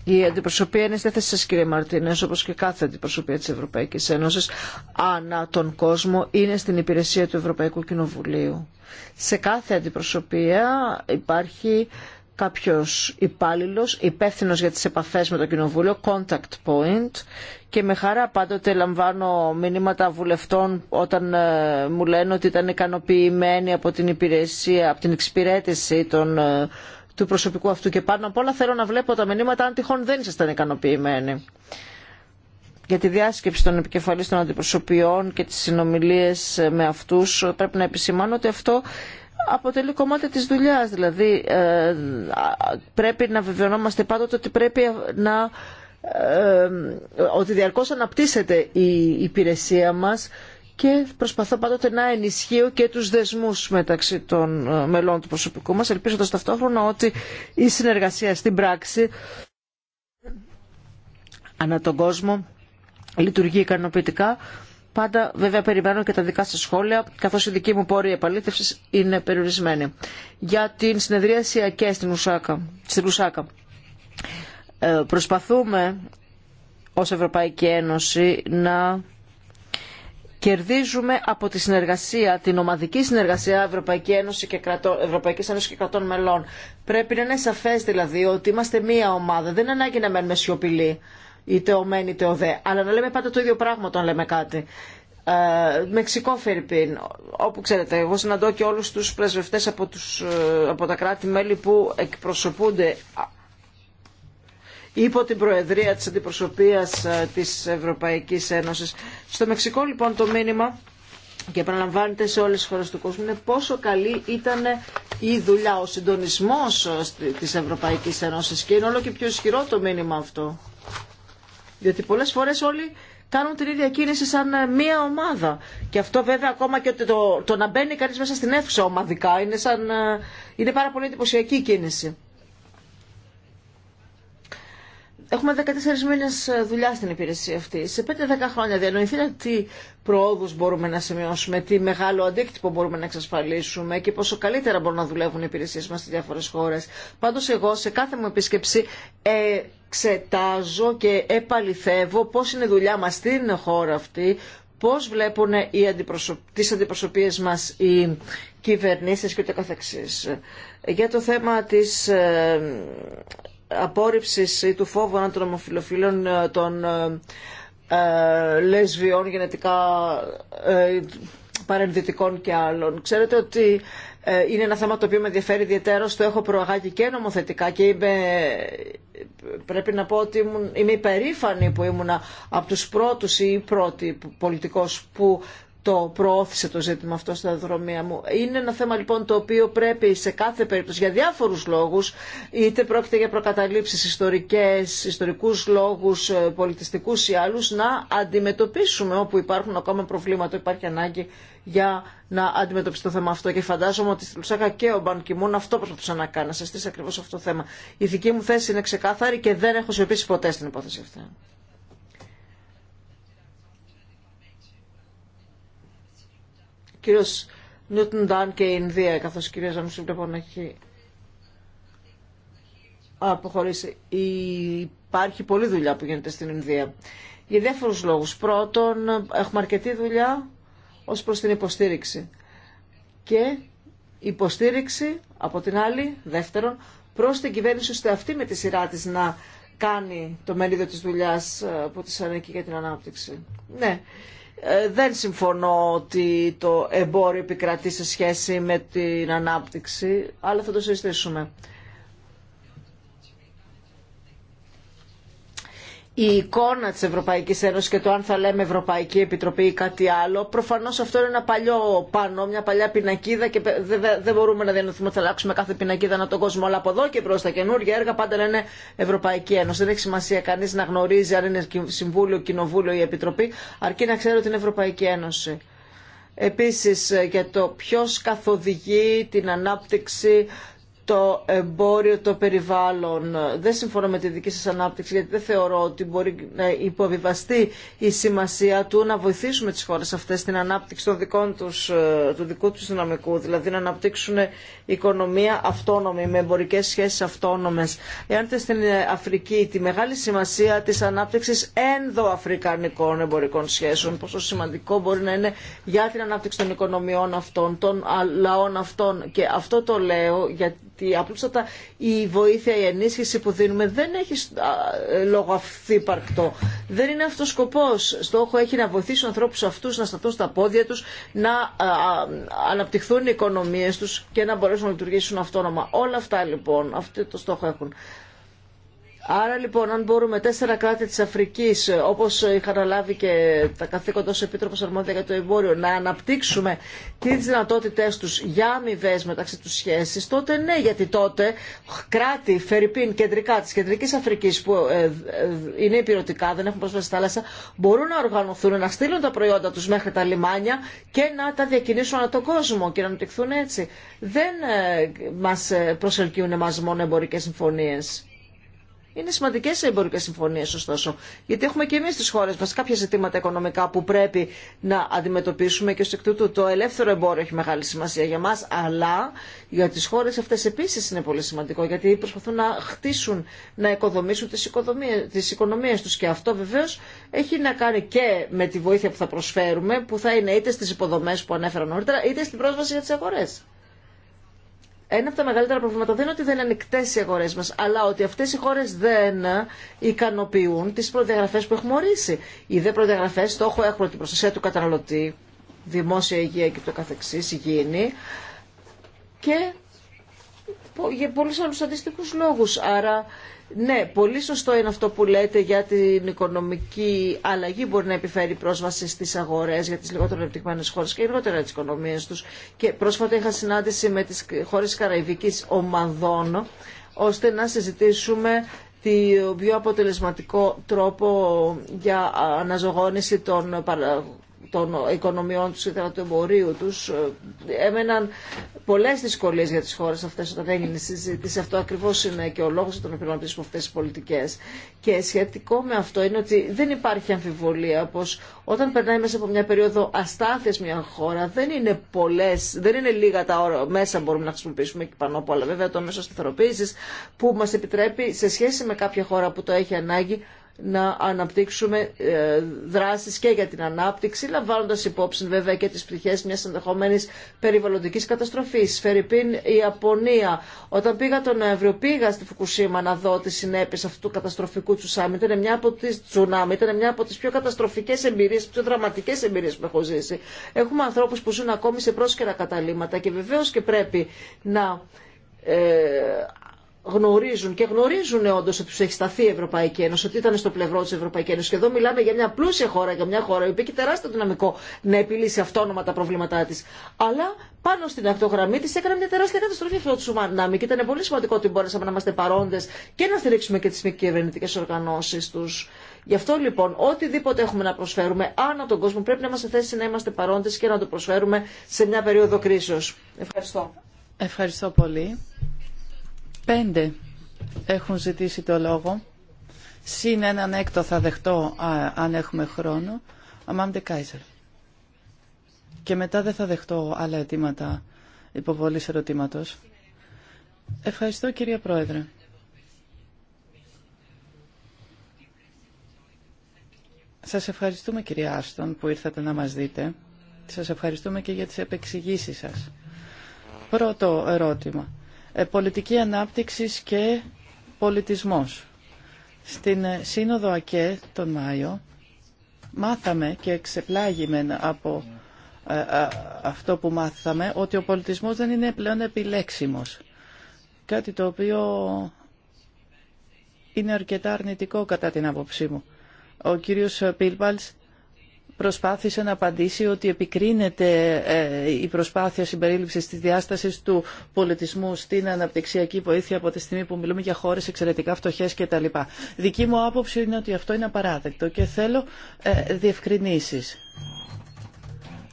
Η αντιπροσωπεία είναι στη θέση σα, κύριε Μαρτίνε, όπω και κάθε αντιπροσωπεία τη Ευρωπαϊκή Ένωση, ανά τον κόσμο, είναι στην υπηρεσία του Ευρωπαϊκού Κοινοβουλίου. Σε κάθε αντιπροσωπεία υπάρχει κάποιος υπάλληλος υπεύθυνο για τις επαφές με το Κοινοβούλιο, contact point και με χαρά πάντοτε λαμβάνω μηνύματα βουλευτών όταν ε, μου λένε ότι ήταν ικανοποιημένοι από την υπηρεσία, από την εξυπηρέτηση των, ε, του προσωπικού αυτού και πάνω απ' όλα θέλω να βλέπω τα μηνύματα αν τυχόν δεν ήσασταν ικανοποιημένοι. Για τη διάσκεψη των επικεφαλής των αντιπροσωπιών και τις συνομιλίες ε, με αυτούς πρέπει να επισημάνω ότι αυτό αποτελεί κομμάτι της δουλειάς. Δηλαδή ε, πρέπει να βεβαιωνόμαστε πάντοτε ότι πρέπει ε, να ε, ότι διαρκώς αναπτύσσεται η υπηρεσία μας και προσπαθώ πάντοτε να ενισχύω και τους δεσμούς μεταξύ των μελών του προσωπικού μας, ελπίζοντας ταυτόχρονα ότι η συνεργασία στην πράξη ανά τον κόσμο λειτουργεί ικανοποιητικά Πάντα βέβαια περιμένω και τα δικά σας σχόλια, καθώς η δική μου πόρη επαλήθευσης είναι περιορισμένη. Για την συνεδρίαση ΑΚΕ στην Ουσάκα, στην Ουσάκα. Ε, προσπαθούμε ως Ευρωπαϊκή Ένωση να κερδίζουμε από τη συνεργασία, την ομαδική συνεργασία Ευρωπαϊκή Ένωση και κρατών, Ευρωπαϊκής Ένωσης και κρατών μελών. Πρέπει να είναι σαφές δηλαδή ότι είμαστε μία ομάδα, δεν ανάγκη να μένουμε σιωπηλοί είτε ο μεν είτε ο δε. Αλλά να λέμε πάντα το ίδιο πράγμα όταν λέμε κάτι. Ε, Μεξικό Φερρυπίν, όπου ξέρετε, εγώ συναντώ και όλους τους πρεσβευτές από, τους, ε, από τα κράτη-μέλη που εκπροσωπούνται υπό την Προεδρία της Αντιπροσωπείας ε, της Ευρωπαϊκής Ένωσης. Στο Μεξικό λοιπόν το μήνυμα και επαναλαμβάνεται σε όλες τις χώρες του κόσμου είναι πόσο καλή ήταν η δουλειά, ο συντονισμός ε, της Ευρωπαϊκής Ένωσης και είναι όλο και πιο ισχυρό το μήνυμα αυτό. Διότι πολλέ φορέ όλοι κάνουν την ίδια κίνηση σαν ε, μία ομάδα. Και αυτό βέβαια ακόμα και ότι το, το να μπαίνει κανεί μέσα στην αίθουσα ομαδικά είναι, σαν, ε, είναι πάρα πολύ εντυπωσιακή κίνηση. Έχουμε 14 μήνε ε, δουλειά στην υπηρεσία αυτή. Σε 5-10 χρόνια διανοηθείτε τι προόδου μπορούμε να σημειώσουμε, τι μεγάλο αντίκτυπο μπορούμε να εξασφαλίσουμε και πόσο καλύτερα μπορούν να δουλεύουν οι υπηρεσίε μα στι διάφορε χώρε. Πάντω εγώ σε κάθε μου επίσκεψη ε, ξετάζω και επαληθεύω πώς είναι η δουλειά μας στην χώρα αυτή, πώς βλέπουν οι αντιπροσωπ... τις αντιπροσωπείες μας οι κυβερνήσεις και το καθεξής. Για το θέμα της ε, απόρριψης ή του φόβου των ομοφιλοφίλων ε, των ε, λεσβιών, γενετικά ε, παρενδυτικών και άλλων. Ξέρετε ότι ε, είναι ένα θέμα το οποίο με ενδιαφέρει ιδιαίτερο. Το έχω προαγάγει και νομοθετικά και είμαι, πρέπει να πω ότι είμαι υπερήφανη που ήμουνα από τους πρώτους ή πρώτοι πολιτικός που το προώθησε το ζήτημα αυτό στα δρομία μου. Είναι ένα θέμα λοιπόν το οποίο πρέπει σε κάθε περίπτωση για διάφορους λόγους, είτε πρόκειται για προκαταλήψεις ιστορικές, ιστορικούς λόγους, ε, πολιτιστικούς ή άλλους, να αντιμετωπίσουμε όπου υπάρχουν ακόμα προβλήματα, υπάρχει ανάγκη για να αντιμετωπίσει το θέμα αυτό. Και φαντάζομαι ότι στην Λουσάκα και ο Μπαν Κιμούν αυτό προσπαθούσαν να κάνει, να συστήσει ακριβώ αυτό το θέμα. Η δική μου θέση είναι ξεκάθαρη και δεν έχω σιωπήσει ποτέ στην υπόθεση αυτή. Ο Νιούτον Ντάν και η Ινδία, καθώ η κυρία Ζανουσίου έχει αποχωρήσει. Υπάρχει πολλή δουλειά που γίνεται στην Ινδία. Για διάφορου λόγου. Πρώτον, έχουμε αρκετή δουλειά ω προ την υποστήριξη. Και υποστήριξη, από την άλλη, δεύτερον, προ την κυβέρνηση ώστε αυτή με τη σειρά τη να κάνει το μερίδιο της δουλειά ε, που τη ανήκει για την ανάπτυξη. Ναι. Ε, δεν συμφωνώ ότι το εμπόριο επικρατεί σε σχέση με την ανάπτυξη, αλλά θα το συζητήσουμε. η εικόνα της Ευρωπαϊκής Ένωσης και το αν θα λέμε Ευρωπαϊκή Επιτροπή ή κάτι άλλο. Προφανώς αυτό είναι ένα παλιό πάνω, μια παλιά πινακίδα και δεν μπορούμε να διανοηθούμε ότι θα αλλάξουμε κάθε πινακίδα ανά τον κόσμο. Αλλά από εδώ και προς τα καινούργια έργα πάντα λένε Ευρωπαϊκή Ένωση. Δεν έχει σημασία κανείς να γνωρίζει αν είναι Συμβούλιο, Κοινοβούλιο ή Επιτροπή, αρκεί να ξέρει ότι είναι Ευρωπαϊκή Ένωση. Επίσης ε, για το ποιος καθοδηγεί την ανάπτυξη το εμπόριο, το περιβάλλον. Δεν συμφωνώ με τη δική σας ανάπτυξη γιατί δεν θεωρώ ότι μπορεί να υποβιβαστεί η σημασία του να βοηθήσουμε τις χώρες αυτές στην ανάπτυξη των δικών τους, ε, του δικού τους δυναμικού, δηλαδή να αναπτύξουν οικονομία αυτόνομη, με εμπορικές σχέσεις αυτόνομες. Εάν είστε στην Αφρική τη μεγάλη σημασία της ανάπτυξης ενδοαφρικανικών εμπορικών σχέσεων, πόσο σημαντικό μπορεί να είναι για την ανάπτυξη των οικονομιών αυτών, των λαών αυτών. Και αυτό το λέω γιατί ότι απλούστατα η βοήθεια, η ενίσχυση που δίνουμε δεν έχει λόγο αυθύπαρκτο. Δεν είναι αυτός ο σκοπός. Στόχο έχει να βοηθήσουν ανθρώπους αυτούς να σταθούν στα πόδια τους, να αναπτυχθούν οι οικονομίες τους και να μπορέσουν να λειτουργήσουν αυτόνομα. Όλα αυτά λοιπόν, αυτό το στόχο έχουν. Άρα λοιπόν, αν μπορούμε τέσσερα κράτη της Αφρικής, όπως είχαν αναλάβει και τα καθήκοντα ως Επίτροπος Αρμόδια για το Εμπόριο, να αναπτύξουμε τι δυνατότητε του για αμοιβέ μεταξύ του σχέσει, τότε ναι, γιατί τότε κράτη, Φερρυπίν, κεντρικά τη κεντρική Αφρική που ε, ε, είναι υπηρετικά, δεν έχουν πρόσβαση στη θάλασσα, μπορούν να οργανωθούν, να στείλουν τα προϊόντα του μέχρι τα λιμάνια και να τα διακινήσουν ανά τον κόσμο και να αναπτυχθούν έτσι. Δεν ε, μα προσελκύουν εμά μόνο εμπορικέ συμφωνίε. Είναι σημαντικέ οι εμπορικέ συμφωνίε, ωστόσο. Γιατί έχουμε και εμεί στι χώρε μα κάποια ζητήματα οικονομικά που πρέπει να αντιμετωπίσουμε και ω εκ τούτου το ελεύθερο εμπόριο έχει μεγάλη σημασία για μα, αλλά για τι χώρε αυτέ επίση είναι πολύ σημαντικό, γιατί προσπαθούν να χτίσουν, να οικοδομήσουν τι οικονομίε του. Και αυτό βεβαίω έχει να κάνει και με τη βοήθεια που θα προσφέρουμε, που θα είναι είτε στι υποδομέ που ανέφερα νωρίτερα, είτε στην πρόσβαση για τι αγορέ ένα από τα μεγαλύτερα προβλήματα δεν είναι ότι δεν είναι ανοιχτέ οι αγορέ μα, αλλά ότι αυτέ οι χώρε δεν ικανοποιούν τι προδιαγραφέ που έχουμε ορίσει. Οι δε προδιαγραφέ στόχο έχουν την προστασία του καταναλωτή, δημόσια υγεία και το καθεξή, υγιεινή και για πολλού άλλου αντίστοιχου λόγου. Άρα ναι, πολύ σωστό είναι αυτό που λέτε για την οικονομική αλλαγή μπορεί να επιφέρει πρόσβαση στις αγορές για τις λιγότερο επιτυχμένες χώρες και λιγότερα τις οικονομίες τους. Και πρόσφατα είχα συνάντηση με τις χώρες Καραϊβικής ομαδών ώστε να συζητήσουμε το πιο αποτελεσματικό τρόπο για αναζωγόνηση των των οικονομιών του και του εμπορίου τους. Ε, έμεναν πολλέ δυσκολίε για τι χώρε αυτέ όταν έγινε συζήτηση. Αυτό ακριβώ είναι και ο λόγος των οποίων από αυτέ τι πολιτικέ. Και σχετικό με αυτό είναι ότι δεν υπάρχει αμφιβολία πω όταν περνάει μέσα από μια περίοδο αστάθεια μια χώρα δεν είναι πολλές, δεν είναι λίγα τα όρο μέσα μπορούμε να χρησιμοποιήσουμε και πάνω από όλα. Βέβαια το μέσο σταθεροποίηση που μα επιτρέπει σε σχέση με κάποια χώρα που το έχει ανάγκη να αναπτύξουμε ε, δράσεις και για την ανάπτυξη, λαμβάνοντας υπόψη βέβαια και τις πτυχές μιας ενδεχομένης περιβαλλοντικής καταστροφής. Φερρυπίν, η Ιαπωνία. Όταν πήγα τον Νοέμβριο, πήγα στη Φουκουσίμα να δω τις συνέπειες αυτού του καταστροφικού τσουσάμι. Ήταν μια από τις τσουνάμι, ήταν μια από τις πιο καταστροφικές εμπειρίες, πιο δραματικές εμπειρίες που έχω ζήσει. Έχουμε ανθρώπους που ζουν ακόμη σε πρόσκαιρα καταλήματα και βεβαίως και πρέπει να ε, γνωρίζουν και γνωρίζουν όντω ότι του έχει σταθεί η Ευρωπαϊκή Ένωση, ότι ήταν στο πλευρό τη Ευρωπαϊκή Ένωση. Και εδώ μιλάμε για μια πλούσια χώρα, για μια χώρα η οποία έχει τεράστιο δυναμικό να επιλύσει αυτόνομα τα προβλήματά τη. Αλλά πάνω στην ακτογραμμή τη έκανε μια τεράστια καταστροφή αυτό το τσουμανάμι. Και ήταν πολύ σημαντικό ότι μπορέσαμε να είμαστε παρόντε και να στηρίξουμε και τι μη κυβερνητικέ οργανώσει του. Γι' αυτό λοιπόν, οτιδήποτε έχουμε να προσφέρουμε άνω τον κόσμο πρέπει να είμαστε θέσει να είμαστε παρόντε και να το προσφέρουμε σε μια περίοδο κρίσεω. Ευχαριστώ. Ευχαριστώ πολύ. Πέντε έχουν ζητήσει το λόγο. Συν έναν έκτο θα δεχτώ αν έχουμε χρόνο. Αμάντε Κάιζερ. Και μετά δεν θα δεχτώ άλλα αιτήματα υποβολής ερωτήματος. Ευχαριστώ κυρία Πρόεδρε. Σας ευχαριστούμε κυρία Άστον που ήρθατε να μας δείτε. Σας ευχαριστούμε και για τις επεξηγήσεις σας. Πρώτο ερώτημα. Ε, πολιτική ανάπτυξης και πολιτισμός. Στην ε, Σύνοδο ΑΚΕ τον Μάιο μάθαμε και εξεπλάγημεν από ε, αυτό που μάθαμε ότι ο πολιτισμός δεν είναι πλέον επιλέξιμος. Κάτι το οποίο είναι αρκετά αρνητικό κατά την άποψή μου. Ο κύριος Πίλπαλς προσπάθησε να απαντήσει ότι επικρίνεται ε, η προσπάθεια συμπερίληψης της διάστασης του πολιτισμού στην αναπτυξιακή βοήθεια από τη στιγμή που μιλούμε για χώρες εξαιρετικά φτωχέ κτλ. Δική μου άποψη είναι ότι αυτό είναι απαράδεκτο και θέλω ε, διευκρινήσεις.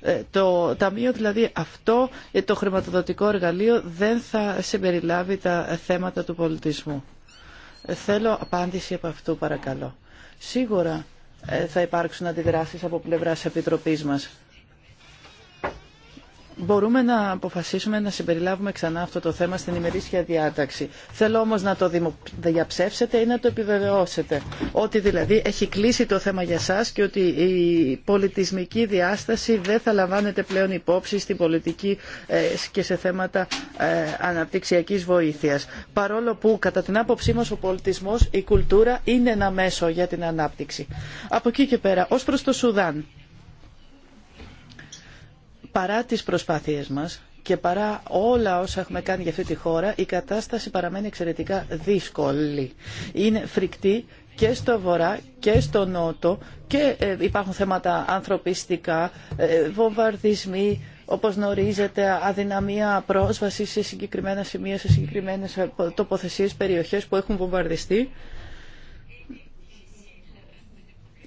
Ε, το ταμείο δηλαδή αυτό, ε, το χρηματοδοτικό εργαλείο δεν θα συμπεριλάβει τα θέματα του πολιτισμού. Θέλω απάντηση από αυτού παρακαλώ. Σίγουρα ε, θα υπάρξουν αντιδράσεις από πλευράς Επιτροπής μας μπορούμε να αποφασίσουμε να συμπεριλάβουμε ξανά αυτό το θέμα στην ημερήσια διάταξη. Θέλω όμως να το διαψεύσετε ή να το επιβεβαιώσετε. Ότι δηλαδή έχει κλείσει το θέμα για σας και ότι η πολιτισμική διάσταση δεν θα λαμβάνεται πλέον υπόψη στην πολιτική ε, και σε θέματα ε, αναπτυξιακής βοήθειας. Παρόλο που κατά την άποψή μας ο πολιτισμός, η κουλτούρα είναι ένα μέσο για την ανάπτυξη. Από εκεί και πέρα, ως προς το Σουδάν παρά τις προσπάθειές μας και παρά όλα όσα έχουμε κάνει για αυτή τη χώρα, η κατάσταση παραμένει εξαιρετικά δύσκολη. Είναι φρικτή και στο βορρά και στο νότο και ε, υπάρχουν θέματα ανθρωπιστικά, ε, βομβαρδισμοί, όπως γνωρίζετε, αδυναμία πρόσβαση σε συγκεκριμένα σημεία, σε συγκεκριμένες ε, τοποθεσίες, περιοχές που έχουν βομβαρδιστεί.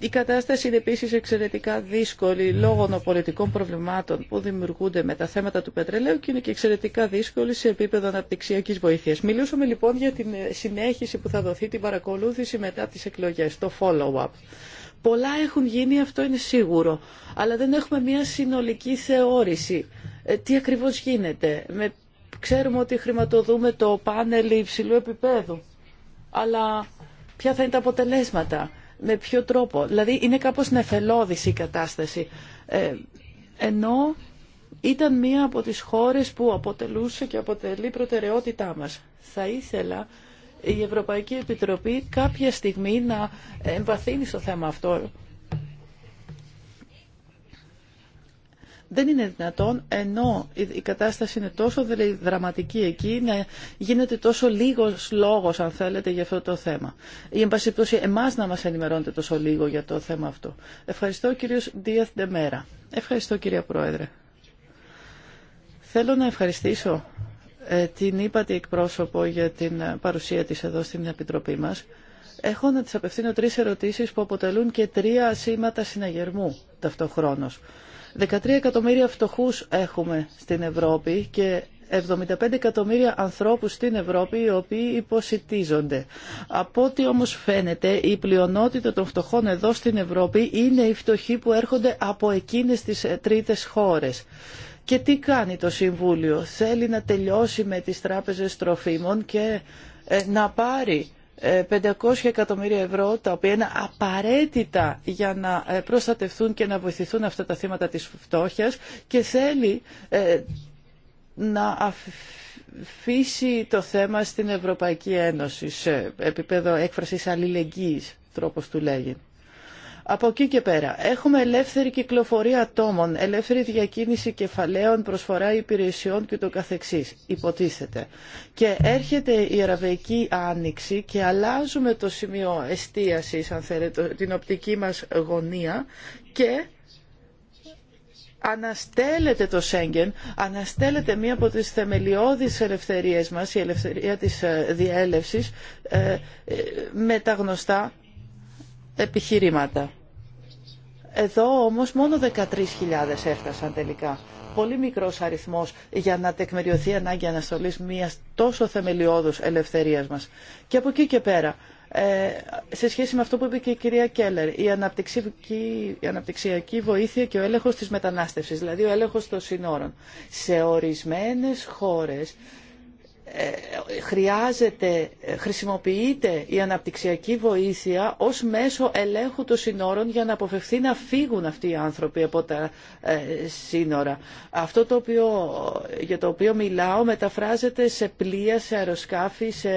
Η κατάσταση είναι επίσης εξαιρετικά δύσκολη λόγω των πολιτικών προβλημάτων που δημιουργούνται με τα θέματα του πετρελαίου και είναι και εξαιρετικά δύσκολη σε επίπεδο αναπτυξιακής βοήθειας. Μιλούσαμε λοιπόν για την συνέχιση που θα δοθεί την παρακολούθηση μετά τις εκλογές, το follow-up. Πολλά έχουν γίνει, αυτό είναι σίγουρο, αλλά δεν έχουμε μια συνολική θεώρηση. Ε, τι ακριβώς γίνεται. Με, ξέρουμε ότι χρηματοδούμε το πάνελ υψηλού επίπεδου, αλλά ποια θα είναι τα αποτελέσματα με ποιο τρόπο. Δηλαδή είναι κάπως νεφελώδης η κατάσταση. Ε, ενώ ήταν μία από τις χώρες που αποτελούσε και αποτελεί προτεραιότητά μας. Θα ήθελα η Ευρωπαϊκή Επιτροπή κάποια στιγμή να εμβαθύνει στο θέμα αυτό Δεν είναι δυνατόν, ενώ η κατάσταση είναι τόσο δραματική εκεί, να γίνεται τόσο λίγος λόγος, αν θέλετε, για αυτό το θέμα. Ή, εμπασίπτωση εμάς να μας ενημερώνετε τόσο λίγο για το θέμα αυτό. Ευχαριστώ, κύριος Δίαθ Ντεμέρα. Ευχαριστώ, κυρία Πρόεδρε. Θέλω να ευχαριστήσω ε, την ύπατη εκπρόσωπο για την ε, παρουσία της εδώ στην Επιτροπή μας. Έχω να της απευθύνω τρεις ερωτήσεις που αποτελούν και τρία σήματα συναγερμού ταυτοχρόνως. 13 εκατομμύρια φτωχούς έχουμε στην Ευρώπη και 75 εκατομμύρια ανθρώπους στην Ευρώπη οι οποίοι υποσυτίζονται. Από ό,τι όμως φαίνεται η πλειονότητα των φτωχών εδώ στην Ευρώπη είναι οι φτωχοί που έρχονται από εκείνες τις τρίτες χώρες. Και τι κάνει το Συμβούλιο. Θέλει να τελειώσει με τις τράπεζες τροφίμων και ε, να πάρει 500 ε, εκατομμύρια ευρώ τα οποία είναι απαραίτητα για να ε, προστατευτούν και να βοηθηθούν αυτά τα θύματα της φτώχειας και θέλει ε, να αφήσει το θέμα στην Ευρωπαϊκή Ένωση σε επίπεδο έκφρασης αλληλεγγύης τρόπος του λέγει. Από εκεί και πέρα, έχουμε ελεύθερη κυκλοφορία ατόμων, ελεύθερη διακίνηση κεφαλαίων, προσφορά υπηρεσιών και το καθεξής, υποτίθεται. Και έρχεται η Αραβική Άνοιξη και αλλάζουμε το σημείο εστίασης, αν θέλετε, την οπτική μας γωνία και αναστέλλεται το Σέγγεν, αναστέλλεται μία από τις θεμελιώδεις ελευθερίες μας, η ελευθερία της ε, διέλευσης, ε, ε, με τα γνωστά επιχειρήματα. Εδώ όμως μόνο 13.000 έφτασαν τελικά. Πολύ μικρός αριθμός για να τεκμηριωθεί ανάγκη αναστολής μιας τόσο θεμελιώδους ελευθερίας μας. Και από εκεί και πέρα, ε, σε σχέση με αυτό που είπε και η κυρία Κέλλερ, η αναπτυξιακή, η αναπτυξιακή βοήθεια και ο έλεγχος της μετανάστευσης, δηλαδή ο έλεγχος των συνόρων. Σε ορισμένες χώρες ε, ε, χρησιμοποιείται η αναπτυξιακή βοήθεια ως μέσο ελέγχου των σύνορων για να αποφευθεί να φύγουν αυτοί οι άνθρωποι από τα ε, σύνορα. Αυτό το οποίο, για το οποίο μιλάω μεταφράζεται σε πλοία, σε αεροσκάφη, σε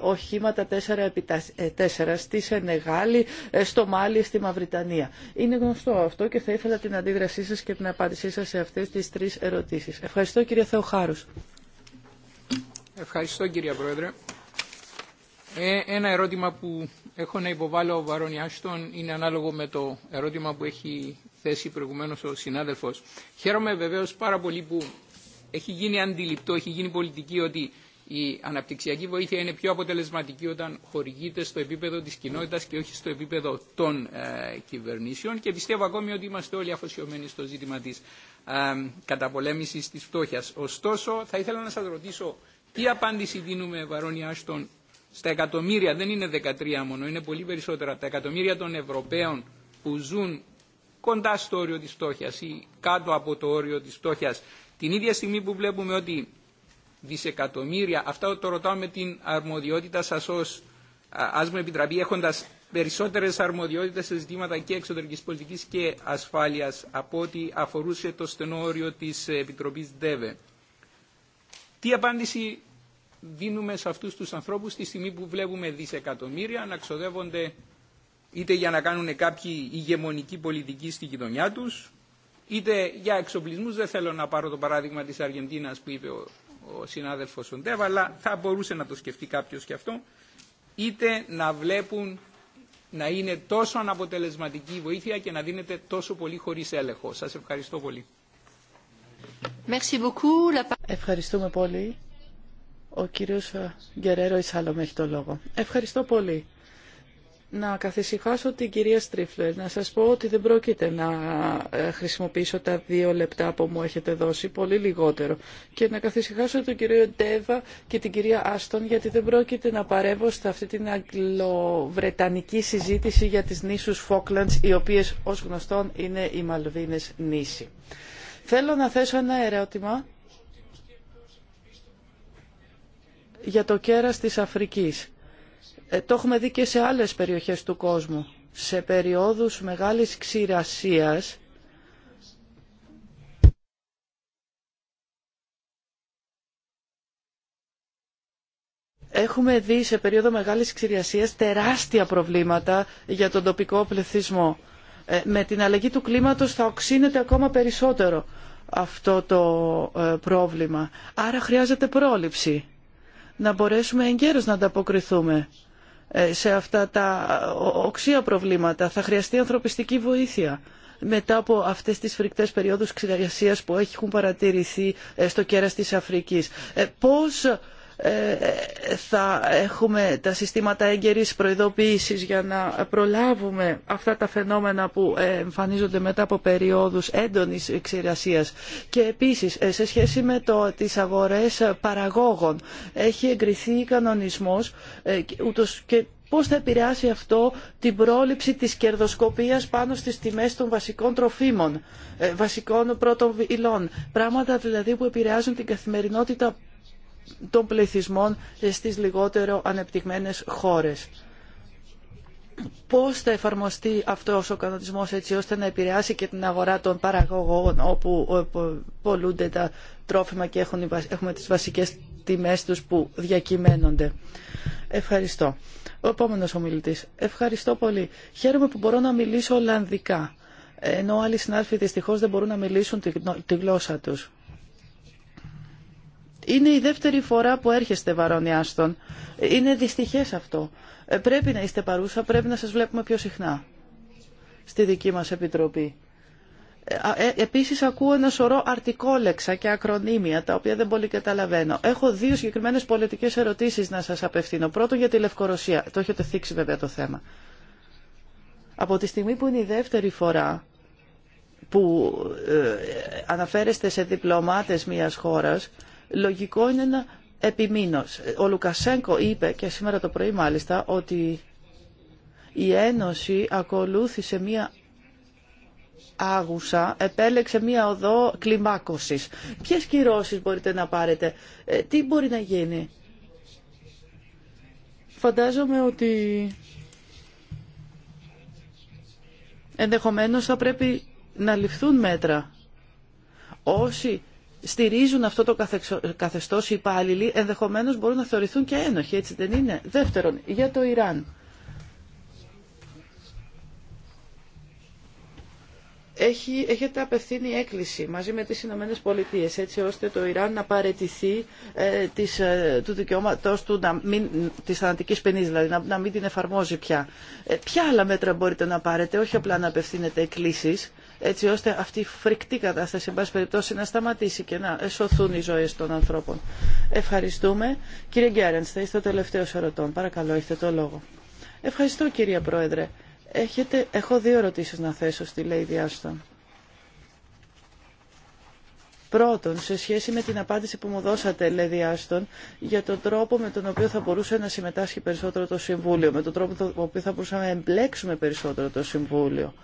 οχήματα 4x4 στη Σενεγάλη, στο Μάλι, στη Μαυριτανία. Είναι γνωστό αυτό και θα ήθελα την αντίδρασή σας και την απάντησή σας σε αυτές τις τρεις ερωτήσεις. Ευχαριστώ κύριε Θεοχάρους. Ευχαριστώ κύριε Πρόεδρε. Ε, ένα ερώτημα που έχω να υποβάλω ο Βαρόνι Άστον είναι ανάλογο με το ερώτημα που έχει θέσει προηγουμένως ο συνάδελφος. Χαίρομαι βεβαίως πάρα πολύ που έχει γίνει αντιληπτό, έχει γίνει πολιτική ότι η αναπτυξιακή βοήθεια είναι πιο αποτελεσματική όταν χορηγείται στο επίπεδο της κοινότητας και όχι στο επίπεδο των ε, κυβερνήσεων και πιστεύω ακόμη ότι είμαστε όλοι αφοσιωμένοι στο ζήτημα τη ε, καταπολέμησης της Ωστόσο, θα ήθελα να σα ρωτήσω τι απάντηση δίνουμε, Βαρόνι Άστον, στα εκατομμύρια, δεν είναι 13 μόνο, είναι πολύ περισσότερα, τα εκατομμύρια των Ευρωπαίων που ζουν κοντά στο όριο της φτώχειας ή κάτω από το όριο της φτώχειας, την ίδια στιγμή που βλέπουμε ότι δισεκατομμύρια, αυτά το ρωτάω με την αρμοδιότητα σας ως, ας μου επιτραπεί, έχοντας περισσότερες αρμοδιότητες σε ζητήματα και εξωτερικής πολιτικής και ασφάλειας από ό,τι αφορούσε το στενό όριο της Επιτροπής ΔΕΒΕ. Τι απάντηση δίνουμε σε αυτούς τους ανθρώπους τη στιγμή που βλέπουμε δισεκατομμύρια να ξοδεύονται είτε για να κάνουν κάποιοι ηγεμονική πολιτική στη γειτονιά τους, είτε για εξοπλισμούς, δεν θέλω να πάρω το παράδειγμα της Αργεντίνας που είπε ο, ο συνάδελφος Σοντέβα, αλλά θα μπορούσε να το σκεφτεί κάποιος και αυτό, είτε να βλέπουν να είναι τόσο αναποτελεσματική η βοήθεια και να δίνεται τόσο πολύ χωρίς έλεγχο. Σας ευχαριστώ πολύ. Ευχαριστούμε πολύ. Ο κύριος Γκερέρο Ισάλομ έχει το λόγο. Ευχαριστώ πολύ. Να καθησυχάσω την κυρία Στρίφλερ, να σας πω ότι δεν πρόκειται να ε, χρησιμοποιήσω τα δύο λεπτά που μου έχετε δώσει, πολύ λιγότερο. Και να καθησυχάσω τον κύριο Ντέβα και την κυρία Άστον, γιατί δεν πρόκειται να παρεύω σε αυτή την αγγλοβρετανική συζήτηση για τις νήσους Φόκλαντς, οι οποίες ως γνωστόν είναι οι Μαλβίνες νήσοι. Θέλω να θέσω ένα ερώτημα για το κέρας της Αφρικής. Ε, το έχουμε δει και σε άλλες περιοχές του κόσμου. Σε περιόδους μεγάλης ξηρασίας, έχουμε δει σε περίοδο μεγάλης ξηριασίας τεράστια προβλήματα για τον τοπικό πληθυσμό. Ε, με την αλλαγή του κλίματος θα οξύνεται ακόμα περισσότερο αυτό το ε, πρόβλημα. Άρα χρειάζεται πρόληψη να μπορέσουμε εγκαίρως να ανταποκριθούμε ε, σε αυτά τα οξία προβλήματα. Θα χρειαστεί ανθρωπιστική βοήθεια μετά από αυτές τις φρικτές περιόδους ξηρασίας που έχουν παρατηρηθεί ε, στο κέρας της Αφρικής. Ε, πώς ε, θα έχουμε τα συστήματα έγκαιρης προειδοποίησης για να προλάβουμε αυτά τα φαινόμενα που εμφανίζονται μετά από περιόδους έντονης εξηρασίας. Και επίσης, ε, σε σχέση με το, τις αγορές παραγόγων, έχει εγκριθεί κανονισμός ε, ούτως και πώς θα επηρεάσει αυτό την πρόληψη της κερδοσκοπίας πάνω στις τιμές των βασικών τροφίμων, βασικών πρώτων υλών. Πράγματα δηλαδή που επηρεάζουν την καθημερινότητα των πληθυσμών στις λιγότερο ανεπτυγμένες χώρες. Πώς θα εφαρμοστεί αυτός ο κανονισμός έτσι ώστε να επηρεάσει και την αγορά των παραγωγών όπου πολλούνται τα τρόφιμα και έχουν, έχουμε τις βασικές τιμές τους που διακυμένονται. Ευχαριστώ. Ο επόμενος ομιλητής. Ευχαριστώ πολύ. Χαίρομαι που μπορώ να μιλήσω Ολλανδικά, ενώ άλλοι συνάδελφοι δυστυχώς δεν μπορούν να μιλήσουν τη γλώσσα τους. Είναι η δεύτερη φορά που έρχεστε, Βαρόνι Άστον. Είναι δυστυχές αυτό. Ε, πρέπει να είστε παρούσα, πρέπει να σας βλέπουμε πιο συχνά στη δική μας Επιτροπή. Ε, ε, επίσης ακούω ένα σωρό αρτικόλεξα και ακρονίμια τα οποία δεν πολύ καταλαβαίνω. Έχω δύο συγκεκριμένες πολιτικές ερωτήσεις να σας απευθύνω. Πρώτο για τη Λευκορωσία. Το έχετε θίξει βέβαια το θέμα. Από τη στιγμή που είναι η δεύτερη φορά που αναφέρεστε σε διπλωμάτες μιας χώρας λογικό είναι να επιμείνω. Ο Λουκασέγκο είπε και σήμερα το πρωί μάλιστα ότι η Ένωση ακολούθησε μία άγουσα, επέλεξε μία οδό κλιμάκωσης. Ποιες κυρώσεις μπορείτε να πάρετε, ε, τι μπορεί να γίνει. Φαντάζομαι ότι ενδεχομένως θα πρέπει να ληφθούν μέτρα. Όσοι στηρίζουν αυτό το καθεστώς οι υπάλληλοι ενδεχομένως μπορούν να θεωρηθούν και ένοχοι, έτσι δεν είναι. Δεύτερον, για το Ιράν. Έχει, έχετε απευθύνει έκκληση μαζί με τις Ηνωμένε Πολιτείε έτσι ώστε το Ιράν να παρετηθεί ε, της, ε, του δικαιώματος του να μην, της θανατικής ποινής, δηλαδή να, μην την εφαρμόζει πια. Ε, ποια άλλα μέτρα μπορείτε να πάρετε, όχι απλά να απευθύνετε εκκλήσεις έτσι ώστε αυτή η φρικτή κατάσταση, εν πάση περιπτώσει, να σταματήσει και να σωθούν οι ζωέ των ανθρώπων. Ευχαριστούμε. Κύριε Γκέρενς, θα είστε ο τελευταίο ερωτών. Παρακαλώ, έχετε το λόγο. Ευχαριστώ, κύριε Πρόεδρε. Έχετε, έχω δύο ερωτήσει να θέσω στη Lady Διάστον. Πρώτον, σε σχέση με την απάντηση που μου δώσατε, λέει Άστον, για τον τρόπο με τον οποίο θα μπορούσε να συμμετάσχει περισσότερο το Συμβούλιο, με τον τρόπο με τον οποίο θα μπορούσαμε να εμπλέξουμε περισσότερο το Συμβούλιο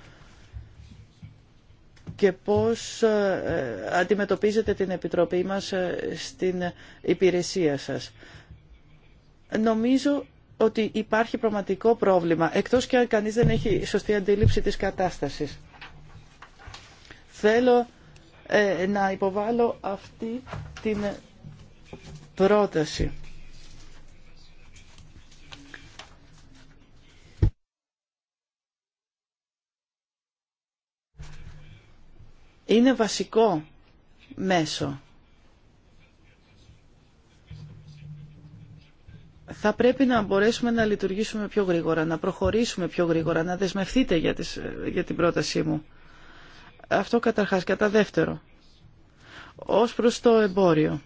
και πώς ε, ε, αντιμετωπίζετε την Επιτροπή μας ε, στην υπηρεσία σας. Νομίζω ότι υπάρχει πραγματικό πρόβλημα, εκτός και αν κανείς δεν έχει σωστή αντίληψη της κατάστασης. Θέλω να υποβάλω αυτή την πρόταση. είναι βασικό μέσο. Θα πρέπει να μπορέσουμε να λειτουργήσουμε πιο γρήγορα, να προχωρήσουμε πιο γρήγορα, να δεσμευτείτε για, τις, για την πρότασή μου. Αυτό καταρχάς. Κατά δεύτερο, ως προς το εμπόριο.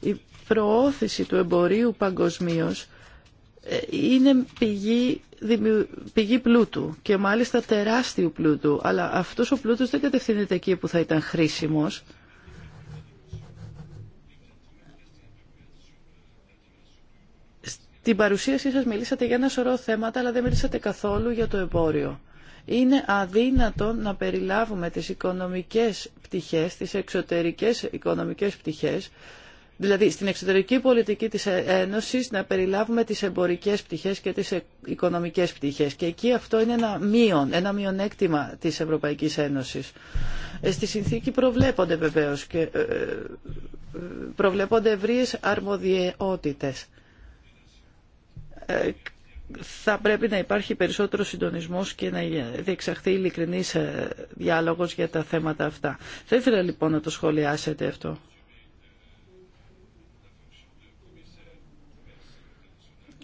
Η προώθηση του εμπορίου παγκοσμίως ε, είναι πηγή πηγή πλούτου και μάλιστα τεράστιου πλούτου, αλλά αυτός ο πλούτος δεν κατευθύνεται εκεί που θα ήταν χρήσιμος. Στην παρουσίασή σας μιλήσατε για ένα σωρό θέματα, αλλά δεν μιλήσατε καθόλου για το εμπόριο. Είναι αδύνατο να περιλάβουμε τις οικονομικές πτυχές, τις εξωτερικές οικονομικές πτυχές, Δηλαδή στην εξωτερική πολιτική της ε- Ένωσης να περιλάβουμε τις εμπορικές πτυχές και τις οικονομικές πτυχές. Και εκεί αυτό είναι ένα μείον, ένα μειονέκτημα της Ευρωπαϊκής Ένωσης. Ε, στη συνθήκη προβλέπονται βεβαίως και ε, προβλέπονται ευρείες αρμοδιαιότητες. Θα πρέπει να υπάρχει περισσότερο συντονισμός και να διεξαχθεί ειλικρινής διάλογος για τα θέματα αυτά. Θα ήθελα λοιπόν να το σχολιάσετε αυτό.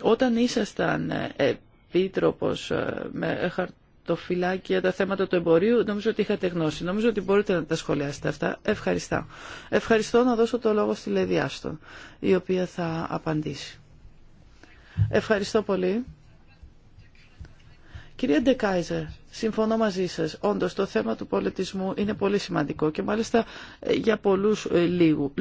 Όταν ήσασταν ε, επίτροπος ε, με χαρτοφυλάκια τα θέματα του εμπορίου, νομίζω ότι είχατε γνώση. Νομίζω ότι μπορείτε να τα σχολιάσετε αυτά. Ευχαριστώ. Ευχαριστώ να δώσω το λόγο στη Άστον, η οποία θα απαντήσει. Ευχαριστώ πολύ. Κυρία Ντεκάιζερ, συμφωνώ μαζί σας. Όντως το θέμα του πολιτισμού είναι πολύ σημαντικό και μάλιστα ε, για πολλούς λίγου,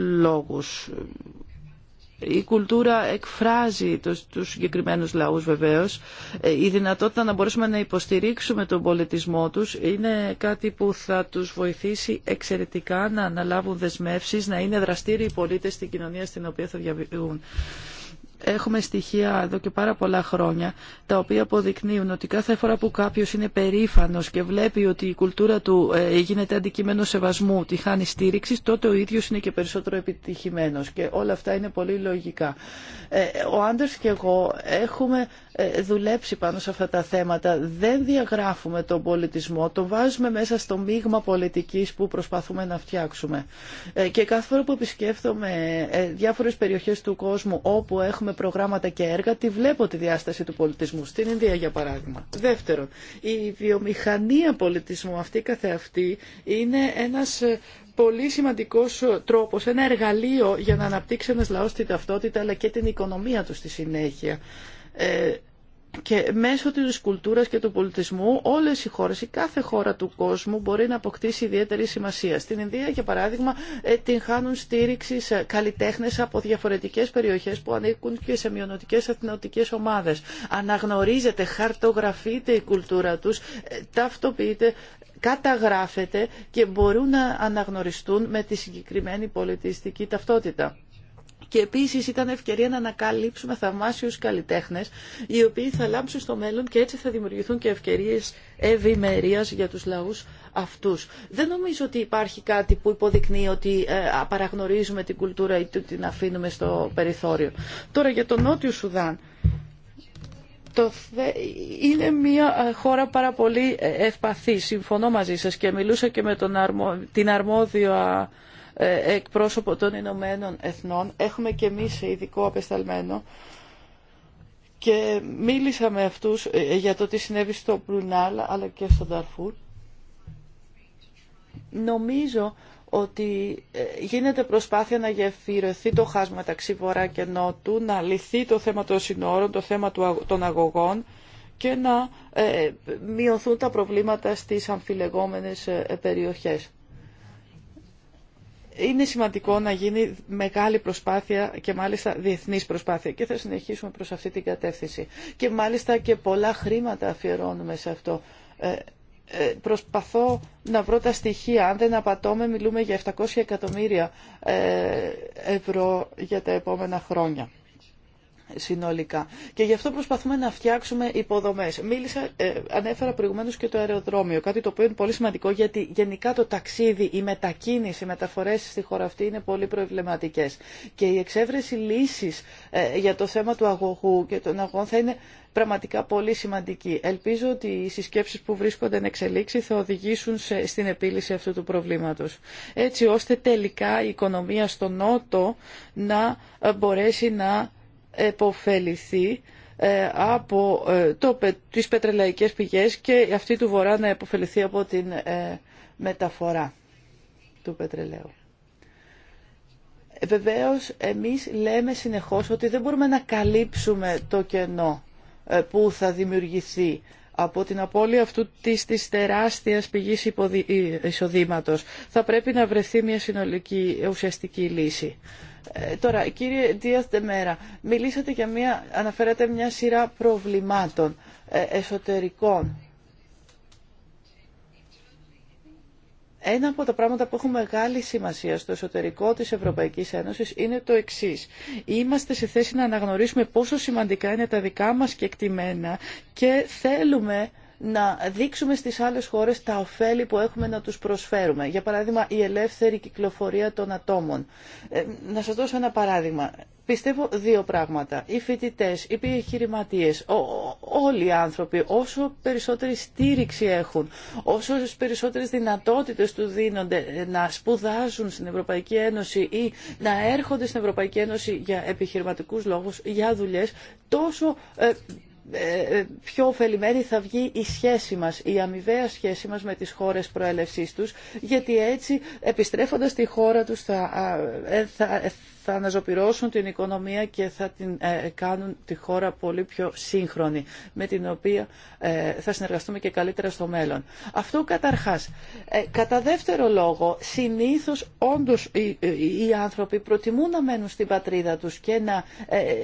η κουλτούρα εκφράζει τους, τους συγκεκριμένους λαούς βεβαίως. Ε, η δυνατότητα να μπορέσουμε να υποστηρίξουμε τον πολιτισμό τους είναι κάτι που θα τους βοηθήσει εξαιρετικά να αναλάβουν δεσμεύσεις, να είναι δραστήριοι πολίτες στην κοινωνία στην οποία θα διαβιούν. Έχουμε στοιχεία εδώ και πάρα πολλά χρόνια, τα οποία αποδεικνύουν ότι κάθε φορά που κάποιος είναι περήφανος και βλέπει ότι η κουλτούρα του ε, γίνεται αντικείμενο σεβασμού, τη χάνει στήριξη, τότε ο ίδιος είναι και περισσότερο επιτυχημένος. Και όλα αυτά είναι πολύ λογικά. Ε, ε, ο Άντερς και εγώ έχουμε ε, δουλέψει πάνω σε αυτά τα θέματα. Δεν διαγράφουμε τον πολιτισμό, το βάζουμε μέσα στο μείγμα πολιτικής που προσπαθούμε να φτιάξουμε. Ε, και κάθε φορά που επισκέφτομαι ε, διάφορες περιοχές του κόσμου όπου έχουμε προγράμματα και έργα, τη βλέπω τη διάσταση του πολιτισμού. Στην Ινδία, για παράδειγμα. Δεύτερον, η βιομηχανία πολιτισμού αυτή καθεαυτή είναι ένας πολύ σημαντικός τρόπος, ένα εργαλείο για να αναπτύξει ένας λαός την ταυτότητα αλλά και την οικονομία του στη συνέχεια και μέσω της κουλτούρας και του πολιτισμού όλες οι χώρες, η κάθε χώρα του κόσμου μπορεί να αποκτήσει ιδιαίτερη σημασία. Στην Ινδία, για παράδειγμα, ε, την χάνουν στήριξη καλλιτέχνες από διαφορετικές περιοχές που ανήκουν και σε μειονοτικές εθνοτικές ομάδες. Αναγνωρίζεται, χαρτογραφείται η κουλτούρα τους, ε, ταυτοποιείται καταγράφεται και μπορούν να αναγνωριστούν με τη συγκεκριμένη πολιτιστική ταυτότητα. Και επίσης ήταν ευκαιρία να ανακαλύψουμε θαυμάσιους καλλιτέχνες, οι οποίοι θα λάμψουν στο μέλλον και έτσι θα δημιουργηθούν και ευκαιρίες ευημερία για τους λαούς αυτούς. Δεν νομίζω ότι υπάρχει κάτι που υποδεικνύει ότι ε, παραγνωρίζουμε την κουλτούρα ή την αφήνουμε στο περιθώριο. Τώρα για τον Νότιο Σουδάν. Είναι μια ε, χώρα πάρα πολύ ε, ευπαθή, συμφωνώ μαζί σας και μιλούσα και με τον την αρμόδια ε, εκπρόσωπο των Ηνωμένων Εθνών. Έχουμε και εμείς ειδικό απεσταλμένο και μίλησα με αυτούς ε, για το τι συνέβη στο Μπρουνάλ αλλά και στο Νταρφούρ. Νομίζω ότι ε, γίνεται προσπάθεια να γεφυρωθεί το χάσμα μεταξύ Βορρά και Νότου, να λυθεί το θέμα των συνόρων, το θέμα των αγωγών και να μειωθούν τα προβλήματα στις αμφιλεγόμενες περιοχές είναι σημαντικό να γίνει μεγάλη προσπάθεια και μάλιστα διεθνής προσπάθεια και θα συνεχίσουμε προς αυτή την κατεύθυνση. Και μάλιστα και πολλά χρήματα αφιερώνουμε σε αυτό. Ε, ε προσπαθώ να βρω τα στοιχεία. Αν δεν απατώμε, μιλούμε για 700 εκατομμύρια ε, ευρώ για τα επόμενα χρόνια συνολικά. Και γι' αυτό προσπαθούμε να φτιάξουμε υποδομέ. Μίλησα, ε, ανέφερα προηγουμένω και το αεροδρόμιο, κάτι το οποίο είναι πολύ σημαντικό γιατί γενικά το ταξίδι, η μετακίνηση, οι μεταφορές στη χώρα αυτή είναι πολύ προβληματικέ. Και η εξέβρεση λύση ε, για το θέμα του αγωγού και των αγών θα είναι πραγματικά πολύ σημαντική. Ελπίζω ότι οι συσκέψεις που βρίσκονται εν εξελίξη θα οδηγήσουν στην επίλυση αυτού του προβλήματος. Έτσι ώστε τελικά η οικονομία στο Νότο να ε, μπορέσει να επωφεληθεί ε, από ε, το, τις πετρελαϊκές πηγές και αυτή του Βορρά να επωφεληθεί από την ε, μεταφορά του πετρελαίου. Βεβαίως, εμείς λέμε συνεχώς ότι δεν μπορούμε να καλύψουμε το κενό που θα δημιουργηθεί από την απώλεια αυτού της, της τεράστιας πηγής εισοδήματος. Θα πρέπει να βρεθεί μια συνολική ουσιαστική λύση. Ε, τώρα, κύριε Δίας Δεμέρα, μιλήσατε για μια, αναφέρατε μια σειρά προβλημάτων ε, εσωτερικών. Ένα από τα πράγματα που έχουν μεγάλη σημασία στο εσωτερικό της Ευρωπαϊκής Ένωσης είναι το εξής. Είμαστε σε θέση να αναγνωρίσουμε πόσο σημαντικά είναι τα δικά μας κεκτημένα και θέλουμε να δείξουμε στις άλλες χώρες τα ωφέλη που έχουμε να τους προσφέρουμε. Για παράδειγμα, η ελεύθερη κυκλοφορία των ατόμων. Ε, να σας δώσω ένα παράδειγμα. Πιστεύω δύο πράγματα. Οι φοιτητέ, οι επιχειρηματίε, όλοι οι άνθρωποι, όσο περισσότερη στήριξη έχουν, όσο περισσότερε δυνατότητε του δίνονται να σπουδάζουν στην Ευρωπαϊκή Ένωση ή να έρχονται στην Ευρωπαϊκή Ένωση για επιχειρηματικού λόγου, για δουλειέ, τόσο ε, ε, ε, πιο ωφελημένη θα βγει η σχέση μας, η αμοιβαία σχέση μας με τις χώρες προέλευσής τους, γιατί έτσι επιστρέφοντας στη χώρα τους θα ε, θα αναζωπυρώσουν την οικονομία και θα την ε, κάνουν τη χώρα πολύ πιο σύγχρονη, με την οποία ε, θα συνεργαστούμε και καλύτερα στο μέλλον. Αυτό καταρχάς. Ε, κατά δεύτερο λόγο, συνήθως όντως οι, οι άνθρωποι προτιμούν να μένουν στην πατρίδα τους και να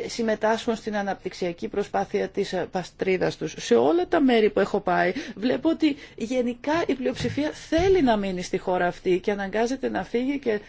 συμμετάσχουν στην αναπτυξιακή προσπάθεια της πατρίδας τους. Σε όλα τα μέρη που έχω πάει, βλέπω ότι γενικά η πλειοψηφία θέλει να μείνει στη χώρα αυτή και αναγκάζεται να φύγει και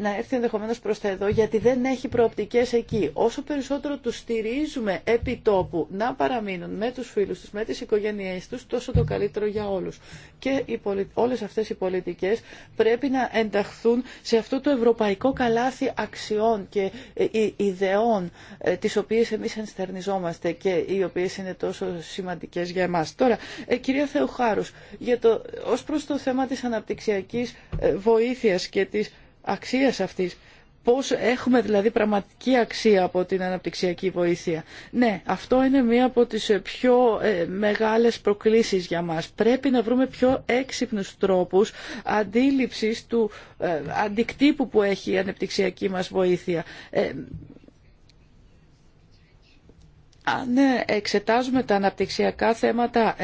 να έρθει ενδεχομένως προς τα εδώ δεν έχει προοπτικές εκεί. Όσο περισσότερο τους στηρίζουμε επί τόπου να παραμείνουν με τους φίλους τους, με τις οικογένειές τους, τόσο το καλύτερο για όλους. Και οι πολι... όλες αυτές οι πολιτικές πρέπει να ενταχθούν σε αυτό το ευρωπαϊκό καλάθι αξιών και ε, ε, ιδεών ε, τις οποίες εμείς ενστερνιζόμαστε και οι οποίες είναι τόσο σημαντικές για εμάς. Τώρα, κυρία Θεοχάρους, για το... ως προς το θέμα της αναπτυξιακής βοήθειας και της αξίας αυτής, Πώς έχουμε δηλαδή πραγματική αξία από την αναπτυξιακή βοήθεια. Ναι, αυτό είναι μία από τις ε, πιο ε, μεγάλες προκλήσεις για μας. Πρέπει να βρούμε πιο έξυπνους τρόπους αντίληψης του ε, αντικτύπου που έχει η αναπτυξιακή μας βοήθεια. Αν εξετάζουμε τα αναπτυξιακά θέματα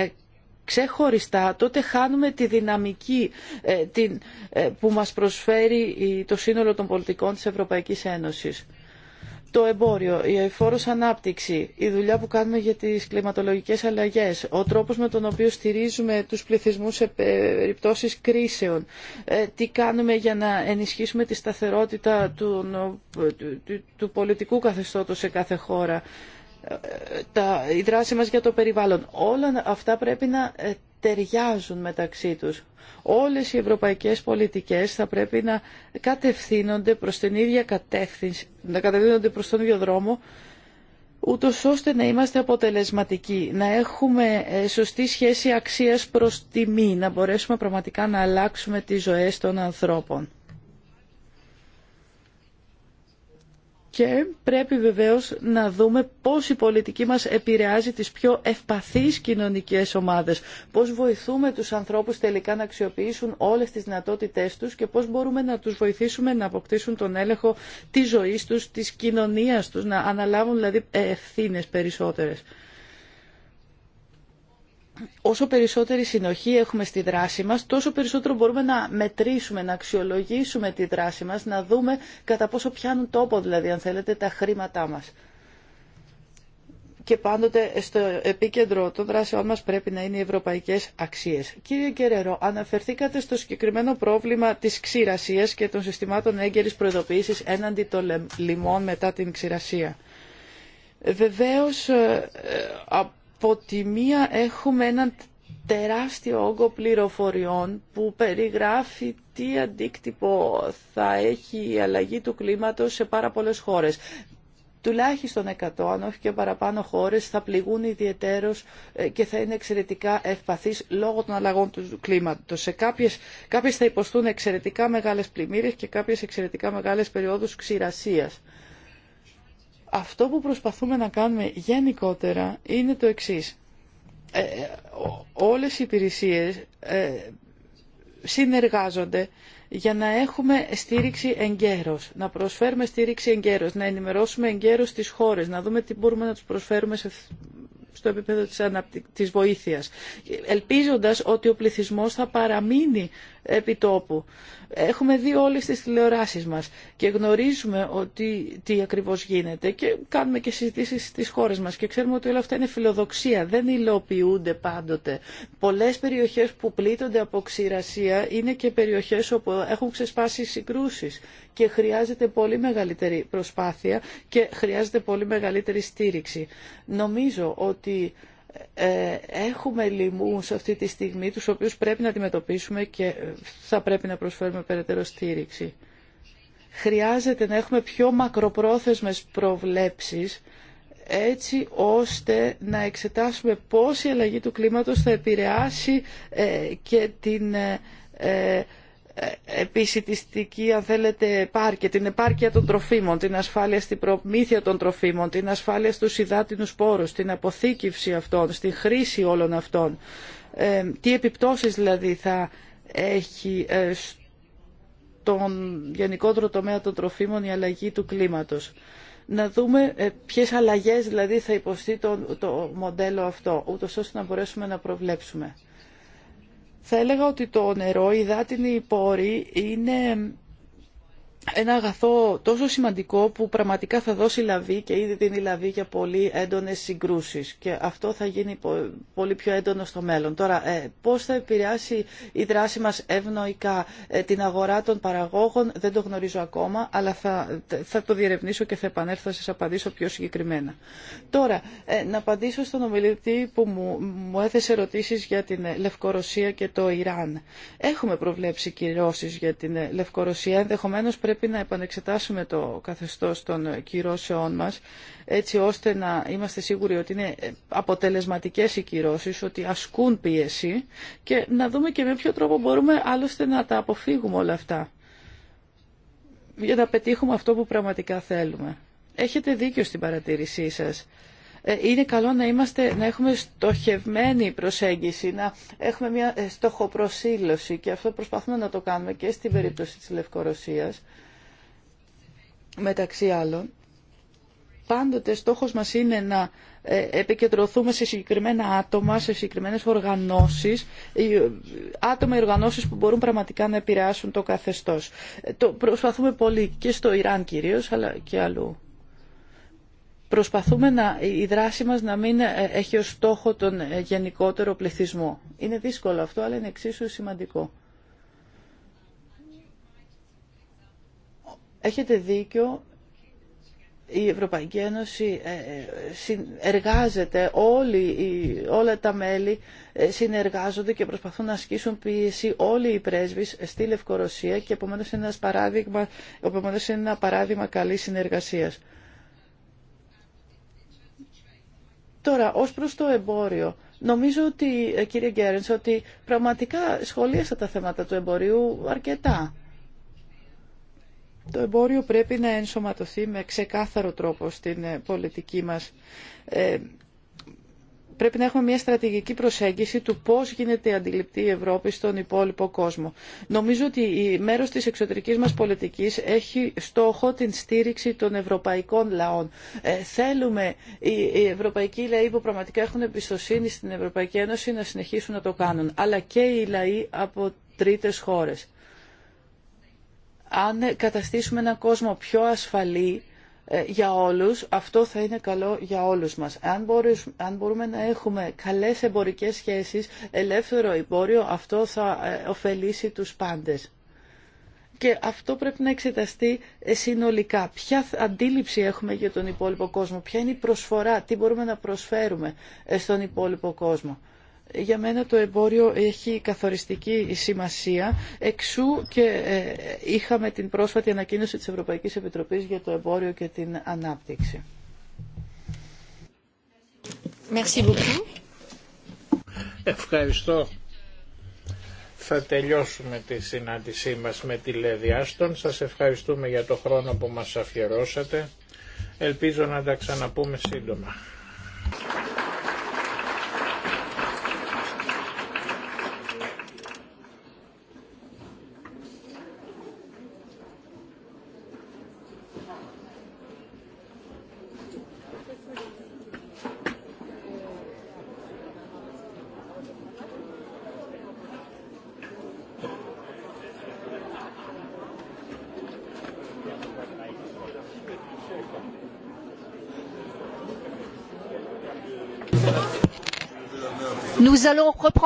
ξεχωριστά, τότε χάνουμε τη δυναμική ε, την, ε, που μας προσφέρει το σύνολο των πολιτικών της Ευρωπαϊκής Ένωσης. Το εμπόριο, η εφόρος ανάπτυξη, η δουλειά που κάνουμε για τις κλιματολογικές αλλαγές, ο τρόπος με τον οποίο στηρίζουμε τους πληθυσμούς σε περιπτώσεις κρίσεων, ε, τι κάνουμε για να ενισχύσουμε τη σταθερότητα του, πολιτικού καθεστώτος σε κάθε χώρα, τα, η δράση μας για το περιβάλλον. Όλα αυτά πρέπει να ε, ταιριάζουν μεταξύ τους. Όλες οι ευρωπαϊκές πολιτικές θα πρέπει να κατευθύνονται προς την ίδια κατεύθυνση, να κατευθύνονται προς τον ίδιο δρόμο, ούτως ώστε να είμαστε αποτελεσματικοί, να έχουμε ε, σωστή σχέση αξίας προς τιμή, να μπορέσουμε πραγματικά να αλλάξουμε τις ζωές των ανθρώπων. και πρέπει βεβαίως να δούμε πώς η πολιτική μας επηρεάζει τις πιο ευπαθείς κοινωνικές ομάδες, πώς βοηθούμε τους ανθρώπους τελικά να αξιοποιήσουν όλες τις δυνατότητές τους και πώς μπορούμε να τους βοηθήσουμε να αποκτήσουν τον έλεγχο της ζωής τους, της κοινωνίας τους, να αναλάβουν δηλαδή ευθύνες περισσότερες όσο περισσότερη συνοχή έχουμε στη δράση μας, τόσο περισσότερο μπορούμε να μετρήσουμε, να αξιολογήσουμε τη δράση μας, να δούμε κατά πόσο πιάνουν τόπο, δηλαδή, αν θέλετε, τα χρήματά μας. Και πάντοτε στο επίκεντρο των δράσεών μας πρέπει να είναι οι ευρωπαϊκές αξίες. Κύριε Κερερό, αναφερθήκατε στο συγκεκριμένο πρόβλημα της ξηρασίας και των συστημάτων έγκαιρης προειδοποίησης έναντι των λιμών μετά την ξηρασία. Βεβαίως, ε, ε, από τη μία έχουμε έναν τεράστιο όγκο πληροφοριών που περιγράφει τι αντίκτυπο θα έχει η αλλαγή του κλίματος σε πάρα πολλές χώρες. Τουλάχιστον 100, αν όχι και παραπάνω χώρες, θα πληγούν ιδιαιτέρως ε, και θα είναι εξαιρετικά ευπαθείς λόγω των αλλαγών του κλίματος. Σε κάποιες, κάποιες θα υποστούν εξαιρετικά μεγάλες πλημμύρες και κάποιες εξαιρετικά μεγάλες περιόδους ξηρασίας. Αυτό που προσπαθούμε να κάνουμε γενικότερα είναι το εξής. Ε, όλες οι υπηρεσίες ε, συνεργάζονται για να έχουμε στήριξη εγκαίρως, να προσφέρουμε στήριξη εγκαίρως, να ενημερώσουμε εγκαίρως τις χώρες, να δούμε τι μπορούμε να τους προσφέρουμε στο επίπεδο της, της βοήθειας, ελπίζοντας ότι ο πληθυσμός θα παραμείνει επιτόπου. Έχουμε δει όλες τις τηλεοράσεις μας και γνωρίζουμε ότι τι ακριβώς γίνεται και κάνουμε και συζητήσεις στις χώρες μας και ξέρουμε ότι όλα αυτά είναι φιλοδοξία, δεν υλοποιούνται πάντοτε. Πολλές περιοχές που πλήττονται από ξηρασία είναι και περιοχές όπου έχουν ξεσπάσει συγκρούσεις και χρειάζεται πολύ μεγαλύτερη προσπάθεια και χρειάζεται πολύ μεγαλύτερη στήριξη. Νομίζω ότι ε, έχουμε λοιμούς αυτή τη στιγμή, τους οποίους πρέπει να αντιμετωπίσουμε και θα πρέπει να προσφέρουμε περαιτέρω στήριξη. Χρειάζεται να έχουμε πιο μακροπρόθεσμες προβλέψεις, έτσι ώστε να εξετάσουμε πώς η αλλαγή του κλίματος θα επηρεάσει ε, και την ε, επισητιστική αν θέλετε επάρκεια, την επάρκεια των τροφίμων, την ασφάλεια στην προμήθεια των τροφίμων, την ασφάλεια στους υδάτινους πόρους, την αποθήκευση αυτών, στη χρήση όλων αυτών. Ε, τι επιπτώσεις δηλαδή θα έχει ε, στον γενικότερο τομέα των τροφίμων η αλλαγή του κλίματος. Να δούμε ε, ποιες αλλαγές δηλαδή θα υποστεί το, το μοντέλο αυτό, ούτως ώστε να μπορέσουμε να προβλέψουμε. Θα έλεγα ότι το νερό, η υδάτινη πορή είναι ένα αγαθό τόσο σημαντικό που πραγματικά θα δώσει λαβή και ήδη δίνει λαβή για πολύ έντονες συγκρούσεις και αυτό θα γίνει πολύ πιο έντονο στο μέλλον. Τώρα, ε, πώς θα επηρεάσει η δράση μας ευνοϊκά ε, την αγορά των παραγόγων δεν το γνωρίζω ακόμα, αλλά θα, θα το διερευνήσω και θα επανέλθω να σας απαντήσω πιο συγκεκριμένα. Τώρα, ε, να απαντήσω στον ομιλητή που μου, μου έθεσε ερωτήσεις για την Λευκορωσία και το Ιράν. Έχουμε προβλέψει κυρώσεις για την Λευκορωσία, πρέπει να επανεξετάσουμε το καθεστώς των κυρώσεών μας, έτσι ώστε να είμαστε σίγουροι ότι είναι αποτελεσματικές οι κυρώσεις, ότι ασκούν πίεση και να δούμε και με ποιο τρόπο μπορούμε άλλωστε να τα αποφύγουμε όλα αυτά για να πετύχουμε αυτό που πραγματικά θέλουμε. Έχετε δίκιο στην παρατήρησή σας ε, είναι καλό να, είμαστε, να έχουμε στοχευμένη προσέγγιση, να έχουμε μια ε, στοχοπροσύλωση και αυτό προσπαθούμε να το κάνουμε και στην περίπτωση της Λευκορωσίας, μεταξύ άλλων. Πάντοτε στόχος μας είναι να ε, επικεντρωθούμε σε συγκεκριμένα άτομα, σε συγκεκριμένες οργανώσεις, άτομα ή οργανώσεις που μπορούν πραγματικά να επηρεάσουν το καθεστώς. Το προσπαθούμε πολύ και στο Ιράν κυρίως, αλλά και αλλού προσπαθούμε να, η δράση μας να μην ε, έχει ως στόχο τον ε, γενικότερο πληθυσμό. Είναι δύσκολο αυτό, αλλά είναι εξίσου σημαντικό. Έχετε δίκιο, η Ευρωπαϊκή Ένωση ε, εργάζεται όλοι, όλα τα μέλη συνεργάζονται και προσπαθούν να ασκήσουν πίεση όλοι οι πρέσβεις στη Λευκορωσία και επομένως είναι, παράδειγμα, είναι ένα παράδειγμα καλής συνεργασίας. Τώρα, ως προς το εμπόριο, νομίζω ότι, ε, κύριε Γκέρενς, ότι πραγματικά σχολίασα τα θέματα του εμπορίου αρκετά. Το εμπόριο πρέπει να ενσωματωθεί με ξεκάθαρο τρόπο στην ε, πολιτική μας. Ε, Πρέπει να έχουμε μια στρατηγική προσέγγιση του πώς γίνεται αντιληπτή η Ευρώπη στον υπόλοιπο κόσμο. Νομίζω ότι η μέρος της εξωτερικής μας πολιτικής έχει στόχο την στήριξη των ευρωπαϊκών λαών. Ε, θέλουμε οι, ευρωπαϊκοί λαοί που πραγματικά έχουν εμπιστοσύνη στην Ευρωπαϊκή Ένωση να συνεχίσουν να το κάνουν, αλλά και οι λαοί από τρίτε χώρε. Αν καταστήσουμε έναν κόσμο πιο ασφαλή, ε, για όλους, αυτό θα είναι καλό για όλους μας. Αν, μπορούμε να έχουμε καλές εμπορικές σχέσεις, ελεύθερο εμπόριο, αυτό θα ε, ωφελήσει τους πάντες. Και αυτό πρέπει να εξεταστεί ε, συνολικά. Ποια αντίληψη έχουμε για τον υπόλοιπο κόσμο, ποια είναι η προσφορά, τι μπορούμε να προσφέρουμε στον υπόλοιπο κόσμο για μένα το εμπόριο έχει καθοριστική σημασία. Εξού και ε, είχαμε την πρόσφατη ανακοίνωση της Ευρωπαϊκής Επιτροπής για το εμπόριο και την ανάπτυξη. Ευχαριστώ. Θα τελειώσουμε τη συνάντησή μας με τη Λέδη Άστον. Σας ευχαριστούμε για το χρόνο που μας αφιερώσατε. Ελπίζω να τα ξαναπούμε σύντομα.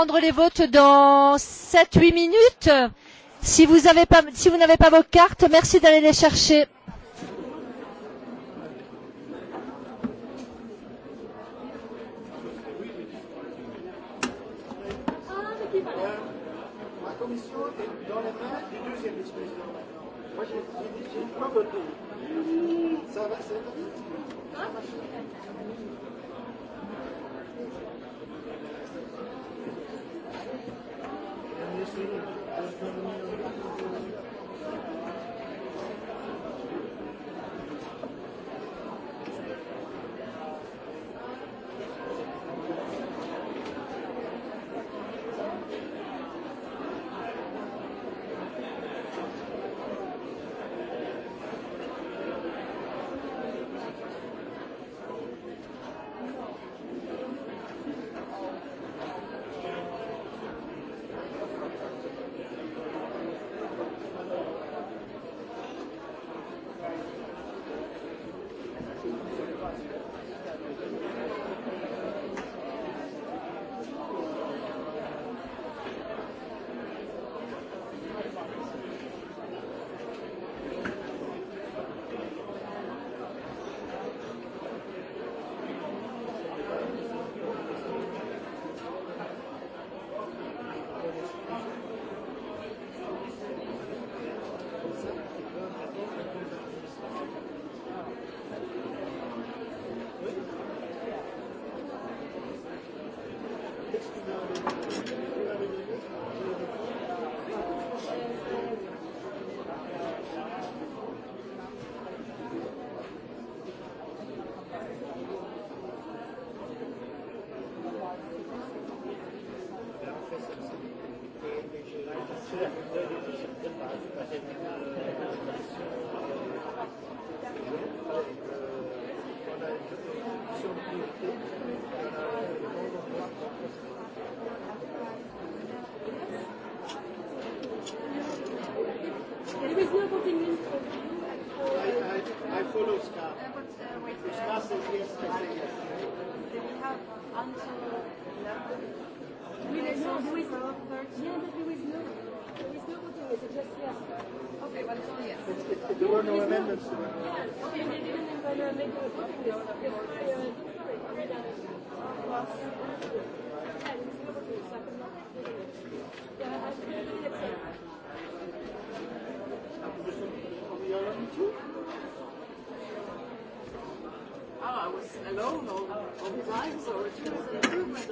prendre les votes dans 7-8 minutes. Si vous n'avez pas vos cartes, merci d'aller les chercher. I was alone all the time, so it was an improvement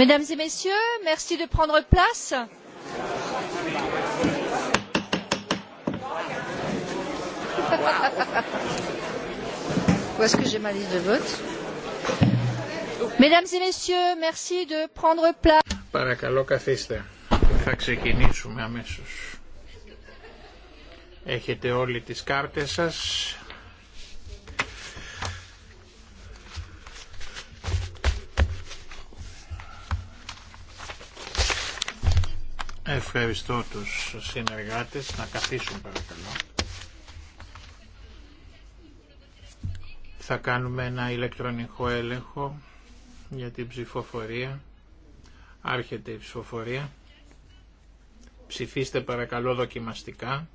Mesdames et messieurs, merci de prendre place. Où est-ce que j'ai ma liste de vote Mesdames et messieurs, merci de prendre place. Παρακαλώ καθίστε. Θα ξεκινήσουμε αμέσως. Έχετε όλοι τις κάρτες σας. Ευχαριστώ τους συνεργάτες. Να καθίσουν παρακαλώ. Θα κάνουμε ένα ηλεκτρονικό έλεγχο για την ψηφοφορία. Άρχεται η ψηφοφορία. Ψηφίστε παρακαλώ δοκιμαστικά.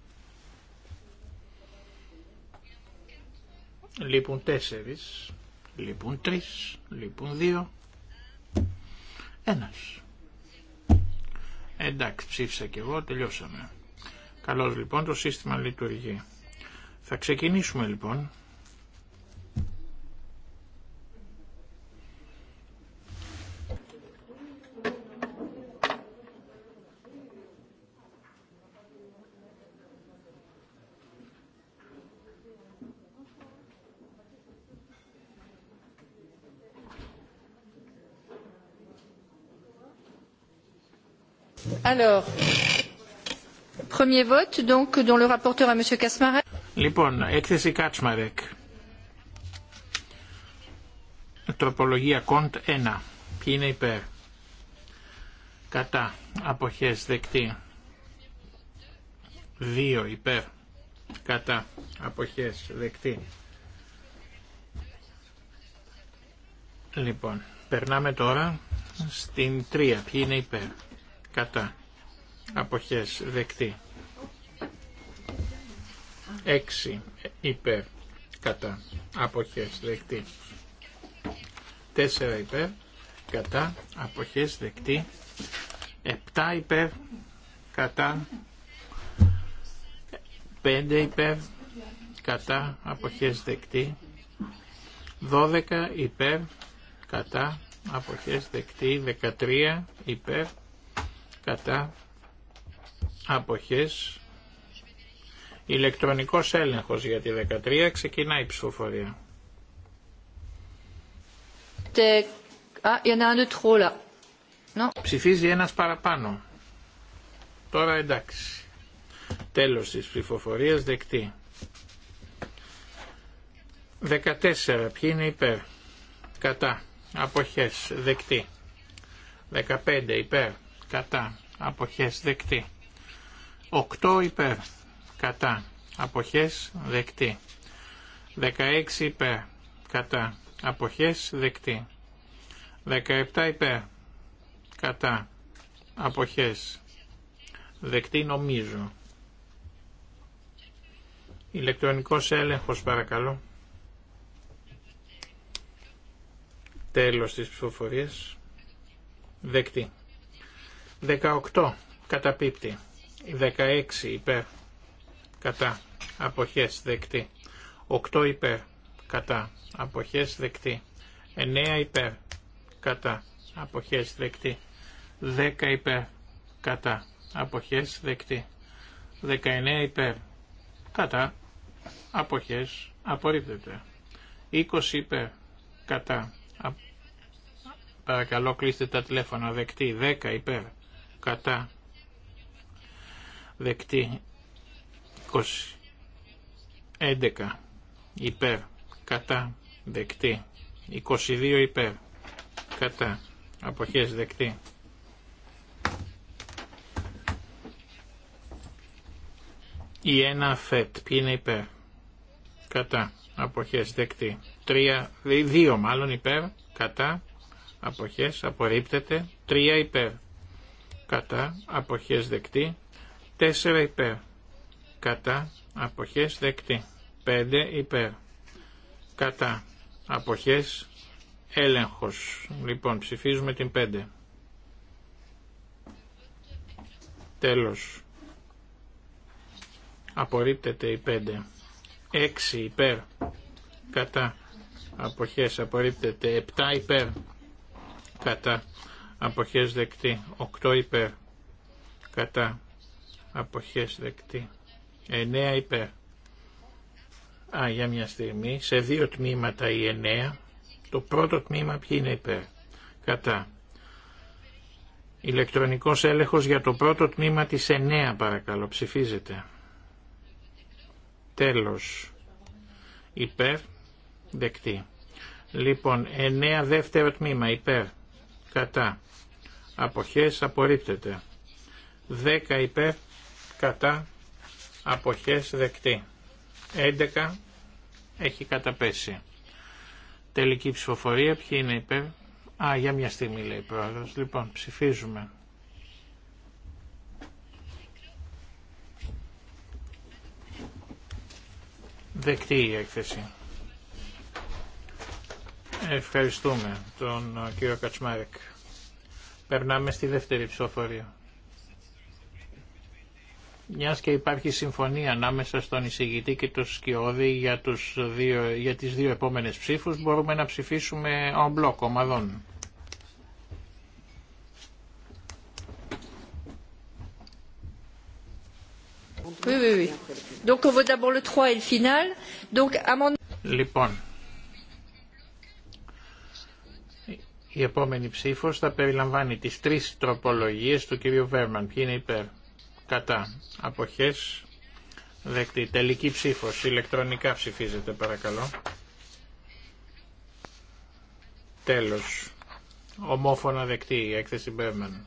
Λείπουν τέσσερις, λείπουν τρεις, λείπουν δύο, ένας. Εντάξει, ψήφισα και εγώ, τελειώσαμε. Καλώς λοιπόν το σύστημα λειτουργεί. Θα ξεκινήσουμε λοιπόν Λοιπόν, έκθεση Κάτσμαρεκ. Τροπολογία κοντ 1. Ποιοι είναι υπέρ. Κατά. Αποχές δεκτή. 2 υπέρ. Κατά. Αποχές δεκτή. Λοιπόν, περνάμε τώρα στην 3. Ποιοι είναι υπέρ. Κατά αποχές δεκτή. 6 υπέρ κατά αποχές δεκτή. 4 υπέρ κατά αποχές δεκτή. 7 υπέρ κατά 5 υπέρ κατά αποχές δεκτή. 12 υπέρ κατά αποχές δεκτή. 13 υπέρ κατά αποχές, ηλεκτρονικός έλεγχος για τη 13, ξεκινάει η ψηφοφορία. Ψηφίζει ένας παραπάνω. Τώρα εντάξει. Τέλος της ψηφοφορίας δεκτή. 14. Ποιοι είναι υπέρ. Κατά. Αποχές. Δεκτή. 15. Υπέρ. Κατά. Αποχές. Δεκτή. 8 υπέρ κατά αποχές δεκτή. 16 υπέρ κατά αποχές δεκτή. 17 υπέρ κατά αποχές δεκτή νομίζω. Ηλεκτρονικός έλεγχος παρακαλώ. Τέλος της ψηφοφορίας. Δεκτή. 18. Καταπίπτει. 16 υπέρ κατά αποχές δεκτή. 8 υπέρ κατά αποχές δεκτή. 9 υπέρ κατά αποχές δεκτή. 10 υπέρ κατά αποχές δεκτή. 19 υπέρ κατά αποχές απορρίπτεται. 20 υπέρ κατά παρακαλώ κλείστε τα τηλέφωνα δεκτή 10 υπέρ κατά δεκτή 20 11 υπέρ κατά δεκτή 22 υπέρ κατά αποχές δεκτή η ένα φετ ποιοι είναι υπέρ κατά αποχές δεκτή 3, 2 μάλλον υπέρ κατά αποχές απορρίπτεται 3 υπέρ κατά αποχές δεκτή 4 υπέρ. Κατά αποχές δεκτή. 5 υπέρ. Κατά αποχές έλεγχος. Λοιπόν, ψηφίζουμε την 5. Τέλος. Απορρίπτεται η 5. 6 υπέρ. Κατά αποχές απορρίπτεται. 7 υπέρ. Κατά αποχές δεκτή. 8 υπέρ. Κατά αποχές δεκτή. 9 υπέρ. Α, για μια στιγμή, σε δύο τμήματα η 9. Το πρώτο τμήμα ποιο είναι υπέρ. Κατά. Ηλεκτρονικός έλεγχος για το πρώτο τμήμα της 9 παρακαλώ, ψηφίζεται. Τέλος. Υπέρ, δεκτή. Λοιπόν, 9 δεύτερο τμήμα, υπέρ, κατά. Αποχές απορρίπτεται. 10 υπέρ, κατά αποχές δεκτή. 11 έχει καταπέσει. Τελική ψηφοφορία, ποιοι είναι υπέρ. Α, για μια στιγμή λέει η πρόεδρος. Λοιπόν, ψηφίζουμε. Δεκτή η έκθεση. Ευχαριστούμε τον κύριο Κατσμάρεκ. Περνάμε στη δεύτερη ψηφοφορία. Μια και υπάρχει συμφωνία ανάμεσα στον εισηγητή και τον Σκιώδη για, τους δύο, για τις δύο επόμενες ψήφους, μπορούμε να ψηφίσουμε ο μπλοκ ομαδών. Λοιπόν, η επόμενη ψήφος θα περιλαμβάνει τις τρεις τροπολογίες του κ. Βέρμαν. Ποιοι είναι υπέρ κατά, αποχές, δεκτή. Τελική ψήφος, ηλεκτρονικά ψηφίζεται παρακαλώ. Τέλος, ομόφωνα δεκτή η έκθεση Μπέρμαν.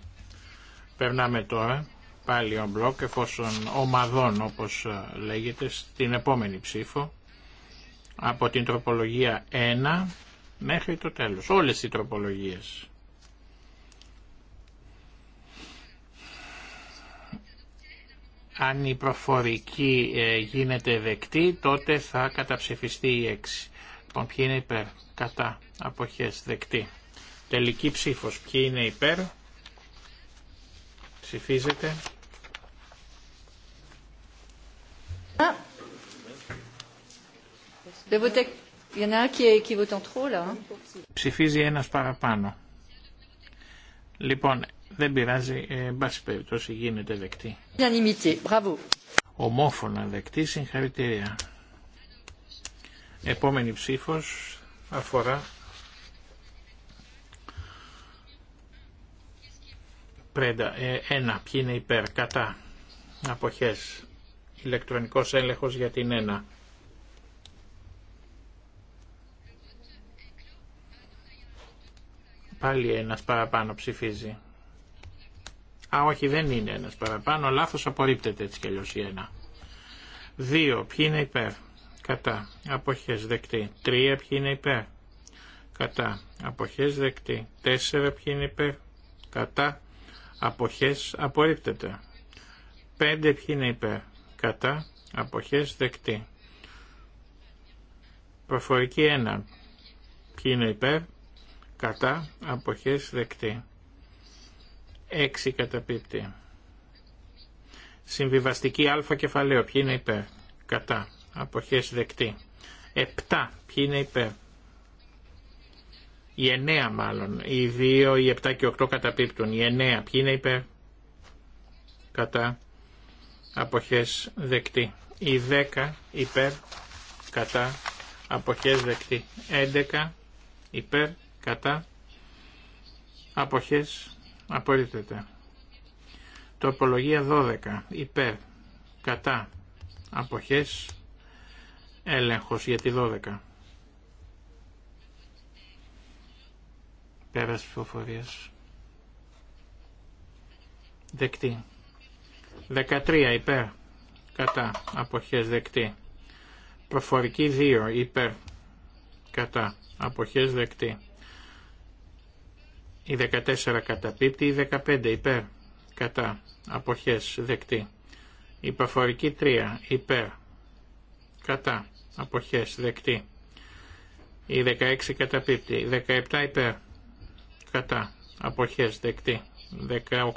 Περνάμε τώρα, πάλι ο μπλοκ, εφόσον ομαδών όπως ε, λέγεται, στην επόμενη ψήφο, από την τροπολογία 1 μέχρι το τέλος. Όλες οι τροπολογίες. αν η προφορική ε, γίνεται δεκτή, τότε θα καταψηφιστεί η 6. Λοιπόν, ποιοι είναι υπέρ, κατά, αποχές, δεκτή. Τελική ψήφος, ποιοι είναι υπέρ, ψηφίζεται. Ψηφίζει ένας παραπάνω. Λοιπόν, δεν πειράζει, ε, εν πάση περιπτώσει γίνεται δεκτή. Ομόφωνα δεκτή, συγχαρητήρια. Επόμενη ψήφος αφορά πρέντα, ε, ένα, ποιοι είναι υπέρ, κατά, αποχές, ηλεκτρονικός έλεγχος για την ένα. Πάλι ένας παραπάνω ψηφίζει. Α, όχι, δεν είναι ένας παραπάνω. Λάθος απορρίπτεται έτσι κι αλλιώς η ένα. Δύο, ποιοι είναι υπέρ. Κατά. Αποχές δεκτή. Τρία, ποιοι είναι υπέρ. Κατά. αποχέ δεκτή. Τέσσερα, ποιοι είναι υπέρ. Κατά. αποχέ απορρίπτεται. Πέντε, ποιοι είναι υπέρ. Κατά. απόχέ δεκτή. Προφορική ένα Ποιοι είναι υπέρ, κατά, αποχές δεκτή. 6 καταπίπτει. Συμβιβαστική α κεφαλαίο. Ποιοι είναι υπέρ. Κατά. Αποχές δεκτή. 7. Ποιοι είναι υπέρ. Οι 9 μάλλον. Οι 2, οι 7 και 8 καταπίπτουν. Οι 9. Ποιοι είναι υπέρ. Κατά. Αποχές δεκτή. Οι 10 υπέρ. Κατά. Αποχές δεκτή. 11 υπέρ. Κατά. Αποχές Απορρίπτεται. Τοπολογία 12. Υπέρ. Κατά. Αποχές. Έλεγχος για τη 12. Πέρας ψηφοφορίας. Δεκτή. 13. Υπέρ. Κατά. Αποχές. Δεκτή. Προφορική 2. Υπέρ. Κατά. Αποχές. Δεκτή. Η 14 καταπίπτει, η 15 υπέρ, κατά, αποχές, δεκτή. Η παφορική 3 υπέρ, κατά, αποχές, δεκτή. Η 16 καταπίπτει, η 17 υπέρ, κατά, αποχές, δεκτή.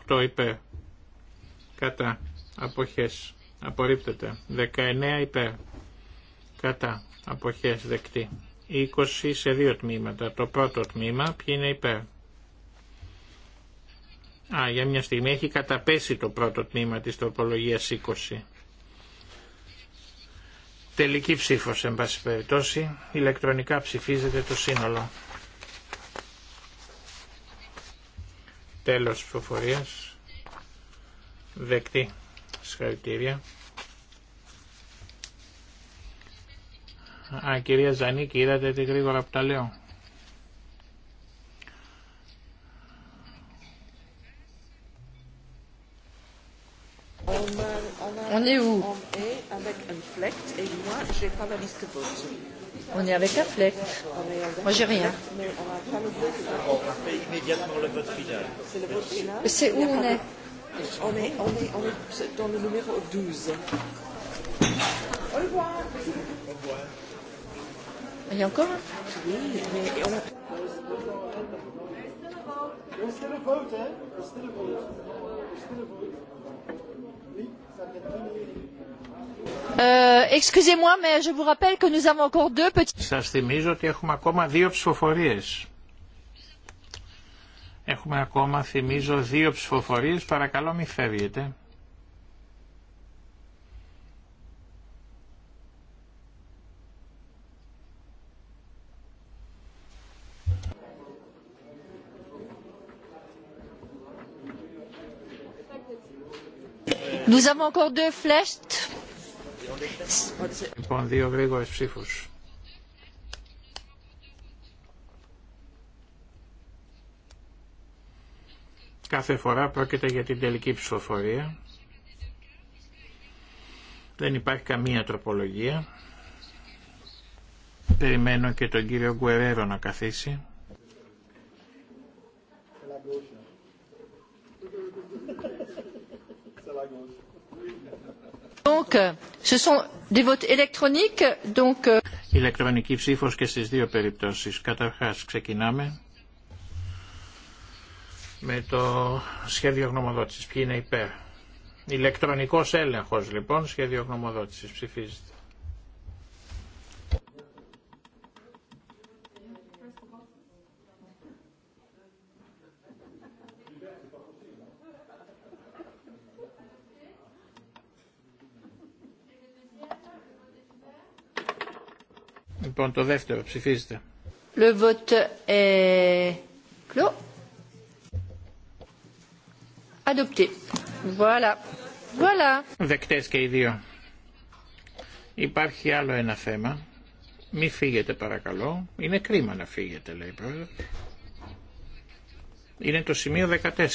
18 υπέρ, κατά, αποχές, απορρίπτεται. 19 υπέρ, κατά, αποχές, δεκτή. 20 σε δύο τμήματα. Το πρώτο τμήμα, ποιοι είναι υπέρ Α, για μια στιγμή έχει καταπέσει το πρώτο τμήμα της τροπολογίας 20. Τελική ψήφος, εν πάση περιπτώσει. Ηλεκτρονικά ψηφίζεται το σύνολο. Τέλος ψηφοφορίας. Δεκτή. Συγχαρητήρια. Α, κυρία Ζανίκη, είδατε τι γρήγορα που τα λέω. On est où On est avec un flect et moi, je n'ai pas la liste de vote. On est avec un flect. Moi, j'ai rien. Mais on a pas le vote. On fait immédiatement le vote final. C'est le vote final C'est où on est on est, on, est, on est dans le numéro 12. Au revoir. Au revoir. Il y a encore Oui, mais on a... We're still a vote, eh? still a vote. still a vote. Oui. Σας θυμίζω ότι έχουμε ακόμα δύο ψηφοφορίες. Έχουμε ακόμα, θυμίζω, δύο ψηφοφορίες. Παρακαλώ μη φεύγετε. Nous avons encore deux flèches. Λοιπόν, δύο γρήγορε ψήφου. Κάθε φορά πρόκειται για την τελική ψηφοφορία. Δεν υπάρχει καμία τροπολογία. Περιμένω και τον κύριο Γκουερέρο να καθίσει. Donc, euh, Ηλεκτρονική ψήφος και στις δύο περιπτώσεις. Καταρχάς ξεκινάμε με το σχέδιο γνωμοδότησης. Ποιοι είναι υπέρ. Ηλεκτρονικός έλεγχος λοιπόν, σχέδιο γνωμοδότησης ψηφίζεται. Λοιπόν, το δεύτερο Ψηφίζετε. Le vote est clos. Adopté. Voilà. Voilà. Δεκτές και οι δύο. Υπάρχει άλλο ένα θέμα. Μη φύγετε παρακαλώ. Είναι κρίμα να φύγετε λέει πρόεδρε. Είναι το σημείο 14.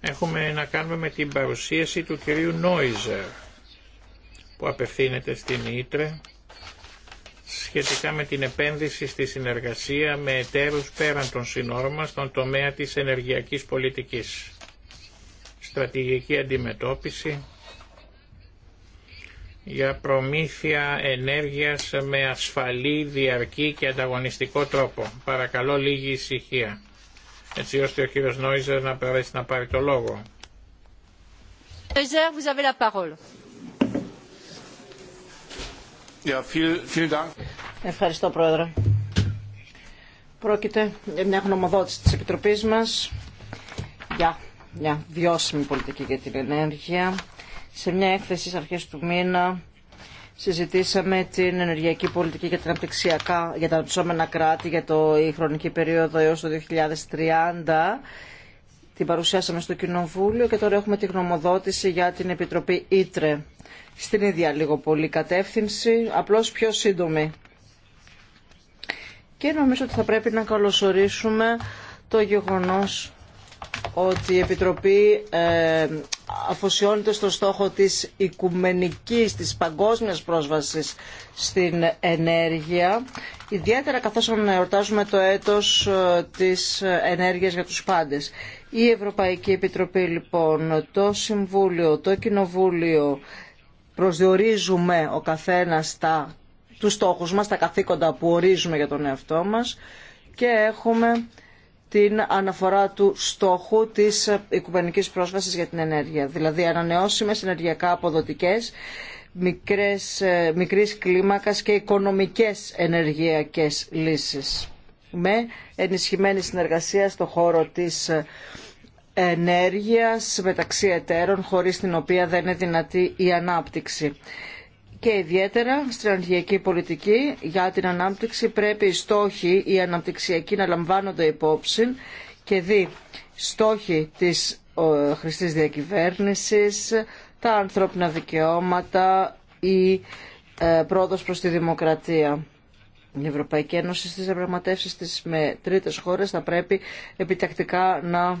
Έχουμε να κάνουμε με την παρουσίαση του κυρίου Νόιζερ που απευθύνεται στην Ήτρε σχετικά με την επένδυση στη συνεργασία με εταίρους πέραν των συνόρων μας στον τομέα της ενεργειακής πολιτικής. Στρατηγική αντιμετώπιση για προμήθεια ενέργειας με ασφαλή, διαρκή και ανταγωνιστικό τρόπο. Παρακαλώ λίγη ησυχία, έτσι ώστε ο κύριος Νόιζερ να περάσει να πάρει το λόγο. Νόιζερ, Ευχαριστώ Πρόεδρε. Πρόκειται για μια γνωμοδότηση της Επιτροπής μας για μια βιώσιμη πολιτική για την ενέργεια. Σε μια έκθεση στις αρχές του μήνα συζητήσαμε την ενεργειακή πολιτική για, την για τα αναπτυσσόμενα κράτη για το, η χρονική περίοδο έως το 2030. Την παρουσιάσαμε στο Κοινοβούλιο και τώρα έχουμε τη γνωμοδότηση για την Επιτροπή Ήτρε στην ίδια λίγο πολύ κατεύθυνση, απλώς πιο σύντομη. Και νομίζω ότι θα πρέπει να καλωσορίσουμε το γεγονός ότι η Επιτροπή ε, αφοσιώνεται στο στόχο της οικουμενικής, της παγκόσμιας πρόσβασης στην ενέργεια, ιδιαίτερα καθώς εορτάζουμε το έτος ε, της ενέργειας για τους πάντες. Η Ευρωπαϊκή Επιτροπή λοιπόν, το Συμβούλιο, το Κοινοβούλιο, προσδιορίζουμε ο καθένα τα, τους στόχους μας, τα καθήκοντα που ορίζουμε για τον εαυτό μας και έχουμε την αναφορά του στόχου της οικουμενικής πρόσβασης για την ενέργεια. Δηλαδή ανανεώσιμες ενεργειακά αποδοτικές, μικρές, ε, μικρής κλίμακας και οικονομικές ενεργειακές λύσεις με ενισχυμένη συνεργασία στον χώρο της ε, ενέργειας μεταξύ εταίρων χωρίς την οποία δεν είναι δυνατή η ανάπτυξη. Και ιδιαίτερα στην ενεργειακή πολιτική για την ανάπτυξη πρέπει οι στόχοι οι αναπτυξιακοί να λαμβάνονται υπόψη και δι στόχοι της χρηστής διακυβέρνησης, τα ανθρώπινα δικαιώματα, η ε, πρόοδος προς τη δημοκρατία. Η Ευρωπαϊκή Ένωση στις διαπραγματεύσεις της με τρίτες χώρες θα πρέπει επιτακτικά να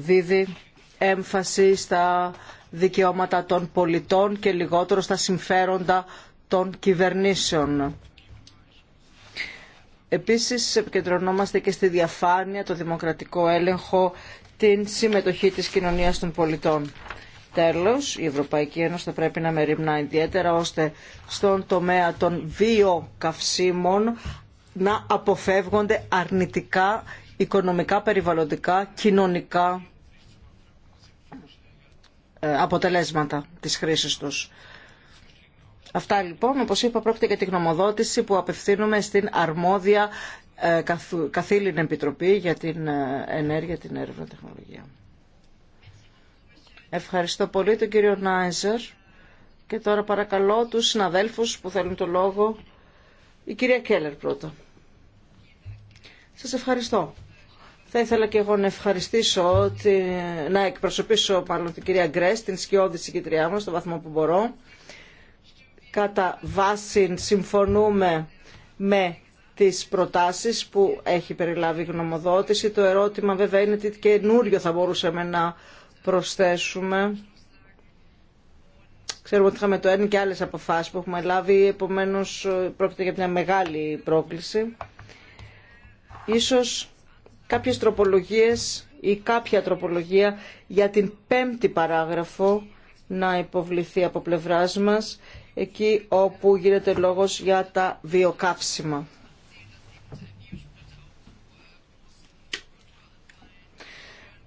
δίδει έμφαση στα δικαιώματα των πολιτών και λιγότερο στα συμφέροντα των κυβερνήσεων. Επίσης επικεντρωνόμαστε και στη διαφάνεια, το δημοκρατικό έλεγχο, την συμμετοχή της κοινωνίας των πολιτών. Τέλος, η Ευρωπαϊκή Ένωση θα πρέπει να μεριμνά ιδιαίτερα ώστε στον τομέα των βιοκαυσίμων να αποφεύγονται αρνητικά οικονομικά, περιβαλλοντικά, κοινωνικά ε, αποτελέσματα της χρήσης τους. Αυτά λοιπόν, όπως είπα, πρόκειται για τη γνωμοδότηση που απευθύνουμε στην αρμόδια ε, καθήλυν επιτροπή για την ε, ενέργεια, την έρευνα, τεχνολογία. Ευχαριστώ πολύ τον κύριο Νάιζερ και τώρα παρακαλώ τους συναδέλφους που θέλουν το λόγο. Η κυρία Κέλλερ πρώτα. Σας ευχαριστώ. Θα ήθελα και εγώ να ευχαριστήσω, να εκπροσωπήσω πάνω την κυρία Γκρέσ, την σκιώδη συγκητριά μου στο βαθμό που μπορώ. Κατά βάση συμφωνούμε με τις προτάσεις που έχει περιλάβει η γνωμοδότηση. Το ερώτημα βέβαια είναι τι καινούριο θα μπορούσαμε να προσθέσουμε. Ξέρουμε ότι είχαμε το ένα και άλλες αποφάσεις που έχουμε λάβει, επομένως πρόκειται για μια μεγάλη πρόκληση. Ίσως κάποιες τροπολογίες ή κάποια τροπολογία για την πέμπτη παράγραφο να υποβληθεί από πλευράς μας εκεί όπου γίνεται λόγος για τα βιοκάψιμα.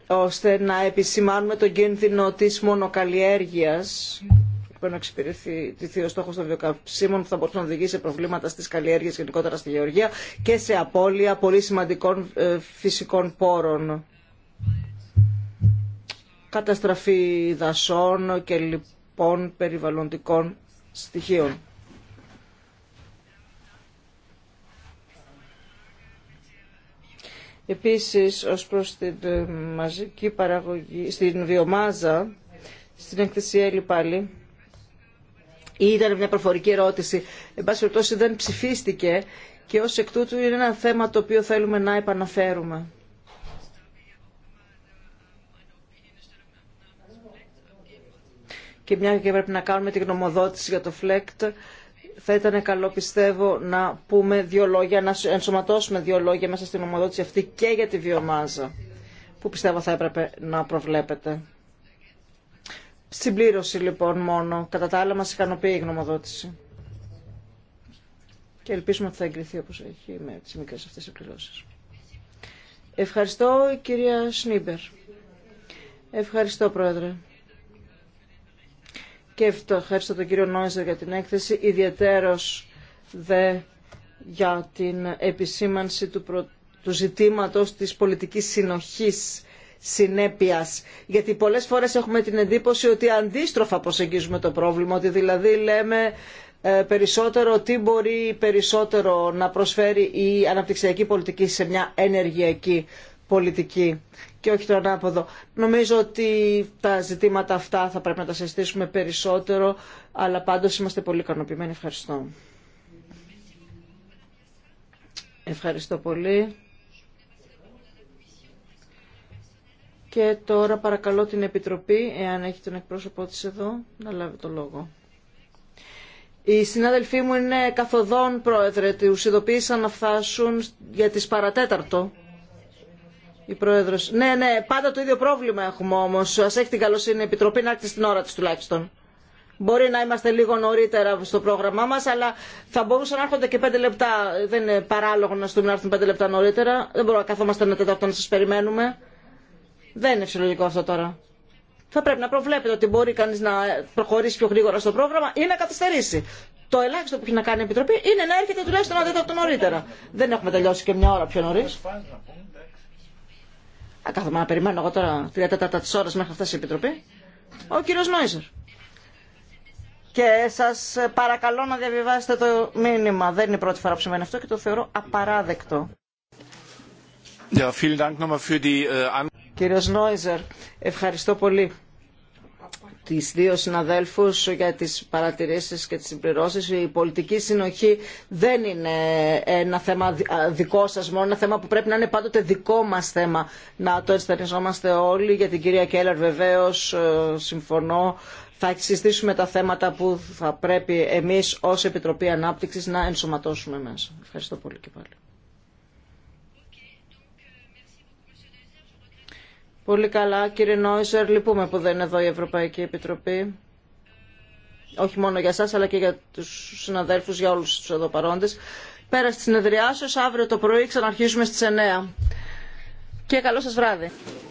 ώστε να επισημάνουμε τον κίνδυνο της μονοκαλλιέργειας πρέπει να τη θείο στόχο των βιοκαυσίμων που θα μπορούσε να οδηγήσει σε προβλήματα στι καλλιέργειε γενικότερα στη γεωργία και σε απώλεια πολύ σημαντικών ε, φυσικών πόρων. Καταστραφή δασών και λοιπόν περιβαλλοντικών στοιχείων. Επίσης, ως προς την ε, μαζική παραγωγή, στην βιομάζα, στην εκθεσία, πάλι, ήταν μια προφορική ερώτηση. Εν πάση περιπτώσει δεν ψηφίστηκε και ως εκ τούτου είναι ένα θέμα το οποίο θέλουμε να επαναφέρουμε. Και μια και πρέπει να κάνουμε τη γνωμοδότηση για το ΦΛΕΚΤ, θα ήταν καλό πιστεύω να πούμε δύο λόγια, να ενσωματώσουμε δύο λόγια μέσα στην γνωμοδότηση αυτή και για τη βιομάζα, που πιστεύω θα έπρεπε να προβλέπετε. Συμπλήρωση λοιπόν μόνο. Κατά τα άλλα μας ικανοποιεί η γνωμοδότηση. Και ελπίζουμε ότι θα εγκριθεί όπως έχει με τις μικρές αυτές εκκληρώσεις. Ευχαριστώ κυρία Σνίμπερ. Ευχαριστώ πρόεδρε. Και ευχαριστώ τον κύριο Νόιζερ για την έκθεση, ιδιαίτερος δε για την επισήμανση του, προ... του ζητήματος της πολιτικής συνοχής συνέπειας. Γιατί πολλές φορές έχουμε την εντύπωση ότι αντίστροφα προσεγγίζουμε το πρόβλημα, ότι δηλαδή λέμε ε, περισσότερο τι μπορεί περισσότερο να προσφέρει η αναπτυξιακή πολιτική σε μια ενεργειακή πολιτική και όχι το ανάποδο. Νομίζω ότι τα ζητήματα αυτά θα πρέπει να τα συζητήσουμε περισσότερο, αλλά πάντως είμαστε πολύ ικανοποιημένοι. Ευχαριστώ. Ευχαριστώ πολύ. Και τώρα παρακαλώ την Επιτροπή, εάν έχει τον εκπρόσωπό της εδώ, να λάβει το λόγο. Οι συνάδελφοί μου είναι καθοδόν πρόεδρε, τους ειδοποίησαν να φτάσουν για τις παρατέταρτο. Η πρόεδρος. Ναι, ναι, πάντα το ίδιο πρόβλημα έχουμε όμως. Ας έχει την καλοσύνη η Επιτροπή να έρθει στην ώρα της τουλάχιστον. Μπορεί να είμαστε λίγο νωρίτερα στο πρόγραμμά μας, αλλά θα μπορούσαν να έρχονται και πέντε λεπτά. Δεν είναι παράλογο να στούμε να έρθουν πέντε λεπτά νωρίτερα. Δεν μπορούμε να καθόμαστε ένα τέταρτο να σας περιμένουμε. Δεν είναι φυσιολογικό αυτό τώρα. Θα πρέπει να προβλέπετε ότι μπορεί κανεί να προχωρήσει πιο γρήγορα στο πρόγραμμα ή να καθυστερήσει. Το ελάχιστο που έχει να κάνει η Επιτροπή είναι να έρχεται τουλάχιστον ένα τέταρτο νωρίτερα. Δεν έχουμε τελειώσει και μια ώρα πιο νωρί. Α, κάθομαι να περιμένω εγώ τώρα τρία τέταρτα τη ώρα μέχρι να φτάσει η Επιτροπή. Ο κύριο Νόιζερ. Και σα παρακαλώ να διαβιβάσετε το μήνυμα. Δεν είναι η πρώτη φορά που σημαίνει αυτό και το θεωρώ απαράδεκτο. Äh, Κύριος Νόιζερ, ευχαριστώ πολύ τις δύο συναδέλφους για τις παρατηρήσεις και τις συμπληρώσεις. Η πολιτική συνοχή δεν είναι ένα θέμα δικό σας μόνο, ένα θέμα που πρέπει να είναι πάντοτε δικό μας θέμα. Να το ενστερνιζόμαστε όλοι. Για την κυρία Κέλλερ βεβαίως ε, συμφωνώ. Θα συζητήσουμε τα θέματα που θα πρέπει εμείς ως Επιτροπή Ανάπτυξης να ενσωματώσουμε μέσα. Ευχαριστώ πολύ και πάλι. Πολύ καλά, κύριε Νόισερ, λυπούμε που δεν είναι εδώ η Ευρωπαϊκή Επιτροπή. Όχι μόνο για σας, αλλά και για του συναδέλφου, για όλους τους εδώ παρόντε. Πέρα τη σα, αύριο το πρωί ξαναρχίσουμε στις 9. Και καλό σας βράδυ.